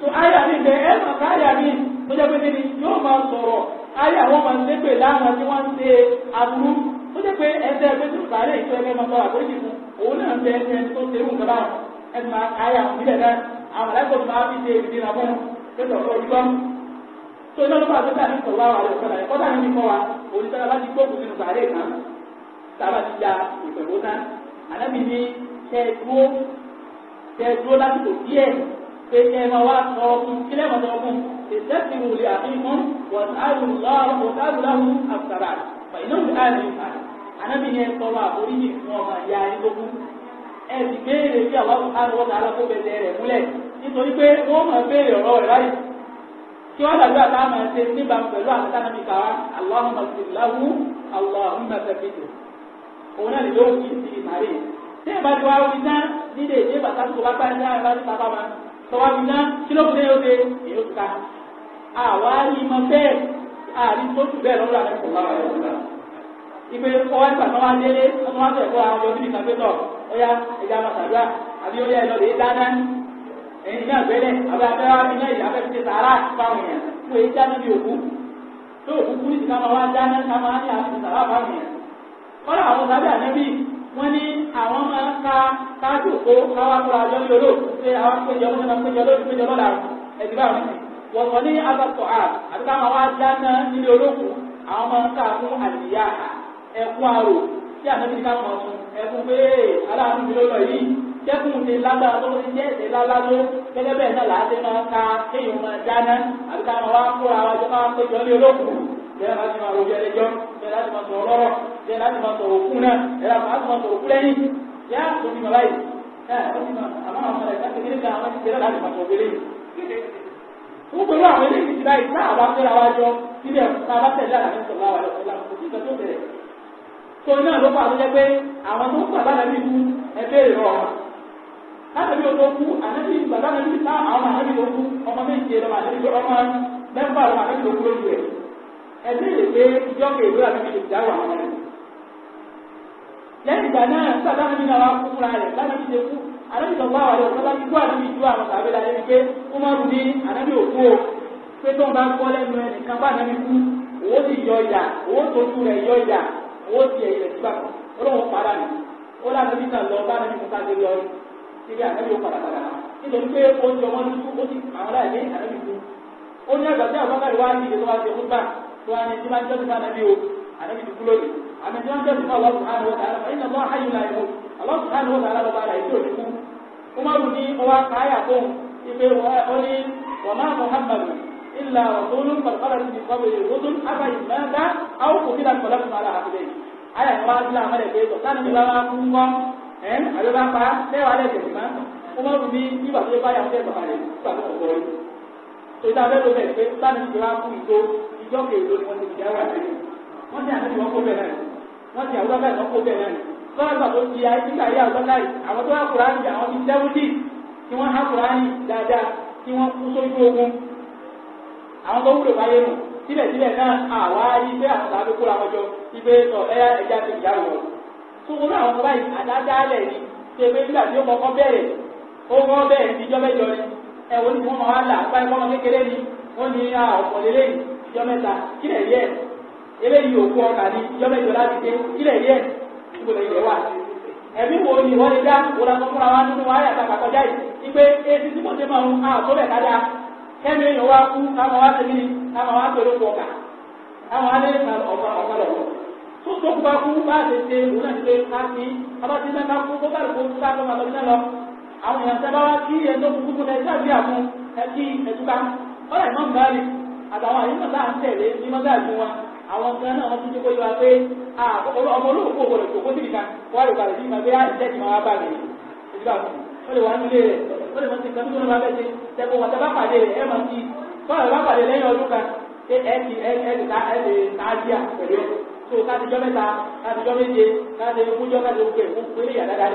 tó àyà mi bẹ ẹ màkà àyà mi tó jẹ́ pé níbi yóò máa sọ̀rọ̀ àyà wọn máa ń lépè láwọn tí wọ́n ń ṣe aburú tó jẹ́ pé ẹsẹ̀ ẹgbẹ́ tó sàárẹ̀ ìtọ́ ẹgbẹ́ máa sọ̀rọ̀ àgbẹ̀jì fún òun náà bẹ ẹsẹ̀ tó ṣe irú nǹkan ẹ máa àyà wọn nílẹ̀ náà àwọn ẹ̀kọ́ tó máa fi ṣe ìdí ra fún pẹ̀lú ọ̀rọ̀ ìgbọ́ tó iná lọ́pàá tó tàbí sọ̀rọ̀ àwọn àlọ́ ìkọlà ẹ̀kọ́ tàbí nìkan wa òṣìṣẹ́ láti gbókùn sínú sàárẹ̀ kan sábà ti ya ìpẹ̀lú náà ànábì ní kẹ́ẹ̀dúró kẹ́ẹ̀dúró lásìkò díẹ̀ kéèké ma wá sọ ọkùn kílẹ̀ mọ̀ sọ́kùn ìsẹ́sì wù lè àfihàn wọ́n àrùn lọ́rùn wọ́n àrùn lọ́rùn àfàrà pẹ̀lú àrùn ìfàrà anábì ní ẹ̀sọ́ wa àforí ní ìfún ọmọ ìyá ẹni tó kú ẹ sì béèrè bí àwọn àrùn wọn tààrà kó bẹ̀rẹ̀ rẹ̀ múlẹ̀ nítorí pé wọ́n mọ̀ béèrè ọ̀rọ̀ rẹ̀ láyé kí wọ́n dàgbà tá a máa ṣe nígbà pẹ̀lú àti tánàbì kàwá Allahumma sèláwù Allahumma sèbìtò òun náà lè lóògì sí ìmàlẹ́ tẹ́ẹ̀ bá ti wá wí tán nílé ìdí bàtà tó bá bá ń dá ẹ bá ti sábà máa tọ́wọ́ bí ná kí ló kúrẹ́ yóò ṣe èyí ká àwa yìí mọ bẹ́ẹ̀ àrí tó tù bẹ́ẹ̀ lọ́wọ́ àti ìfọ̀lá wa yóò gbà. ìpè ọwọ́ ìgbà tó wá délé wọ́n wá tẹ̀ fún àwọn ọdún ìgbà pẹ́tọ̀ ọ̀yá ẹja màtàdúrà àbí ó yẹ ẹ lọ lè dáná ẹ̀yìn náà gbẹ́lẹ̀ àbí abẹ́rẹ́ wa bí náà ìyá fẹ́ fi ṣe sàárà fáwọn èèyàn fún èyí dáná bí òkú tó òkú kúrìsì ká máa wá dáná ká máa ní àfihàn sàárà fáwọn èèyàn kọ́lá àwọn sábẹ́ ànábì wọ́n ní àwọn máa ń ka káàtó kó káwá kó àjọ ní olóòtú pé àwọn péjọ ló máa péjọ lóòtú péjọ lọ́la ẹ̀sìn bá wọn wọ́n wọ́n ní abakọ̀ à àti káwọn wá dáná nílé olóòtú àwọn máa ń ka fún àdìyá ẹ̀kún àrò tí àtẹ́bí ká mọ̀ fún ẹ̀kún pé aláàánú mi ló lọ yìí jẹ́kùn ti lágbára tó ti jẹ́ ẹ̀sẹ̀ láláló gẹ́gẹ́ bẹ́ẹ̀ náà làá máa ka kéèyàn máa dáná àti káwọn wá kóra wájú káwọn péjọ ní olóòtú bẹ́ẹ̀ láti máa rojọ́ ẹlẹ́jọ́ bẹ́ẹ̀ láti máa sọ̀rọ̀ lọ́rọ̀ bẹ́ẹ̀ láti máa sọ̀rọ̀ òkú náà bẹ́ẹ̀ láti máa sọ̀rọ̀ òkú lẹ́yìn yá tó ní bàbá yìí ẹ ó ti máa àmọ́ àwọn ọmọdé láti kéde kan àwọn ti tẹ́lẹ̀ láti máa sọ̀rọ̀ eléyìí. wọ́n pẹ̀lú àwọn eléyìí ti báyìí tá a bá fẹ́ra wá jọ síbẹ̀ tá a bá tẹ̀lé àlàyé sọ̀rọ̀ àwọn àlọ́ sọ̀rọ̀ kò sí ìgbà tó bẹ̀rẹ̀. tó náà ló fà lójẹ́ pé àwọn tó kú ẹ̀ ẹbí lè pé ìjọba ìwé àbíkí lè dáwọ àwọn ẹni lẹ́yìn ìgbà náà sábà ní náà wàá kún fúnra rẹ̀ lánàá ti lè kú anábì tó bá wà lọ sábà ní kó àdúgbò ìjọ àwọn tàbí la ẹni pé ó má rú ní anábì òkú o pé tó ń bá gbọ́ lẹ́nu ẹ nìkan bá anábì kú owó ti yọ ìyà owó tójú rẹ̀ yọ ìyà owó ti ẹ̀yẹ sígbà ó lànà bí kan lọ bá tó wá ní tí wọ́n jẹ́sùn fún ànábì o ànábì ti kú lónìí àmì tí wọ́n jẹ́sùn fún Allah subhanahu wa ta'ala fa inna Allah hayyun la yamut Allah subhanahu wa ta'ala bàbá rẹ̀ ètò òdìkú Umaru oh. máa Muhammadu illa ayà ìwà abúlé àmọ́ ẹ̀gbẹ́ ìtọ̀ sáà níbi bàbá fún wọn ẹ̀ àbí bá pa lẹ́wàá lẹ́sẹ̀ ìmọ̀ Umaru ní nígbà tó yẹ báyà fún ẹ̀ bàbá rẹ̀ nígbà tó kọ̀ jọ́kè èlò ni wọ́n ti fi ara rẹ̀ wọ́n ti àtẹ́jú wọn kó bẹ́ẹ̀ náà wọ́n ti àwùjọ bẹ́ẹ̀ wọ́n kó náà sọ́wọ́n gbà tó di ayé nígbà yà ọ̀dọ́ láì àwọn tó wà kúránì àwọn ti sẹ́wúndì tí wọ́n há kúránì dáadáa tí wọ́n kú sójú ogun àwọn tó wúlò báyé nù síbẹ̀síbẹ̀ náà àwa yí pé àwọn tàbí kóra wọn jọ ibẹ̀ sọ ẹ̀yà ẹ̀já ti ìyá wọn. sókòrò àwọn ọmọ báyìí àdáadáalẹ̀ ni ṣe nígbà tí ó kọ́kọ́ bẹ̀rẹ̀ ó wọ́n bẹ̀rẹ̀ níjọ́ mẹ́jọ ni ẹ̀wọ̀n ni jọ mẹ́ta kílẹ̀ yẹ eléyìí òkú ọkà ní jọ mẹ́jọ láti dé kílẹ̀ yẹ ìgbòlẹ̀ yẹ wà ẹ̀mí wo ni wọ́n lè dá wòlá tó fúnra wa nínú wáyà tá a kọjá yìí wípé etí tí mo ti máa ń a tó bẹ̀ ká dáa kẹ́mi èèyàn wá kú káma wá tẹ̀mí ni káma wá pẹ̀lú òkú ọkà káma wá lé ọ̀pá ọ̀pá lọ́wọ́ tó tó kú bá kú bá a lè ṣe òun náà ti lè ká sí abá ti náà ká kú kó bá lè kó ká tó máa lọ sí náà lọ àwọn èèyàn sábà wá kí ẹ̀ tó kú kú fún ẹ̀ àtàwọn àyínà tá à ń tẹ̀lé ní mọ́tàdún wa àwọn kan náà wọ́n ti dúpọ̀ yíwa pé ọmọ olóòkú òkòrò kò kó síbi kan wọ́n lè balẹ̀ síbi kan pé àìsẹ́ ti máa bá rẹ̀ ìdíbà fún wọ́n lè wá nílé rẹ̀ wọ́n lè mọ̀ sí kan tó ń bá bẹ́ẹ̀ ṣe tẹ̀kọ̀ wọ́n tẹ́ bá pàdé rẹ̀ ẹ̀ mọ̀ sí tọ́lá bá pàdé lẹ́yìn ọdún kan ṣé ẹ ti ẹ ti ta ẹ lè ta á díà pẹ̀lú ẹ̀ tó káàdìjọ́ mẹ́ta káàdìjọ́ méje káàdìjọ́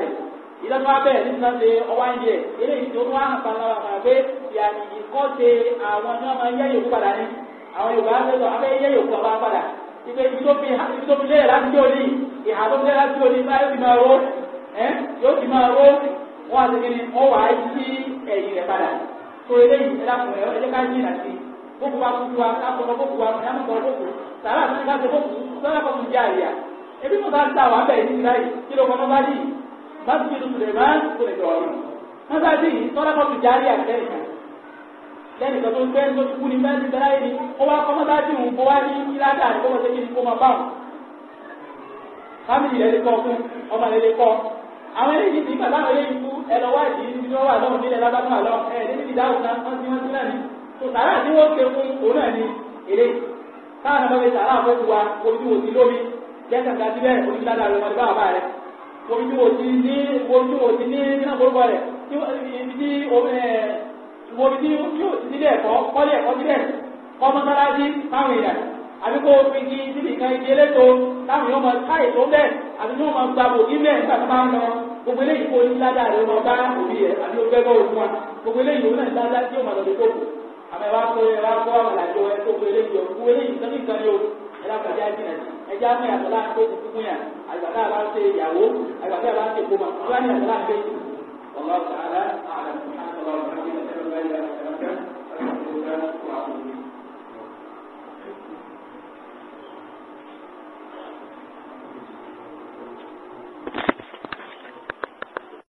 ìlànà abẹ́ nígbà tẹ ọwá ń yẹ eléyìí tó wá hàn kan lára kan pé ìyàní ìkọ́ṣe àwọn ní ọmọ yẹ yòókù padà ní àwọn yorùbá sẹ́sọ abẹ́ yẹ yòókù ọba padà ipe ibi tó fi lẹ́yìn láti tí o ní ìhà tó fi lẹ́yìn láti tí o ní bá yóò ti máa ro ẹ́ yóò ti máa ro wọ́n á ti kí ni wọ́n wà á yí ẹ̀yìn rẹ̀ padà tó eléyìí ẹ̀ dàpọ̀ ẹ̀ ẹ̀ ká yín nàti bókù wa kúkú wa ká sọ̀rọ̀ bókù wa ká sọ̀rọ̀ bókù sàrà àti ká sọ̀rọ̀ bókù sọ̀rọ̀ bókù jẹ́ àyà ebi mo bá ń ta wà bẹ́ẹ̀ ní ìlà yìí kí ló kọ́ mọ́ bá yìí masjid suleiman kò lè jọ ọrùn mọ́sáàsì yìí tọ́lá kọ́ fi járí àtẹ́nìkan lẹ́nu ìgbà tó ń bẹ́ẹ̀ tó ti kú ní bẹ́ẹ̀ ti bẹ́ẹ̀ ni ó wá kọ́ mọ́sáàsì òun kó wá ní ìlànà àdúgbò wọn ṣẹ́kì ní kó máa bá wọn. fámìlì rẹ̀ lè kọ́ fún ọmọ rẹ̀ lè kọ́ àwọn eléyìí ti bàbá àwọn eléyìí kú ẹ̀rọ wádìí níbi tí wọ́n wà lọ́wọ́ nílẹ̀ lábàbà lọ ẹ̀ níbi ìdáhùn náà wọ́n ti wọ́n ti náà ní. tó sàrà tí wọ́n ṣe fún òun náà ní eré táwọn ọmọ mi sàrà àwọn ojú wa ojú òsì lómi jẹ́ kàkà síbẹ̀ onídàáda rẹ̀ wọ́n ti bá bàbá rẹ̀ omi tí mo ti ní omi tí mo ti ní nínú àkórúkọ rẹ̀ tí ibi tí omi tí yóò ti nílé ẹ̀kọ́ kọ́lé ẹ̀kọ́ sílẹ̀ kọ́ mọ́sálásí táwọn èèyàn àbí kó fi di síbi kan ibi eléto táwọn èèyàn máa ká ètò bẹ́ẹ̀ àbí tí wọ́n máa gba bòkí bẹ́ẹ̀ nígbà tó bá ń lọ gbogbo eléyìí kó ní ládàá rẹ̀ máa bá òbí rẹ̀ àbí ó gbẹ́gbẹ́ òkú wa gbogbo ẹlẹ́kọ̀ọ́ jẹ́ jìnnà ẹjẹ́ àmì àtọ́lá ń gbé tuntun yàn àgbàdo àbá ń ṣe ìyàwó àgbàdo àbá ń ṣe kóma wọ́n ní àtọ́lá ń gbé ọ̀gá ọ̀gá àlẹ́ àlẹ́